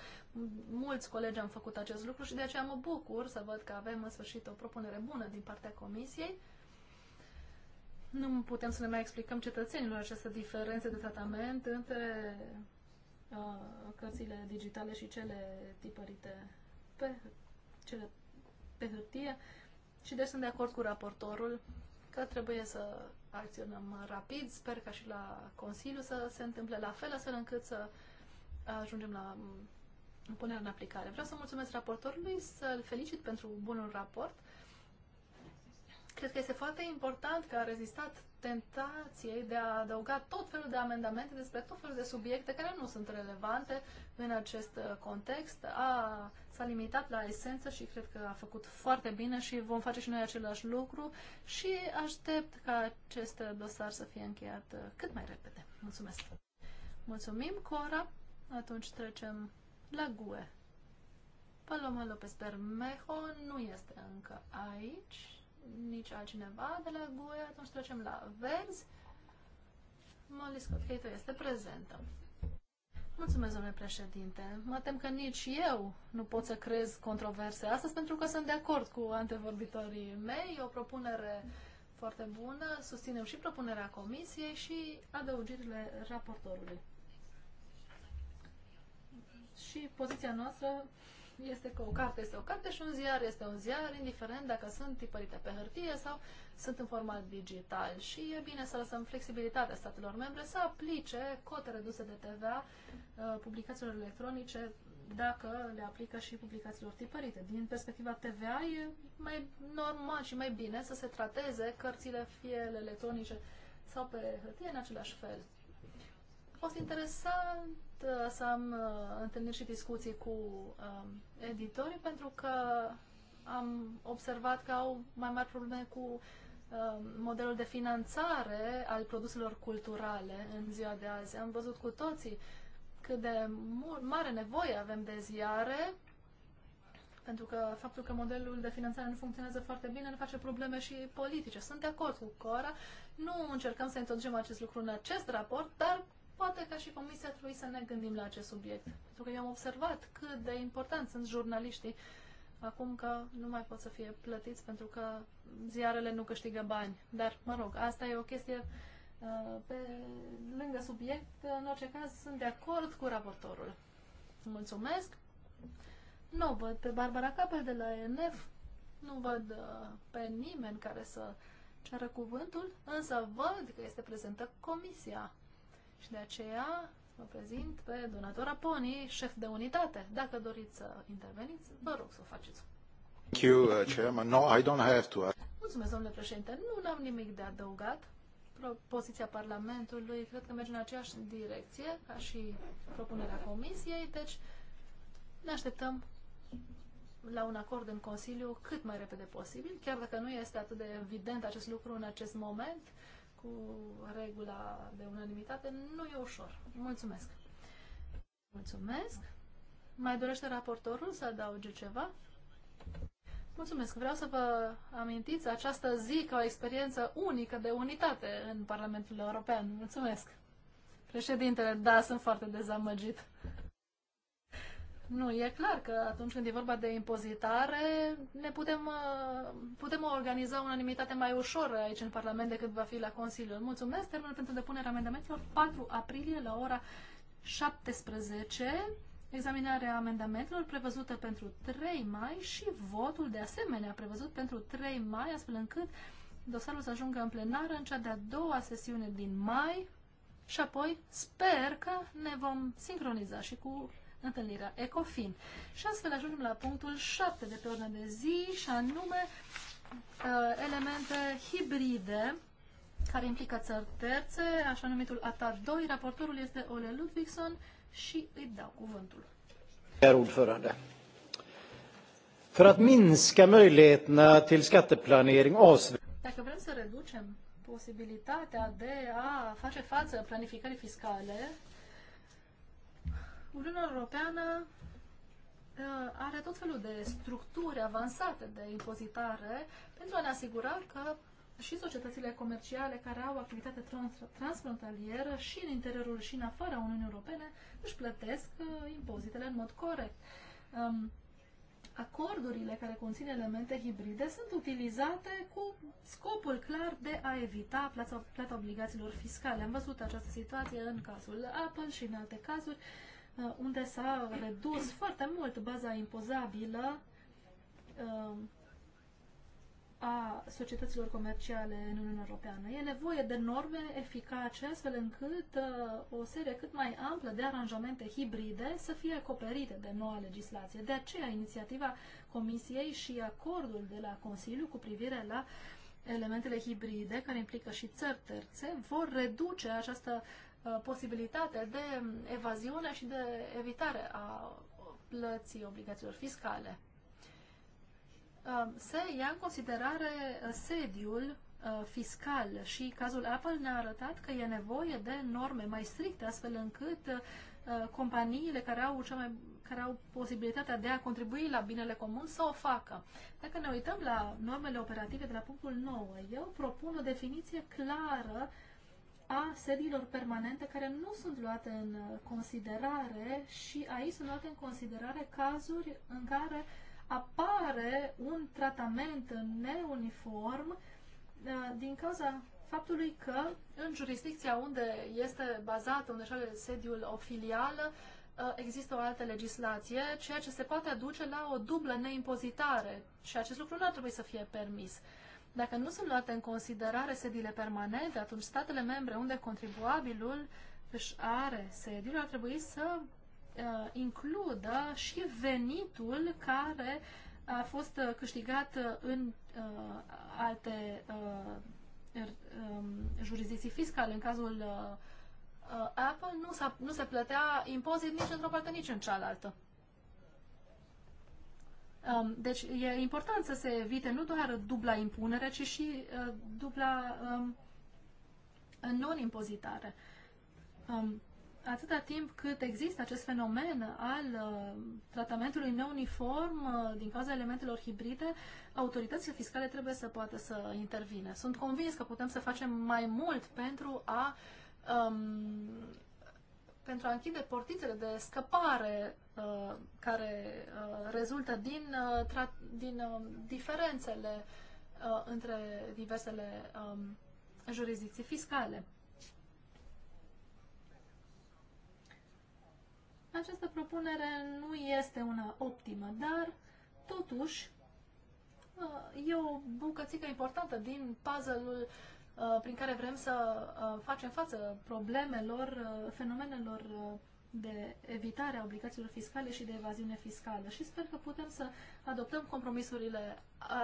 mulți colegi am făcut acest lucru și de aceea mă bucur să văd că avem în sfârșit o propunere bună din partea comisiei. Nu putem să ne mai explicăm cetățenilor această diferență de tratament între uh, cărțile digitale și cele tipărite pe, cele pe hârtie. Și deci sunt de acord cu raportorul că trebuie să acționăm rapid. Sper ca și la Consiliu să se întâmple la fel, astfel încât să ajungem la punerea în aplicare. Vreau să mulțumesc raportorului, să-l felicit pentru bunul raport Cred că este foarte important că a rezistat tentației de a adăuga tot felul de amendamente despre tot felul de subiecte care nu sunt relevante în acest uh, context. A, s-a limitat la esență și cred că a făcut foarte bine și vom face și noi același lucru și aștept ca acest uh, dosar să fie încheiat uh, cât mai repede. Mulțumesc! Mulțumim, Cora! Atunci trecem la GUE. Paloma Lopez Bermejo nu este încă aici nici altcineva de la GUE, atunci trecem la verzi. Molly Scott Cato este prezentă. Mulțumesc, domnule președinte. Mă tem că nici eu nu pot să crez controverse astăzi pentru că sunt de acord cu antevorbitorii mei. E o propunere foarte bună. Susținem și propunerea comisiei și adăugirile raportorului. Și poziția noastră este că o carte este o carte și un ziar este un ziar, indiferent dacă sunt tipărite pe hârtie sau sunt în format digital. Și e bine să lăsăm flexibilitatea statelor membre să aplice cote reduse de TVA uh, publicațiilor electronice dacă le aplică și publicațiilor tipărite. Din perspectiva TVA e mai normal și mai bine să se trateze cărțile fie electronice sau pe hârtie în același fel. A fost interesant Uh, să am uh, întâlniri și discuții cu um, editorii pentru că am observat că au mai mari probleme cu um, modelul de finanțare al produselor culturale în ziua de azi. Am văzut cu toții cât de mare nevoie avem de ziare, pentru că faptul că modelul de finanțare nu funcționează foarte bine ne face probleme și politice. Sunt de acord cu Cora, nu încercăm să introducem acest lucru în acest raport, dar Poate ca și comisia trebuie să ne gândim la acest subiect. Pentru că eu am observat cât de important sunt jurnaliștii acum că nu mai pot să fie plătiți pentru că ziarele nu câștigă bani. Dar, mă rog, asta e o chestie uh, pe lângă subiect. În orice caz, sunt de acord cu raportorul. Mulțumesc! Nu văd pe Barbara Capel de la ENF, nu văd uh, pe nimeni care să ceară cuvântul, însă văd că este prezentă comisia. Și de aceea vă prezint pe donatora Poni, șef de unitate. Dacă doriți să interveniți, vă rog să o faceți. Thank you, uh, Chairman. No, I don't have to. Mulțumesc, domnule președinte. Nu am nimic de adăugat. Poziția Parlamentului cred că merge în aceeași direcție ca și propunerea Comisiei, deci ne așteptăm la un acord în Consiliu cât mai repede posibil, chiar dacă nu este atât de evident acest lucru în acest moment cu regula de unanimitate nu e ușor. Mulțumesc! Mulțumesc! Mai dorește raportorul să adauge ceva? Mulțumesc! Vreau să vă amintiți această zi ca o experiență unică de unitate în Parlamentul European. Mulțumesc! Președintele, da, sunt foarte dezamăgit. Nu, e clar că atunci când e vorba de impozitare, ne putem, uh, putem organiza unanimitate mai ușor aici în Parlament decât va fi la Consiliu. Mulțumesc, termenul pentru depunerea amendamentelor 4 aprilie la ora 17, examinarea amendamentelor prevăzută pentru 3 mai și votul de asemenea prevăzut pentru 3 mai, astfel încât dosarul să ajungă în plenară în cea de-a doua sesiune din mai și apoi sper că ne vom sincroniza și cu întâlnirea ECOFIN. Și astfel ajungem la punctul 7 de pe ordine de zi și anume uh, elemente hibride care implică țări terțe, așa numitul ATA 2. Raportorul este Ole Ludvigson și îi dau cuvântul. Herr ordförande. För att minska möjligheterna till skatteplanering avsevärt. Dacă vrem să reducem posibilitatea de a face față planificării fiscale, Uniunea Europeană ă, are tot felul de structuri avansate de impozitare pentru a ne asigura că și societățile comerciale care au activitate trans transfrontalieră și în interiorul și în afara Uniunii Europene își plătesc uh, impozitele în mod corect. Um, acordurile care conțin elemente hibride sunt utilizate cu scopul clar de a evita plata, plata obligațiilor fiscale. Am văzut această situație în cazul Apple și în alte cazuri. Uh, Uh, unde s-a redus foarte mult baza impozabilă um, a societăților comerciale în Uniunea Europeană. E nevoie de norme eficace, astfel încât uh, o serie cât mai amplă de aranjamente hibride să fie acoperite de noua legislație. De aceea, inițiativa Comisiei și acordul de la Consiliu cu privire la elementele hibride, care implică și țări terțe, vor reduce această Uh, posibilitate de evaziune și de evitare a plății obligațiilor fiscale. Uh, se ia în considerare uh, sediul fiscal și cazul Apple ne-a arătat că e nevoie de norme mai stricte, astfel încât companiile care au, cea mai, care au posibilitatea de a contribui la binele comun să o facă. Dacă ne uităm la normele operative de la punctul 9, eu propun o definiție clară a sediilor permanente care nu sunt luate în considerare și aici sunt luate în considerare cazuri în care apare un tratament neuniform uh, din cauza faptului că în jurisdicția unde este bazată, unde are sediul o filială, uh, există o altă legislație, ceea ce se poate aduce la o dublă neimpozitare și acest lucru nu ar trebui să fie permis. Dacă nu sunt luate în considerare sediile permanente, atunci statele membre unde contribuabilul își are sediul ar trebui să uh, includă și venitul care a fost uh, câștigat uh, în uh, alte uh, er, um, jurisdicții fiscale. În cazul uh, uh Apple nu, nu se plătea impozit nici într-o parte, nici în cealaltă. Um, deci e important să se evite nu doar dubla impunere, ci și uh, dubla um, non-impozitare. Um, atâta timp cât există acest fenomen al uh, tratamentului neuniform uh, din cauza elementelor hibride, autoritățile fiscale trebuie să poată să intervine. Sunt convins că putem să facem mai mult pentru a um, pentru a închide portițele de scăpare Uh, care uh, rezultă din, uh, din um, diferențele între diversele um, jurisdicții fiscale. Această propunere nu este una optimă, dar totuși e o bucățică importantă din puzzle-ul prin care vrem să facem față problemelor, fenomenelor de evitare a obligațiilor fiscale și de evaziune fiscală. Și sper că putem să adoptăm compromisurile,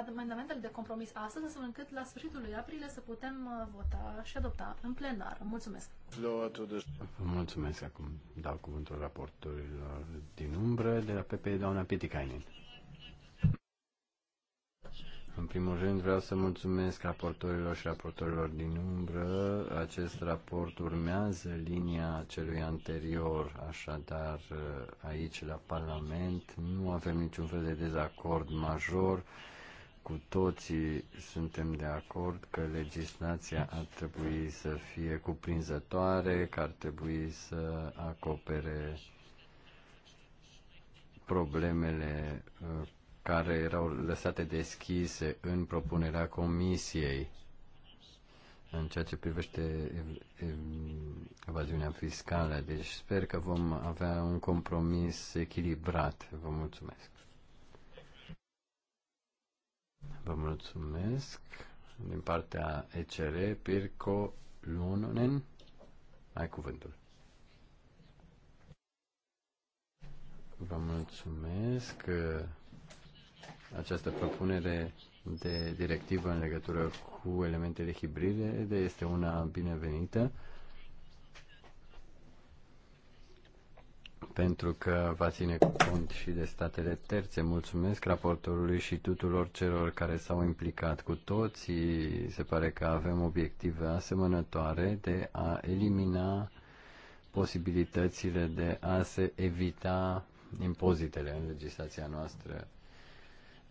amendamentele de compromis astăzi, astfel încât la sfârșitul lui aprilie să putem uh, vota și adopta în plenar. Mulțumesc! Vă mulțumesc acum. Dau cuvântul raportorilor din umbră de la PP, doamna Pieticainen. În primul rând vreau să mulțumesc raportorilor și raportorilor din umbră. Acest raport urmează linia celui anterior, așadar aici la Parlament nu avem niciun fel de dezacord major. Cu toții suntem de acord că legislația ar trebui să fie cuprinzătoare, că ar trebui să acopere problemele uh, care erau lăsate deschise în propunerea comisiei în ceea ce privește evaziunea fiscală. Deci sper că vom avea un compromis echilibrat. Vă mulțumesc. Vă mulțumesc. Din partea ECR, Pirco Lunonen, ai cuvântul. Vă mulțumesc această propunere de directivă în legătură cu elementele hibride este una binevenită pentru că va ține cont și de statele terțe. Mulțumesc raportorului și tuturor celor care s-au implicat cu toții. Se pare că avem obiective asemănătoare de a elimina posibilitățile de a se evita impozitele în legislația noastră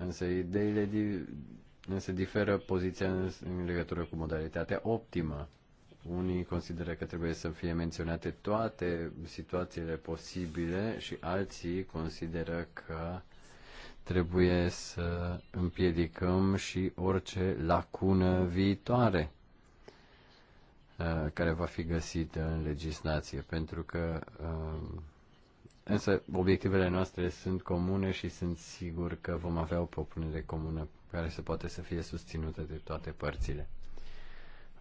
Însă ideile însă diferă poziția în legătură cu modalitatea optimă. Unii consideră că trebuie să fie menționate toate situațiile posibile și alții consideră că trebuie să împiedicăm și orice lacună viitoare uh, care va fi găsită în legislație, pentru că uh, Însă obiectivele noastre sunt comune și sunt sigur că vom avea o propunere comună care să poate să fie susținută de toate părțile.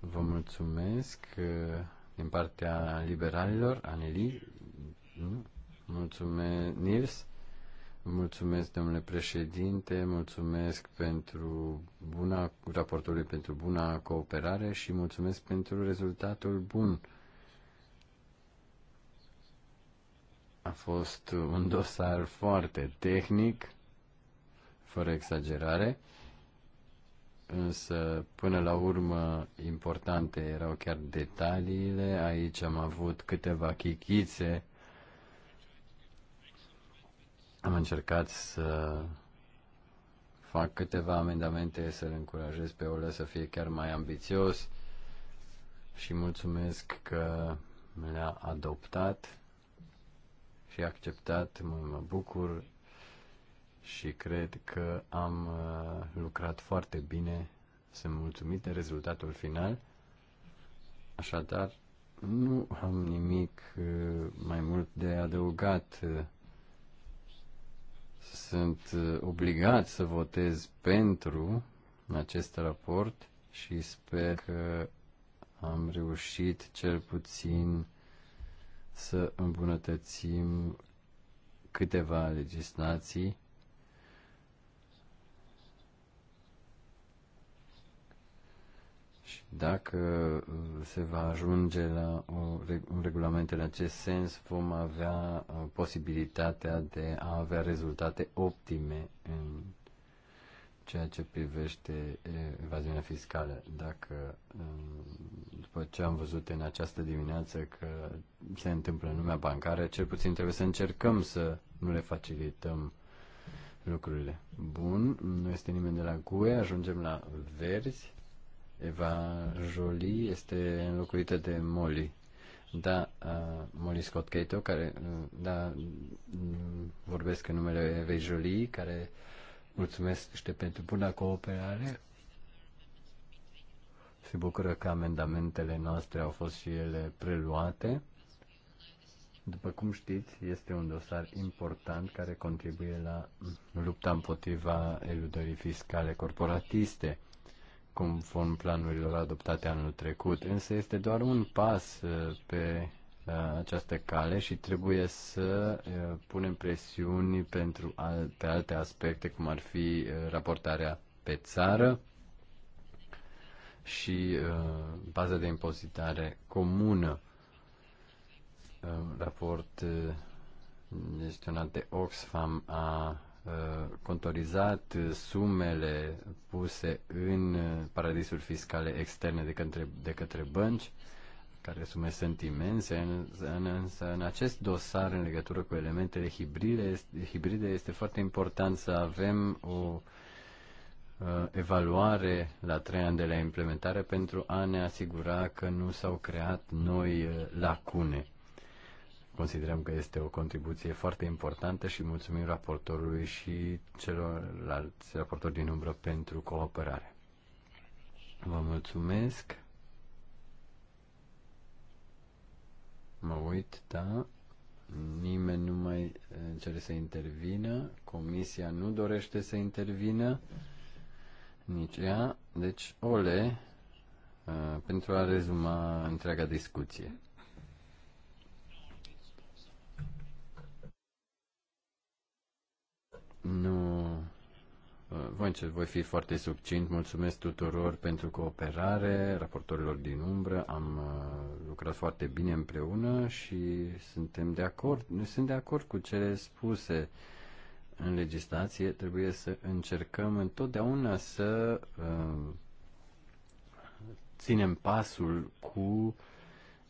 Vă mulțumesc uh, din partea liberalilor, Aneli, mulțumesc, Nils, mulțumesc, domnule președinte, mulțumesc pentru buna, raportului pentru buna cooperare și mulțumesc pentru rezultatul bun A fost un dosar foarte tehnic, fără exagerare, însă până la urmă importante erau chiar detaliile. Aici am avut câteva chichițe. Am încercat să fac câteva amendamente să-l încurajez pe Olă să fie chiar mai ambițios și mulțumesc că le-a adoptat și acceptat, mă, mă bucur și cred că am uh, lucrat foarte bine, sunt mulțumit de rezultatul final. Așadar, nu am nimic uh, mai mult de adăugat. Sunt uh, obligat să votez pentru acest raport și sper că am reușit cel puțin să îmbunătățim câteva legislații Și dacă se va ajunge la un regulament în acest sens, vom avea uh, posibilitatea de a avea rezultate optime în ceea ce privește evaziunea fiscală. Dacă, după ce am văzut în această dimineață că se întâmplă în lumea bancară, cel puțin trebuie să încercăm să nu le facilităm lucrurile. Bun, nu este nimeni de la GUE, ajungem la verzi. Eva Jolie este înlocuită de Molly. Da, uh, Molly Scott Cato, care, uh, da, vorbesc în numele Evei Jolie, care uh, mulțumesc și pentru buna cooperare. Se bucură că amendamentele noastre au fost și ele preluate. După cum știți, este un dosar important care contribuie la lupta împotriva eludării fiscale corporatiste, conform planurilor adoptate anul trecut. Însă este doar un pas uh, pe Uh, această cale și trebuie să uh, punem presiuni pentru pe alte aspecte, cum ar fi uh, raportarea pe țară și baza de impozitare comună. Raport gestionat de Oxfam a contorizat sumele puse în paradisuri fiscale externe de către, de către bănci care sume sunt imense, în, în, însă în acest dosar în legătură cu elementele hibride, hibride este foarte important să avem o uh, evaluare la trei ani de la implementare pentru a ne asigura că nu s-au creat noi uh, lacune. Considerăm că este o contribuție foarte importantă și mulțumim raportorului și celorlalți raportori din umbră pentru cooperare. Vă mulțumesc. Mă uit, da. Nimeni nu mai eh, cere să intervină. Comisia nu dorește să intervină. Nici ea. Deci, ole, eh, pentru a rezuma întreaga discuție. Nu voi, voi fi foarte succint. Mulțumesc tuturor pentru cooperare, raportorilor din umbră. Am uh, lucrat foarte bine împreună și suntem de acord. Nu sunt de acord cu cele spuse în legislație. Trebuie să încercăm întotdeauna să uh, ținem pasul cu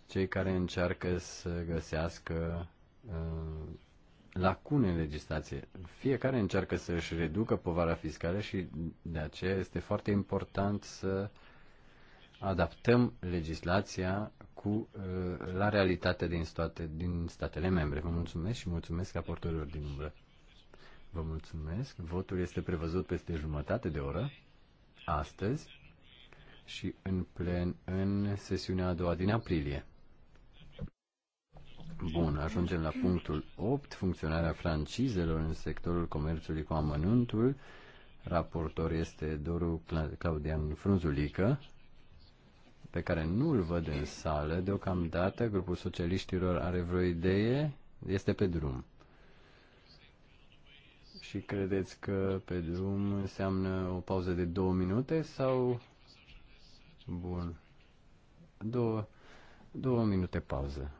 cei care încearcă să găsească uh, lacune în legislație. Fiecare încearcă să își reducă povara fiscală și de aceea este foarte important să adaptăm legislația cu, uh, la realitatea din, state din statele membre. Vă mulțumesc și mulțumesc aportorilor din umbră. Vă mulțumesc. Votul este prevăzut peste jumătate de oră, astăzi, și în plen în sesiunea a doua din aprilie. Bun, ajungem la punctul 8, funcționarea francizelor în sectorul comerțului cu amănuntul. Raportor este Doru Claudian Frunzulică, pe care nu-l văd în sală. Deocamdată, grupul socialiștilor are vreo idee, este pe drum. Și credeți că pe drum înseamnă o pauză de două minute sau... Bun. Două, două minute pauză.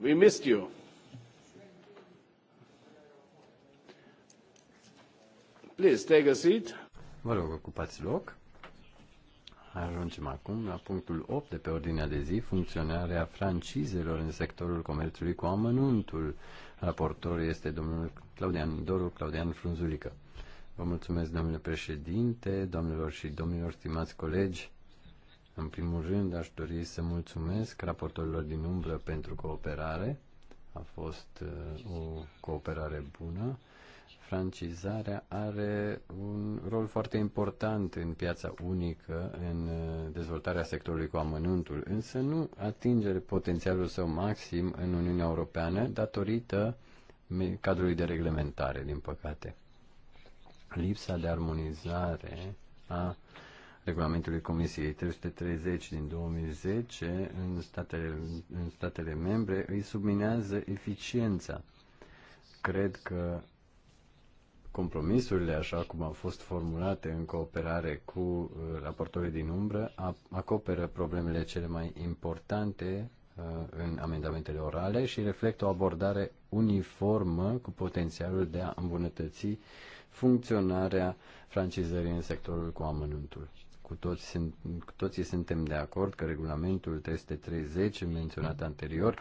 We missed you. Please take a seat. Vă rog, ocupați loc. Ajungem acum la punctul 8 de pe ordinea de zi, funcționarea francizelor în sectorul comerțului cu amănuntul. Raportor este domnul Claudian Doru, Claudian Frunzulică. Vă mulțumesc, domnule președinte, domnilor și domnilor, stimați colegi. În primul rând, aș dori să mulțumesc raportorilor din umbră pentru cooperare. A fost uh, o cooperare bună. Francizarea are un rol foarte important în piața unică, în uh, dezvoltarea sectorului cu amănuntul, însă nu atinge potențialul său maxim în Uniunea Europeană datorită cadrului de reglementare, din păcate. Lipsa de armonizare a regulamentului Comisiei 330 din 2010 în statele, în statele membre îi subminează eficiența. Cred că compromisurile, așa cum au fost formulate în cooperare cu uh, raportorii din umbră, acoperă problemele cele mai importante uh, în amendamentele orale și reflectă o abordare uniformă cu potențialul de a îmbunătăți funcționarea francizării în sectorul cu amănuntul. Cu, toți, cu toții suntem de acord că regulamentul 330 menționat anterior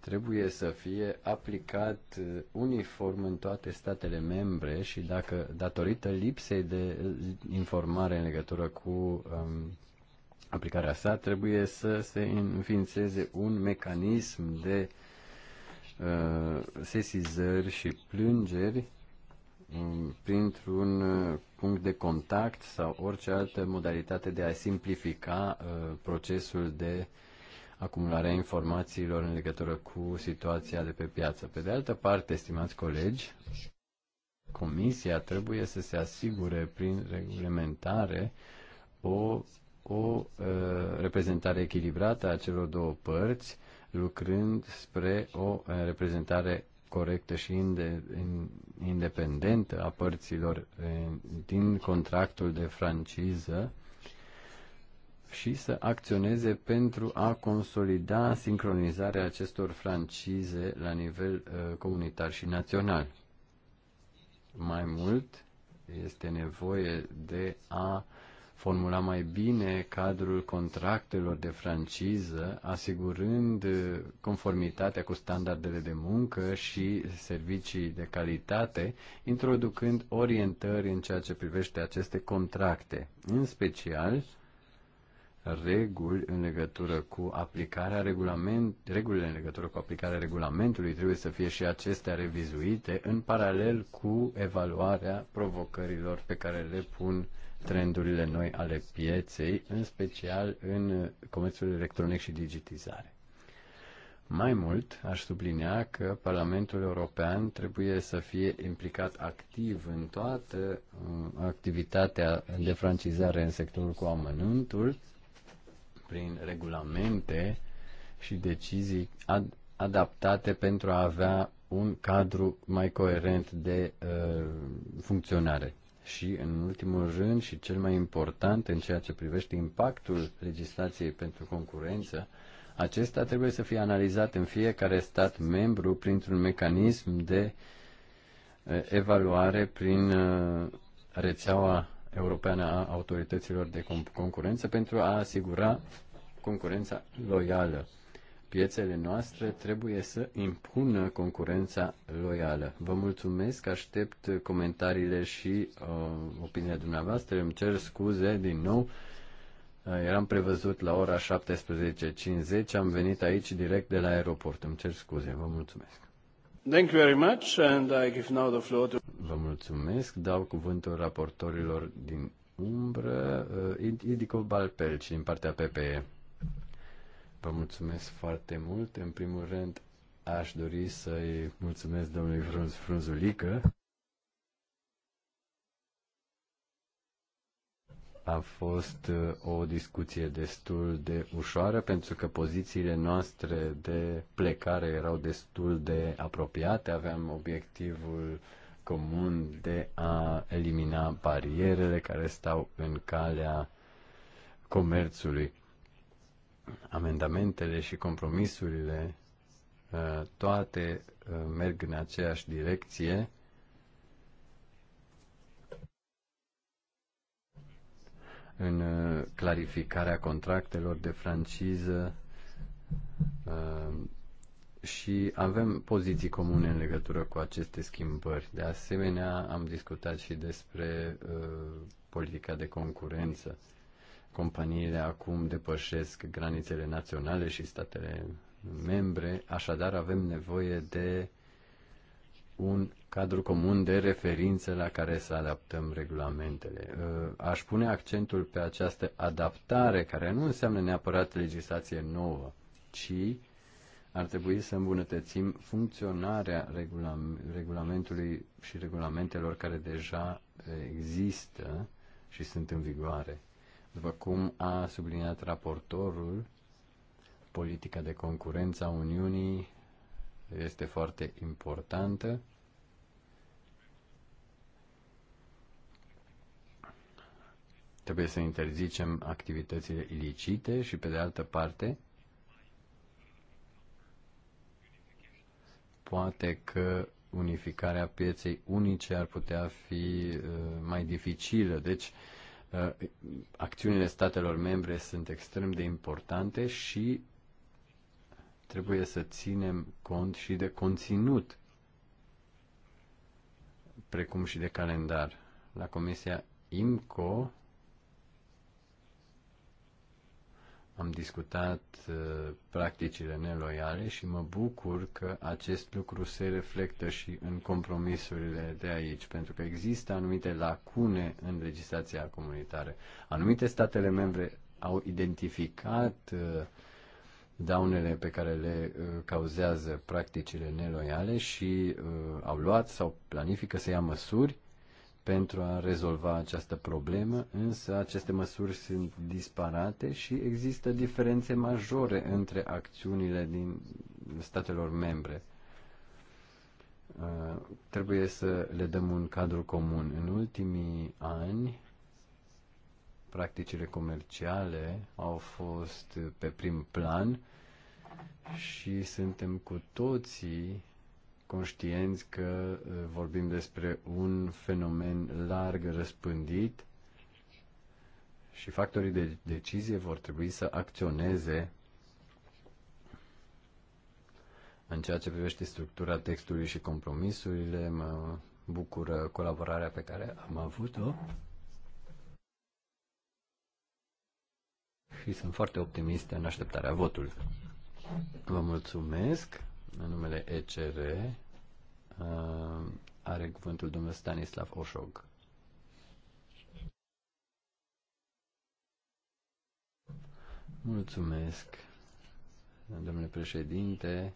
trebuie să fie aplicat uh, uniform în toate statele membre și dacă datorită lipsei de uh, informare în legătură cu um, aplicarea sa, trebuie să se înființeze un mecanism de uh, sesizări și plângeri um, printr-un uh, punct de contact sau orice altă modalitate de a simplifica uh, procesul de acumulare a informațiilor în legătură cu situația de pe piață. Pe de altă parte, estimați colegi, Comisia trebuie să se asigure prin reglementare o, o uh, reprezentare echilibrată a celor două părți, lucrând spre o uh, reprezentare corectă și independentă a părților eh, din contractul de franciză și să acționeze pentru a consolida sincronizarea acestor francize la nivel eh, comunitar și național. Mai mult, este nevoie de a formula mai bine cadrul contractelor de franciză, asigurând uh, conformitatea cu standardele de muncă și servicii de calitate, introducând orientări în ceea ce privește aceste contracte, în special reguli în legătură cu aplicarea regulament, regulile în legătură cu aplicarea regulamentului trebuie să fie și acestea revizuite în paralel cu evaluarea provocărilor pe care le pun uh, trendurile noi ale pieței, în special în comerțul electronic și digitizare. Mai mult, aș sublinea că Parlamentul European trebuie să fie implicat activ în toată uh, activitatea de francizare în sectorul cu amănuntul, prin regulamente și decizii ad- adaptate pentru a avea un cadru mai coerent de uh, funcționare și, în ultimul rând, și cel mai important în ceea ce privește impactul legislației pentru concurență, acesta trebuie să fie analizat în fiecare stat membru printr-un mecanism de evaluare prin rețeaua europeană a autorităților de concurență pentru a asigura concurența loială. Piețele noastre trebuie să impună concurența loială. Vă mulțumesc, aștept comentariile și uh, opinia dumneavoastră. Îmi cer scuze din nou. Uh, eram prevăzut la ora 17.50, am venit aici direct de la aeroport. Îmi cer scuze, vă mulțumesc. Thank you very much and I give now the floor to... Vă mulțumesc, dau cuvântul raportorilor din umbră, uh, Idico Balpelci din partea PPE. Vă mulțumesc foarte mult. În primul rând, aș dori să-i mulțumesc domnului Frunz Frunzulică. A fost uh, o discuție destul de ușoară pentru că pozițiile noastre de plecare erau destul de apropiate. Aveam obiectivul comun de a elimina barierele care stau în calea comerțului amendamentele și compromisurile uh, toate uh, merg în aceeași direcție. În uh, clarificarea contractelor de franciză și avem poziții comune în legătură cu aceste schimbări. De asemenea, am discutat și despre politica de concurență. Companiile acum depășesc granițele naționale și statele membre, așadar avem nevoie de un cadru comun de referință la care să adaptăm regulamentele. Uh, aș pune accentul pe această adaptare, care nu înseamnă neapărat legislație nouă, ci ar trebui să îmbunătățim funcționarea regulamentului și regulamentelor care deja există și sunt în vigoare. După cum a subliniat raportorul, politica de concurență a Uniunii este foarte importantă. Trebuie să interzicem activitățile ilicite și, pe de altă parte, poate că unificarea pieței unice ar putea fi uh, mai dificilă. Deci, uh, Uh, acțiunile statelor membre sunt extrem de importante și trebuie să ținem cont și de conținut, precum și de calendar. La Comisia IMCO am discutat uh, practicile neloiale și mă bucur că acest lucru se reflectă și în compromisurile de aici, pentru că există anumite lacune în legislația comunitară. Anumite statele membre au identificat uh, daunele pe care le uh, cauzează practicile neloiale și au luat sau planifică să ia măsuri pentru a rezolva această problemă, însă aceste măsuri sunt disparate și există diferențe majore între acțiunile din statelor membre. Uh, trebuie să le dăm un cadru comun. În ultimii ani, practicile comerciale au fost pe prim plan și suntem cu toții conștienți că uh, vorbim despre un fenomen larg răspândit și factorii de decizie vor trebui să acționeze în ceea ce privește structura textului și compromisurile. Mă bucură colaborarea pe care am avut-o. Și sunt foarte optimist în așteptarea votului. Vă mulțumesc în numele ECR, uh, are cuvântul domnul Stanislav Oșog. Mulțumesc, domnule președinte,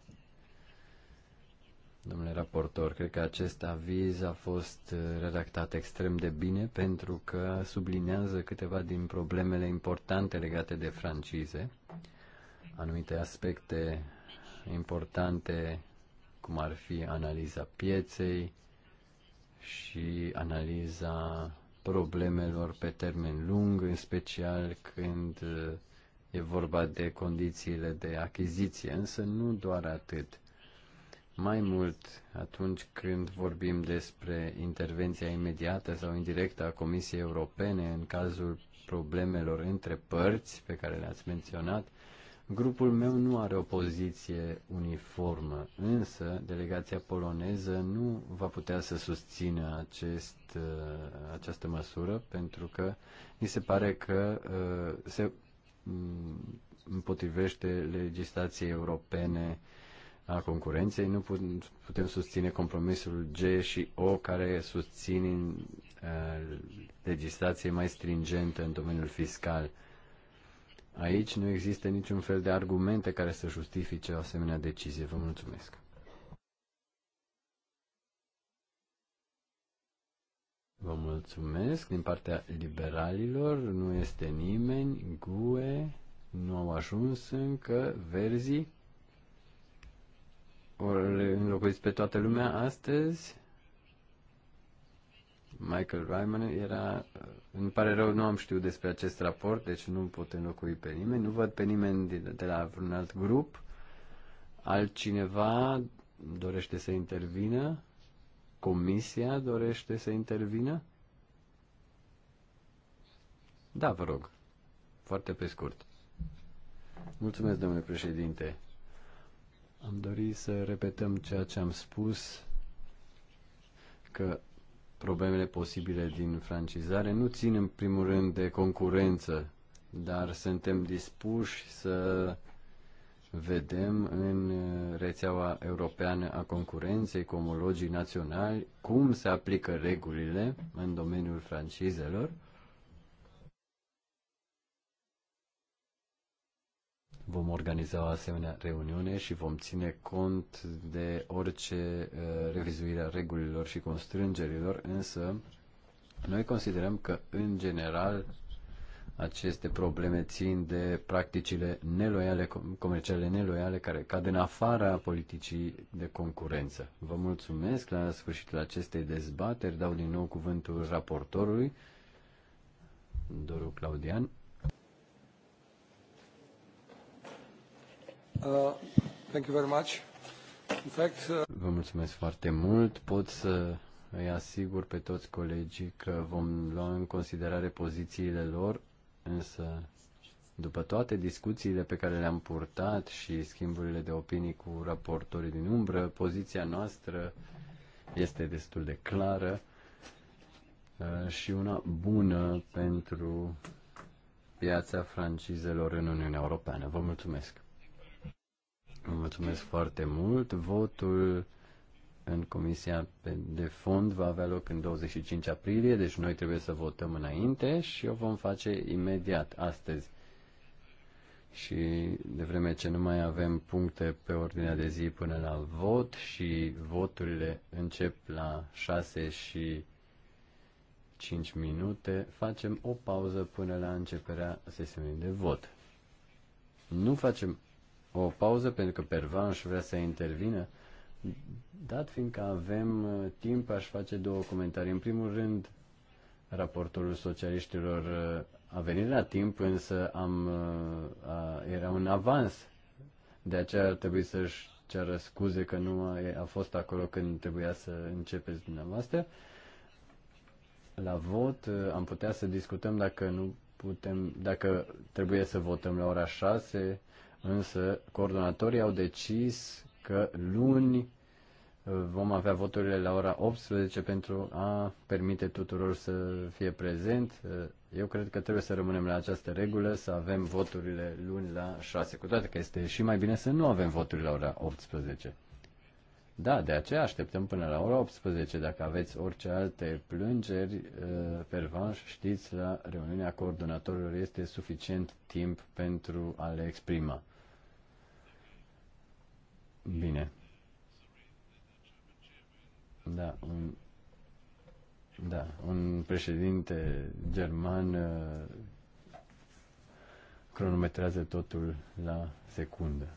domnule raportor. Cred că acest aviz a fost redactat extrem de bine pentru că sublinează câteva din problemele importante legate de francize, anumite aspecte importante cum ar fi analiza pieței și analiza problemelor pe termen lung, în special când e vorba de condițiile de achiziție, însă nu doar atât. Mai mult, atunci când vorbim despre intervenția imediată sau indirectă a Comisiei Europene în cazul problemelor între părți pe care le-ați menționat, Grupul meu nu are o poziție uniformă, însă delegația poloneză nu va putea să susțină acest, uh, această măsură pentru că mi se pare că uh, se mm, împotrivește legislației europene a concurenței. Nu putem susține compromisul G și O care susțin uh, legislație mai stringentă în domeniul fiscal Aici nu există niciun fel de argumente care să justifice o asemenea decizie. Vă mulțumesc. Vă mulțumesc. Din partea liberalilor nu este nimeni. GUE nu au ajuns încă. Verzi. O înlocuiți pe toată lumea astăzi. Michael Ryman era... Îmi pare rău, nu am știut despre acest raport, deci nu pot înlocui pe nimeni. Nu văd pe nimeni de, de la vreun alt grup. Altcineva dorește să intervină? Comisia dorește să intervină? Da, vă rog. Foarte pe scurt. Mulțumesc, domnule președinte. Am dorit să repetăm ceea ce am spus, că problemele posibile din francizare nu țin în primul rând de concurență, dar suntem dispuși să vedem în rețeaua europeană a concurenței cu omologii naționali cum se aplică regulile în domeniul francizelor Vom organiza o asemenea reuniune și vom ține cont de orice uh, revizuire a regulilor și constrângerilor, însă noi considerăm că, în general, aceste probleme țin de practicile neloiale, comerciale neloiale care cad în afara politicii de concurență. Vă mulțumesc. La sfârșitul acestei dezbateri dau din nou cuvântul raportorului, Doru Claudian. Uh, Vă mulțumesc foarte mult. Pot să îi asigur pe toți colegii că vom lua în considerare pozițiile lor, însă după toate discuțiile pe care le-am purtat și schimburile de opinii cu raportorii din umbră, poziția noastră este destul de clară uh, și una bună pentru piața francizelor în Uniunea Europeană. Vă mulțumesc! Mulțumesc foarte mult. Votul în Comisia de Fond va avea loc în 25 aprilie, deci noi trebuie să votăm înainte și o vom face imediat astăzi. Și de vreme ce nu mai avem puncte pe ordinea de zi până la vot și voturile încep la 6 și 5 minute, facem o pauză până la începerea sesiunii de vot. Nu facem o pauză pentru că Pervanș vrea să intervină. Dat fiindcă avem uh, timp, aș face două comentarii. În primul rând, raportorul socialiștilor uh, a venit la timp, însă am, uh, a, era un avans. De aceea ar trebui să-și ceară scuze că nu a, a fost acolo când trebuia să începeți dumneavoastră. La vot am putea să discutăm dacă nu putem, dacă trebuie să votăm la ora 6 Însă coordonatorii au decis că luni uh, vom avea voturile la ora 18 pentru a permite tuturor să fie prezent. Uh, eu cred că trebuie să rămânem la această regulă, să avem voturile luni la 6, cu toate că este și mai bine să nu avem voturi la ora 18. Da, de aceea așteptăm până la ora 18. Dacă aveți orice alte plângeri uh, pe revanș, știți, la reuniunea coordonatorilor este suficient timp pentru a le exprima. Bine. Da, un, da, un președinte german uh, cronometrează totul la secundă.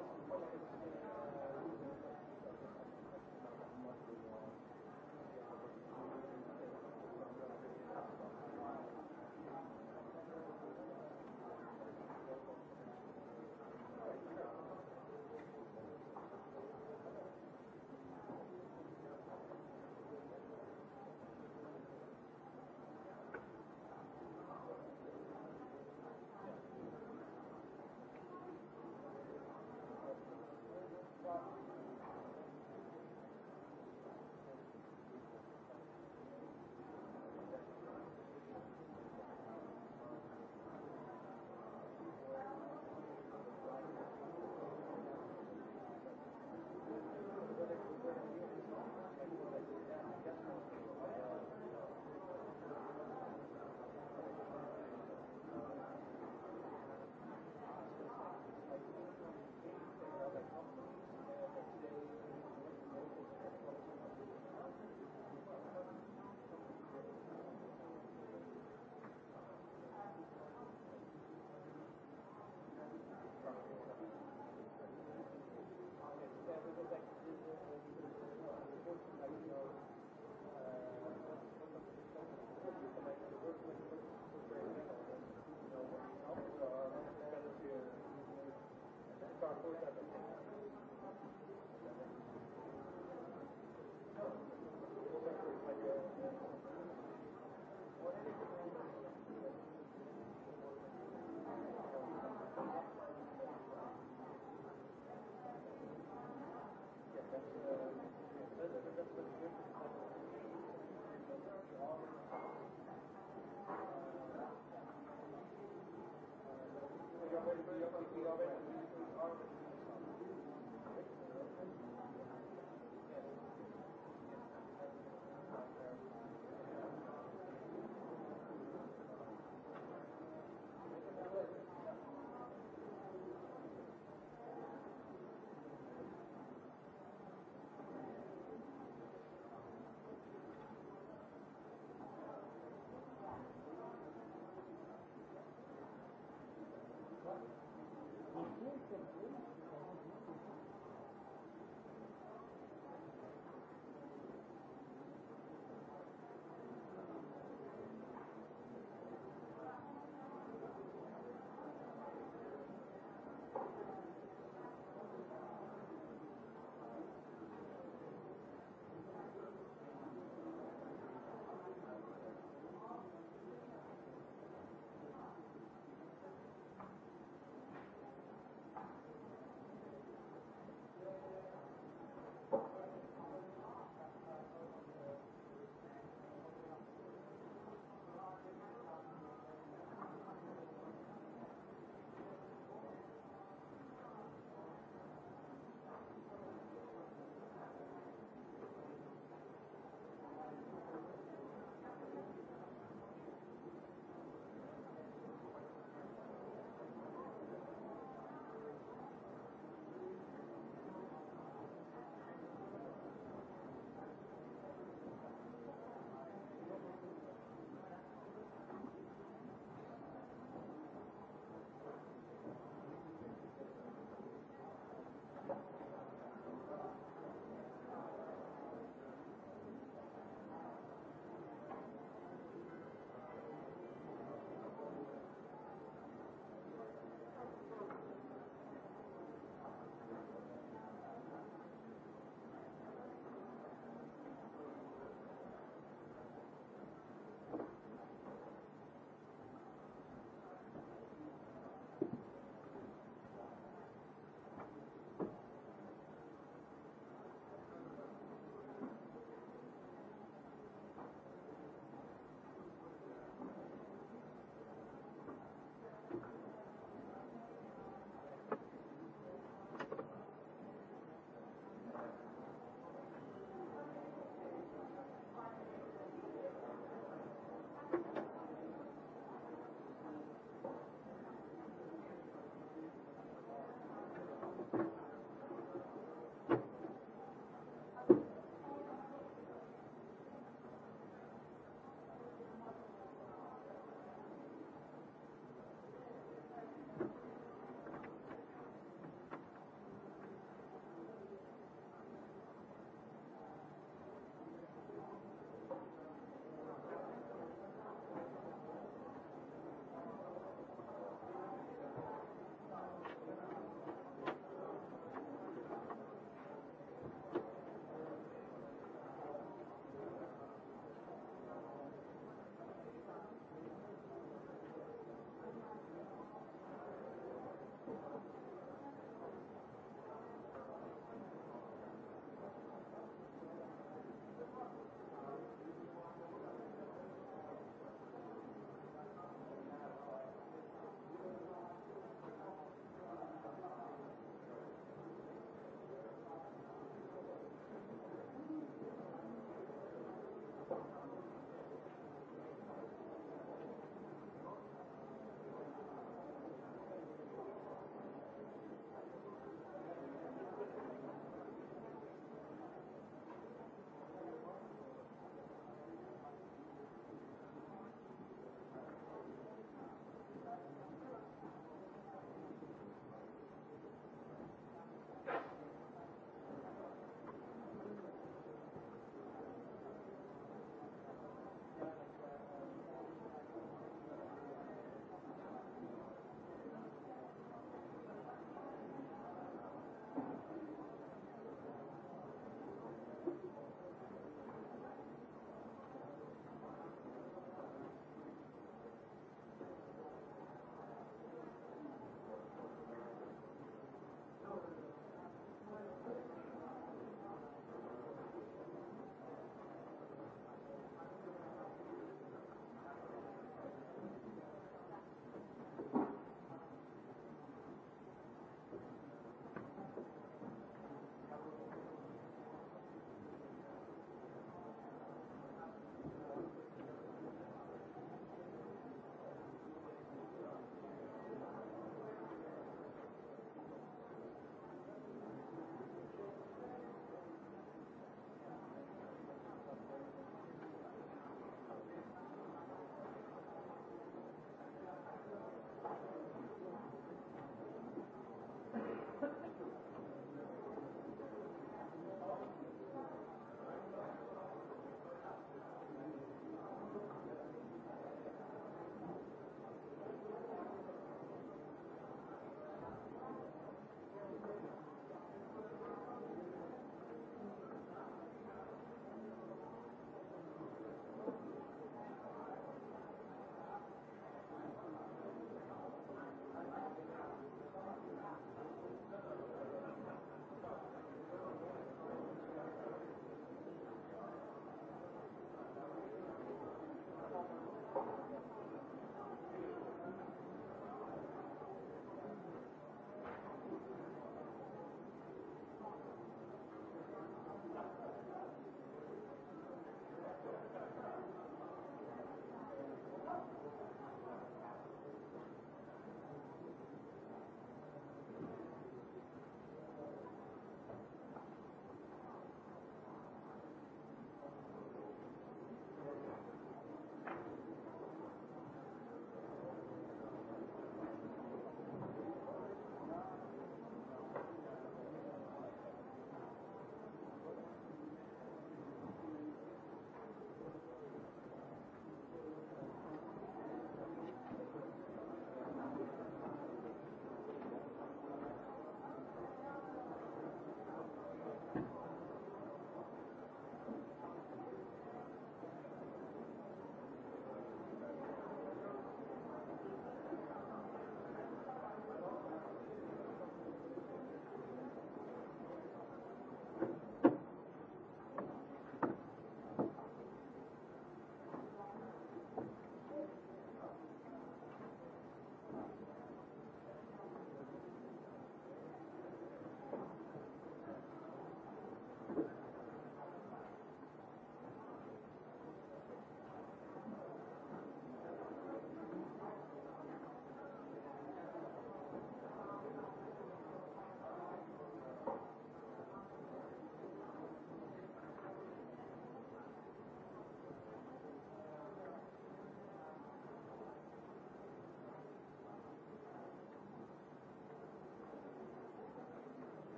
facultatea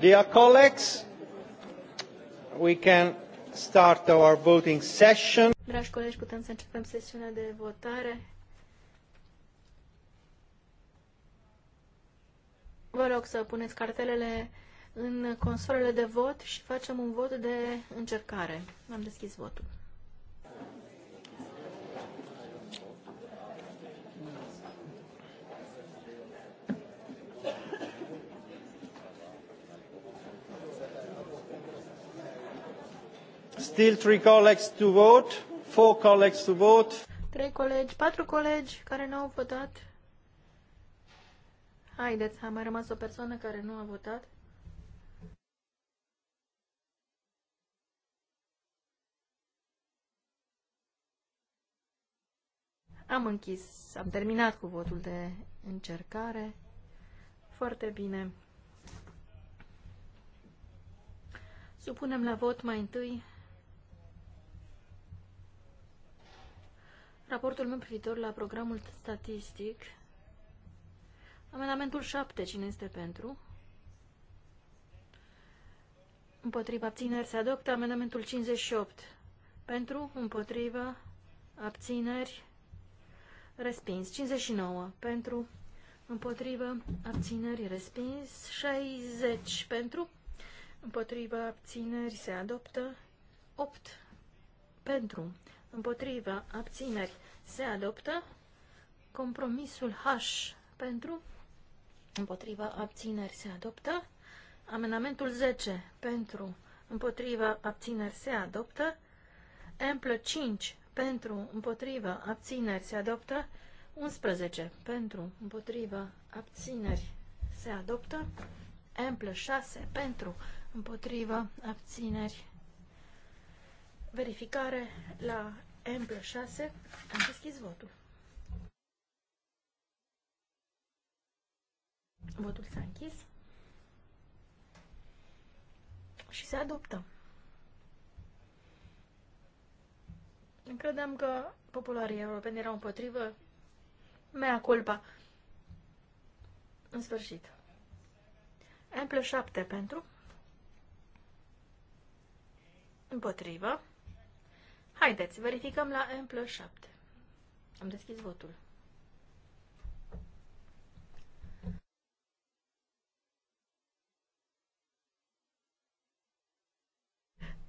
Dear colleagues, we can start our voting session. Dragi colegi, putem să începem sesiunea de votare. Vă rog să puneți cartelele în consolele de vot și facem un vot de încercare. Am deschis votul. Still three colleagues to vote. Four colleagues to vote. Trei colegi, patru colegi care nu au votat. Haideți, a mai rămas o persoană care nu a votat. Am închis, am terminat cu votul de încercare. Foarte bine. Supunem la vot mai întâi Raportul meu privitor la programul statistic. Amendamentul 7. Cine este pentru? Împotriva abțineri se adoptă amendamentul 58. Pentru, împotriva, abțineri, respins. 59. Pentru, împotriva, abțineri, respins. 60. Pentru, împotriva, abțineri, se adoptă. 8. Pentru, împotriva, abțineri, se adoptă. Compromisul H pentru, împotriva, abțineri, se adoptă. Amendamentul 10 pentru, împotriva, abțineri, se adoptă. Emplă 5 pentru, împotriva, abțineri, se adoptă. 11 pentru, împotriva, abțineri, se adoptă. Emplă 6 pentru, împotriva, abțineri, verificare la M plus 6. Am deschis votul. Votul s-a închis. Și se adoptă. Credeam că popularii europeni erau împotrivă. Mea culpa. În sfârșit. M plus 7 pentru. Împotrivă. Haideți, verificăm la M plus 7. Am deschis votul.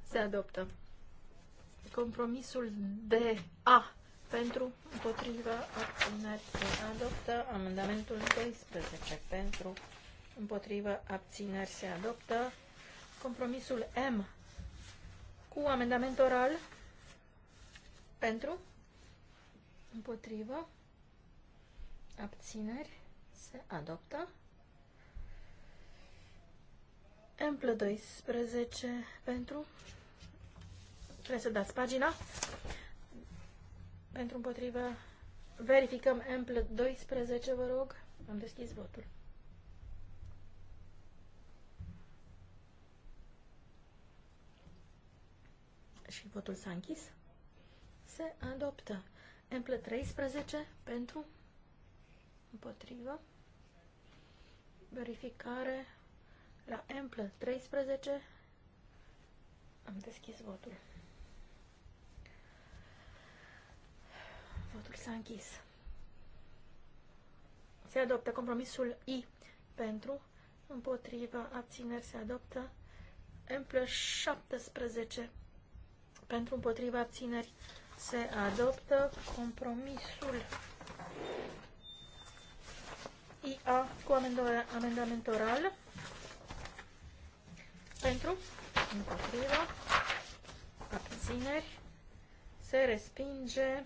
Se adoptă. Compromisul de A pentru împotriva abțineri se adoptă. Amendamentul 12 pentru împotriva abțineri se adoptă. Compromisul M cu amendament oral pentru, împotrivă, abțineri, se adoptă. Emplă 12 pentru, trebuie să dați pagina, pentru împotrivă, verificăm Emplă 12, vă rog, am deschis votul. Și votul s-a închis se adoptă. Emplă 13 pentru împotrivă. Verificare la Emplă 13. Am deschis votul. Votul s-a închis. Se adoptă compromisul I pentru împotriva abțineri se adoptă Emplă 17 pentru împotriva abțineri se adoptă compromisul IA cu amendament oral pentru, împotriva, abțineri, se respinge.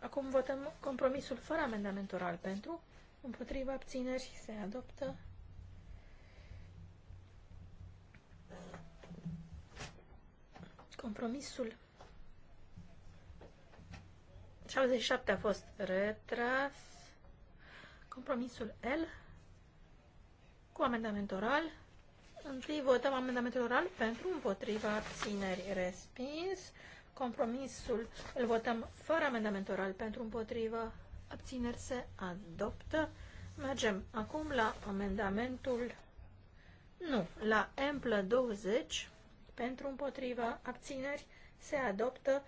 Acum votăm compromisul fără amendament oral pentru, împotriva, abțineri, se adoptă. Compromisul 77 a fost retras. Compromisul L cu amendament oral. Întâi votăm amendamentul oral pentru, împotriva, abțineri, respins. Compromisul îl votăm fără amendament oral pentru, împotriva, abțineri, se adoptă. Mergem acum la amendamentul, nu, la emplă 20 pentru, împotriva, abțineri, se adoptă.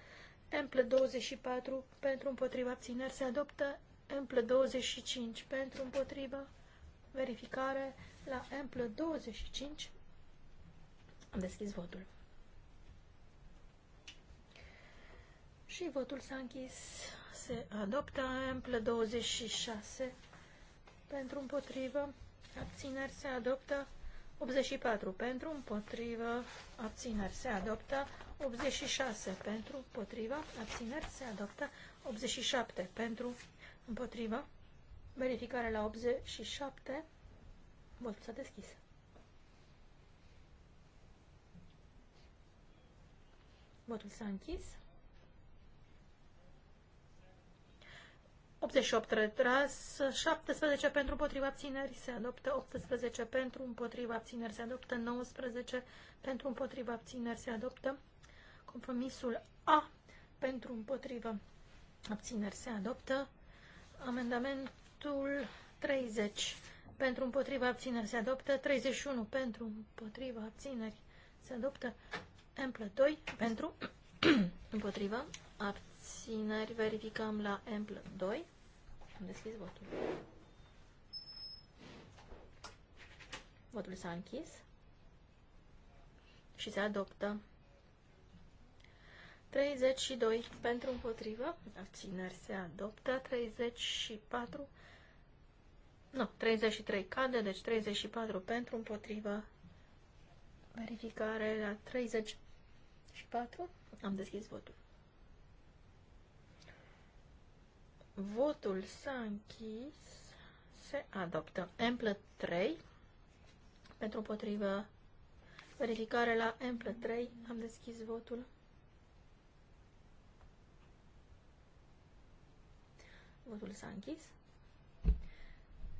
Emplă 24 pentru împotriva abțineri se adoptă. Emplă 25 pentru împotriva verificare la Emplă 25. Am deschis votul. Și votul s-a închis. Se adoptă amplă 26 pentru împotrivă. Abțineri se adoptă 84 pentru împotrivă. Abțineri se adoptă 86 pentru, potriva, abțineri, se adoptă. 87 pentru, împotriva, verificare la 87, votul s-a deschis. Votul s-a închis. 88 retras, 17 pentru împotriva abțineri se adoptă, 18 pentru împotriva abțineri se adoptă, 19 pentru împotriva abțineri se adoptă, Compromisul A pentru împotrivă abțineri se adoptă. Amendamentul 30 pentru împotrivă abțineri se adoptă. 31 pentru împotrivă abțineri se adoptă. Emplă 2 pentru împotrivă abțineri. Verificăm la emplă 2. Am deschis votul. Votul s-a închis și se adoptă. 32 pentru împotrivă, abțineri se adoptă, 34, nu, 33 cade, deci 34 pentru împotrivă, verificare la 34, am deschis votul. Votul s-a închis, se adoptă. Emplă 3, pentru împotrivă, verificare la Emplă 3, am deschis votul. Votul s-a închis.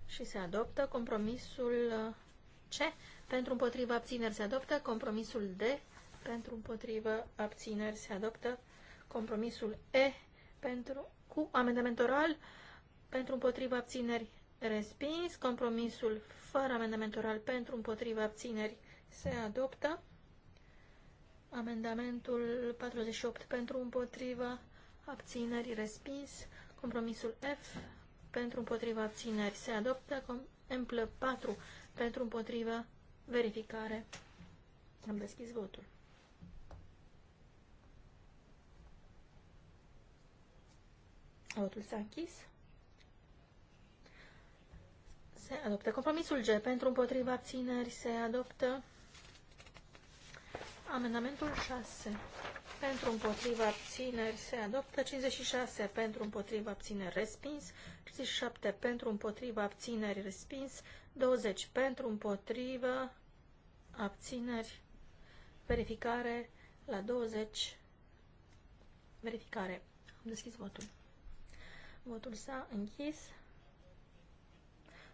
Și se adoptă compromisul uh, C. Pentru împotriva abțineri se adoptă compromisul D. Pentru împotriva abțineri se adoptă compromisul E. Pentru, cu amendament oral. Pentru împotriva abțineri respins. Compromisul fără amendament oral pentru împotriva abțineri se adoptă. Amendamentul 48 pentru împotriva abțineri respins. Compromisul F pentru împotriva abțineri se adoptă. Emplă 4 pentru împotriva verificare. Am deschis votul. Votul s-a închis. Se adoptă compromisul G. Pentru împotriva abțineri se adoptă amendamentul 6 pentru împotriva abțineri se adoptă, 56 pentru împotriva abțineri respins, 57 pentru împotriva abțineri respins, 20 pentru împotriva abțineri, verificare la 20, verificare. Am deschis votul. Votul s-a închis.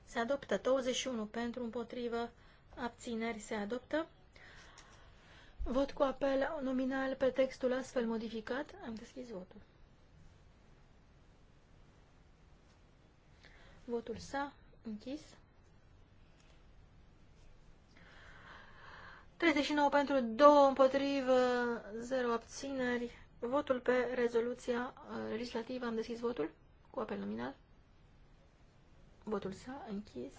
Se adoptă 21 pentru împotrivă, abțineri se adoptă. Vot cu apel nominal pe textul astfel modificat. Am deschis votul. Votul s-a închis. 39 pentru 2 împotrivă, 0 abțineri. Votul pe rezoluția uh, legislativă. Am deschis votul cu apel nominal. Votul s-a închis.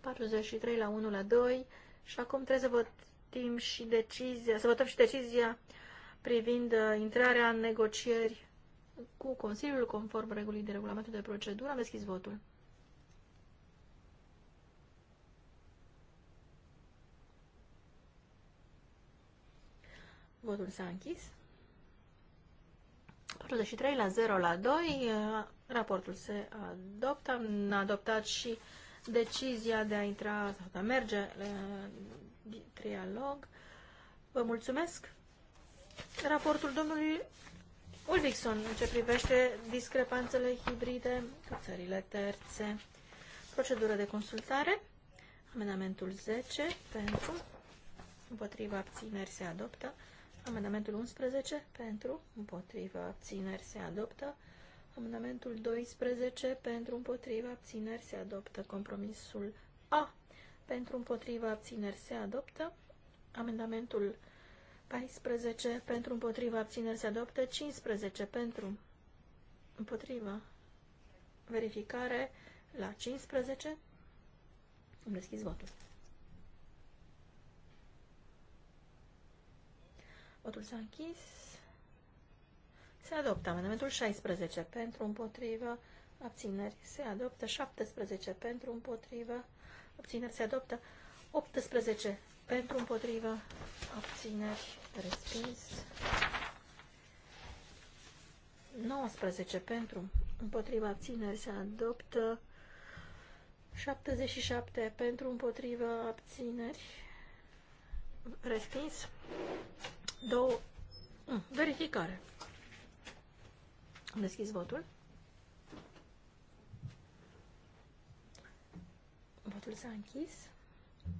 43 la 1 la 2. Și acum trebuie să vot pregătim și decizia, să votăm și decizia privind uh, intrarea în negocieri cu Consiliul conform regulii de regulament de procedură. Am deschis votul. Votul s-a închis. 43 la 0 la 2. Uh, raportul se adoptă. Am adoptat și decizia de a intra sau de a merge uh, trialog. Vă mulțumesc. Raportul domnului Ulrichson în ce privește discrepanțele hibride cu țările terțe. Procedură de consultare. Amendamentul 10 pentru. Împotriva abțineri se adoptă. Amendamentul 11 pentru. Împotriva abțineri se adoptă. Amendamentul 12 pentru. Împotriva abțineri se adoptă. Compromisul A pentru împotriva abțineri se adoptă. Amendamentul 14 pentru împotriva abțineri se adoptă. 15 pentru împotriva verificare la 15. am deschis votul. Votul s-a închis. Se adoptă amendamentul 16 pentru împotriva abțineri se adoptă, 17 pentru împotrivă, abțineri se adoptă, 18 pentru împotrivă, abțineri respins, 19 pentru împotrivă, abțineri se adoptă, 77 pentru împotrivă, abțineri respins, 2 mm, verificare. Am deschis votul. Votul s-a închis.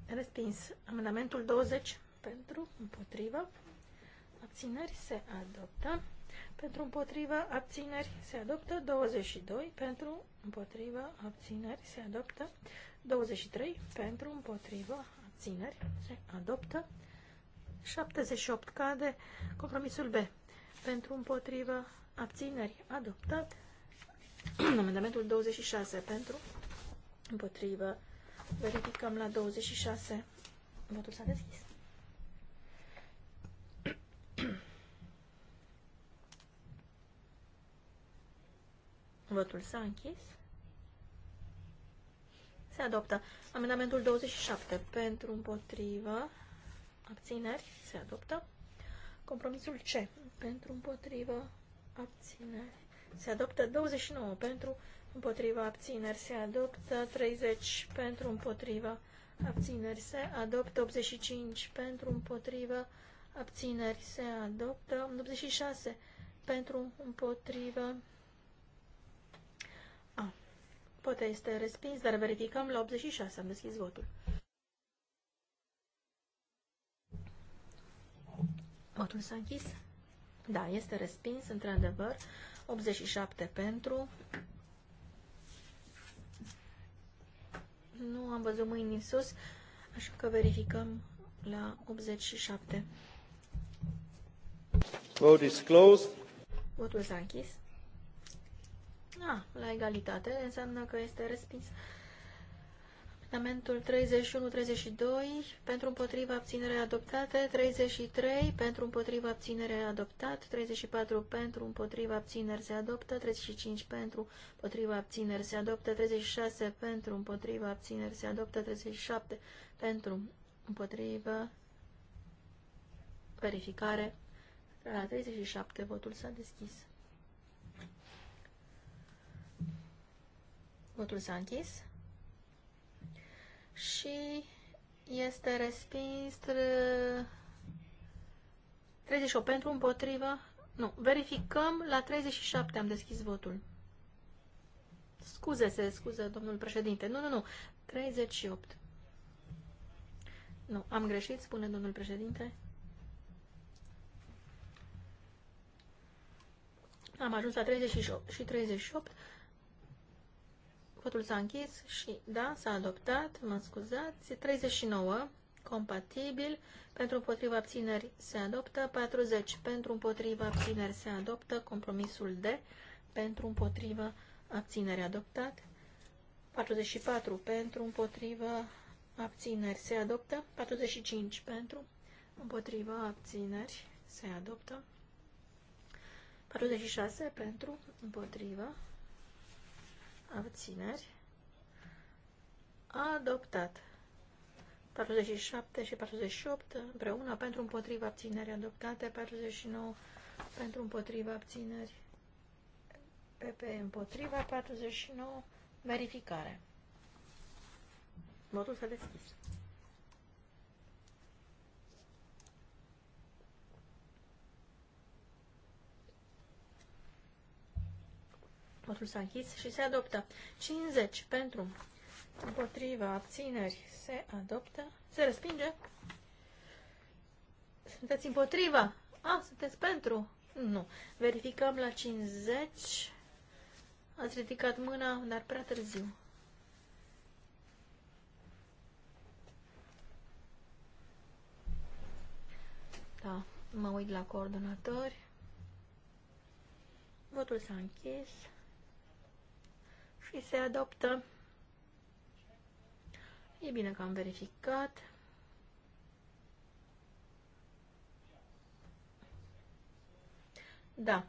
Respins. Amendamentul 20 pentru, împotrivă, abțineri se adoptă. Pentru împotrivă, abțineri se adoptă. 22 pentru, împotrivă, abțineri se adoptă. 23 pentru, împotrivă, abțineri se adoptă. 78 cade. Compromisul B. Pentru împotrivă, abțineri adoptat Amendamentul 26 pentru, împotrivă, Verificăm la 26. Votul s-a deschis. Votul s-a închis. Se adoptă. Amendamentul 27. Pentru, împotrivă, abțineri, se adoptă. Compromisul C. Pentru, împotrivă, abțineri, se adoptă. 29. Pentru, împotriva abțineri se adoptă, 30 pentru împotriva abțineri se adoptă, 85 pentru împotriva abțineri se adoptă, 86 pentru împotriva a, poate este respins, dar verificăm la 86, am deschis votul. Votul s-a închis. Da, este respins, într-adevăr. 87 pentru, Nu am văzut mâini în sus, așa că verificăm la 87. Vote is closed. Votul s-a închis. Ah, la egalitate înseamnă că este respins. Amendamentul 31-32 pentru împotriva abținere adoptate, 33 pentru împotriva abținere adoptat, 34 pentru împotriva abținere se adoptă, 35 pentru împotriva abținere se adoptă, 36 pentru împotriva abținere se adoptă, 37 pentru împotriva verificare. La 37 votul s-a deschis. Votul s-a închis și este respins 38 pentru, împotrivă, nu, verificăm, la 37 am deschis votul. Scuze, se scuze, domnul președinte. Nu, nu, nu, 38. Nu, am greșit, spune domnul președinte. Am ajuns la 38 și 38. Votul s-a închis și da, s-a adoptat, mă scuzați, 39, compatibil, pentru împotriva abțineri se adoptă, 40, pentru împotriva abțineri se adoptă, compromisul D, pentru împotriva abțineri adoptat, 44, pentru împotriva abțineri se adoptă, 45, pentru împotriva abțineri se adoptă, 46, pentru împotriva abțineri, adoptat. 47 și 48 împreună pentru împotriva abțineri adoptate, 49 pentru împotriva abțineri, PP împotriva, 49 verificare. Votul s-a deschis. Votul s-a închis și se adoptă. 50 pentru. Împotriva abțineri se adoptă. Se respinge. Sunteți împotriva? A, sunteți pentru? Nu. Verificăm la 50. Ați ridicat mâna, dar prea târziu. Da, mă uit la coordonatori. Votul s-a închis și se adoptă. E bine că am verificat. Da.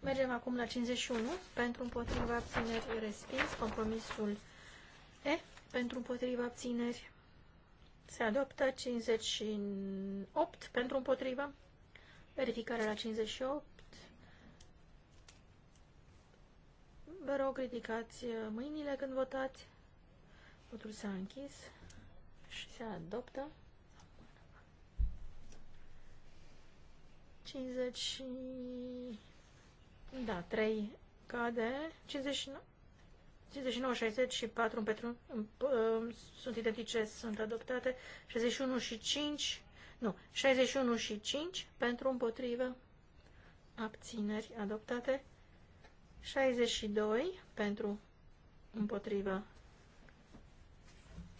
Mergem acum la 51. Pentru împotriva abțineri respins. Compromisul E. Pentru împotriva abțineri se adoptă 58. Pentru împotriva. Verificare la 58. Vă rog, ridicați uh, mâinile când votați. Votul s-a închis și se adoptă. 50 Da, 3 cade. 59, 59 60 și 4 împetru, uh, sunt identice, sunt adoptate. 61 și 5, nu, 61 și 5 pentru împotrivă abțineri adoptate. 62 pentru împotrivă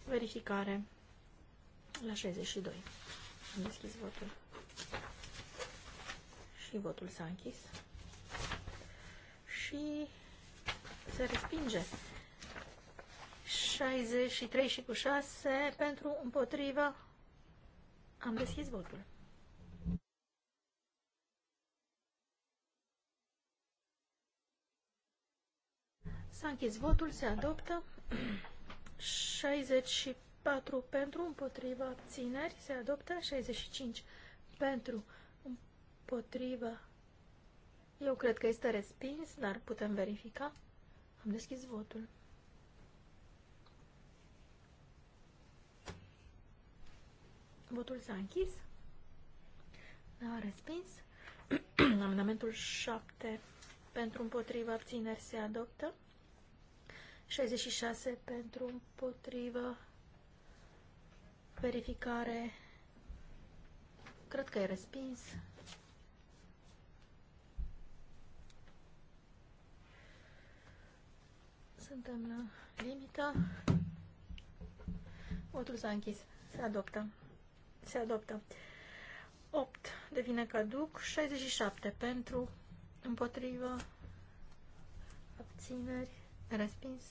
verificare la 62. Am deschis votul. Și votul s-a închis. Și se respinge. 63 și cu 6 pentru împotrivă. Am deschis votul. S-a închis votul, se adoptă. 64 pentru, împotriva abțineri, se adoptă. 65 pentru, împotriva. Eu cred că este respins, dar putem verifica. Am deschis votul. Votul s-a închis. A respins. Amendamentul 7 pentru împotriva abțineri se adoptă. 66 pentru împotrivă verificare. Cred că e respins. Suntem la limită. Votul s-a închis. Se adoptă. Se adoptă. 8 devine caduc. 67 pentru împotrivă abțineri. Respins.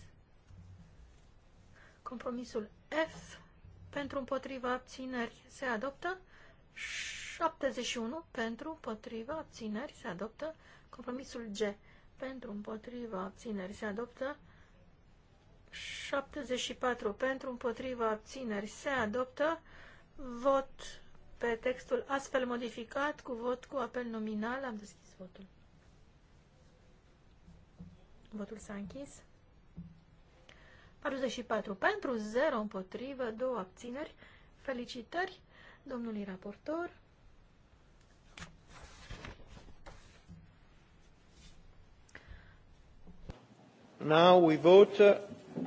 Compromisul F pentru împotriva abțineri se adoptă. 71 pentru împotriva abțineri se adoptă. Compromisul G pentru împotriva abțineri se adoptă. 74 pentru împotriva abțineri se adoptă. Vot pe textul astfel modificat cu vot cu apel nominal. Am deschis votul. Votul s-a închis. 44 pentru, 0 împotrivă, 2 abțineri. Felicitări domnului raportor. Now we vote. Uh,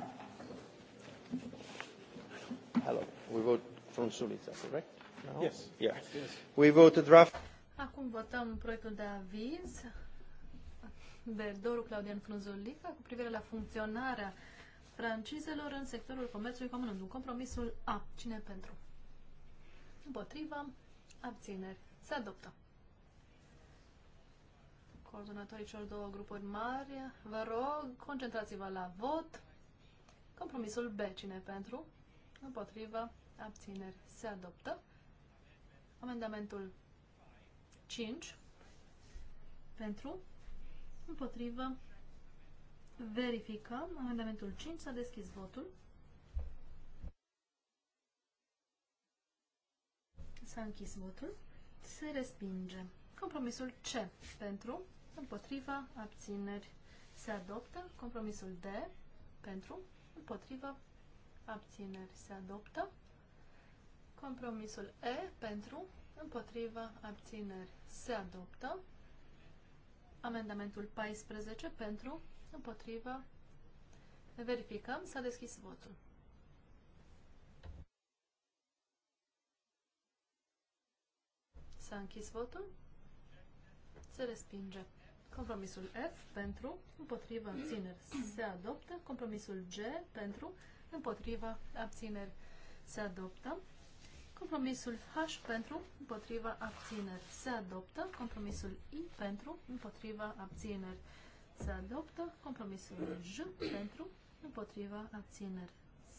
hello. We vote from Sulita, correct? No? Yes. Yeah. Yes. We vote draft. Acum votăm proiectul de aviz de Doru Claudian Frunzulica cu privire la funcționarea francizelor în sectorul comerțului comun. Un compromisul A. Cine pentru? Împotriva. Abțineri. Se adoptă. Coordonatorii celor două grupuri mari, vă rog, concentrați-vă la vot. Compromisul B. Cine pentru? Împotriva. Abțineri. Se adoptă. Amendamentul 5. Pentru. împotriva Verificăm. Amendamentul 5 s-a deschis votul. S-a închis votul. Se respinge. Compromisul C pentru, împotriva, abțineri. Se adoptă. Compromisul D pentru, împotriva, abțineri. Se adoptă. Compromisul E pentru, împotriva, abțineri. Se adoptă. Amendamentul 14 pentru, împotrivă, verificăm, s-a deschis votul. S-a închis votul, se respinge. Compromisul F pentru, împotrivă, abțineri, se adoptă. Compromisul G pentru, împotrivă, abțineri, se adoptă. Compromisul H pentru, împotriva abțineri. Se adoptă compromisul I pentru, împotriva abțineri se adoptă. Compromisul J pentru, împotriva, abțineri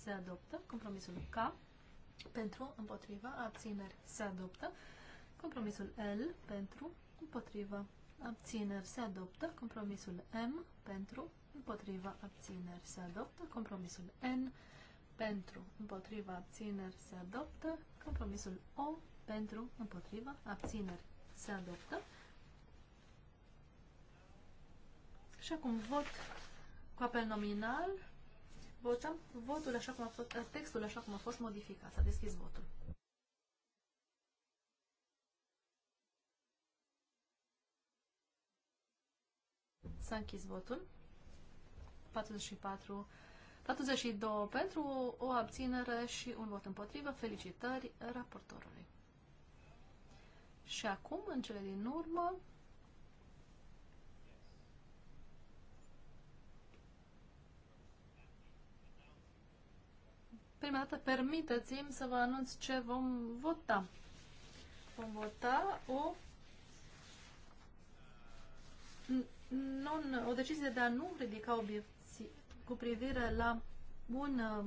se adoptă. Compromisul K pentru, împotriva, abțineri se adoptă. Compromisul L pentru, împotriva, abțineri se adoptă. Compromisul M pentru, împotriva, abțineri se adoptă. Compromisul N pentru, împotriva, abțineri se adoptă. Compromisul O pentru, împotriva, abțineri se adoptă. Și acum vot cu apel nominal. Votăm votul așa cum a fost, eh, textul așa cum a fost modificat. S-a deschis votul. S-a închis votul. 44, 42 pentru o, o abținere și un vot împotrivă. Felicitări raportorului. Și acum, în cele din urmă, Prima dată, permiteți-mi să vă anunț ce vom vota. Vom vota o, non, o decizie de a nu ridica obiecții cu privire la un uh,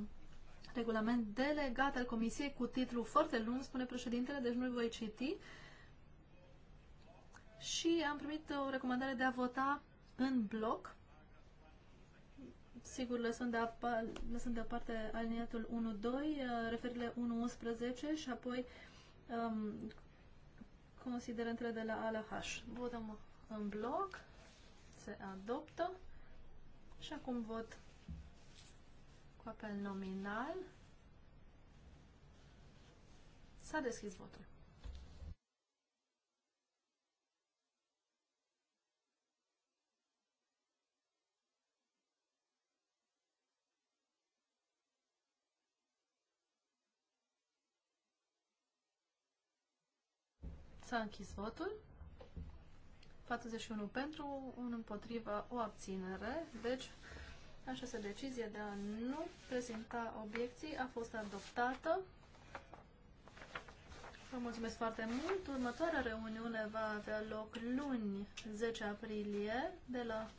regulament delegat al Comisiei cu titlu foarte lung, spune președintele, deci nu-l voi citi. Și am primit o recomandare de a vota în bloc sigur, lăsând, de apa, lăsând deoparte aliniatul 2 uh, referile 1-11 și apoi um, considerentele de la A la H. Votăm în bloc, se adoptă și acum vot cu apel nominal. S-a deschis votul. S-a închis votul. 41 pentru, 1 împotriva, o abținere. Deci, această decizie de a nu prezenta obiecții a fost adoptată. Vă mulțumesc foarte mult. Următoarea reuniune va avea loc luni, 10 aprilie, de la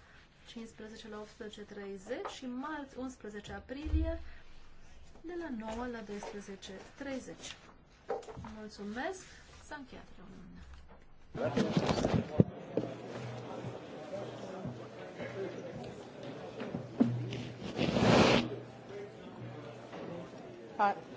15 la 18.30 și marți, 11 aprilie, de la 9 la 12.30. Mulțumesc! S-a încheiat reuniunea. Bye.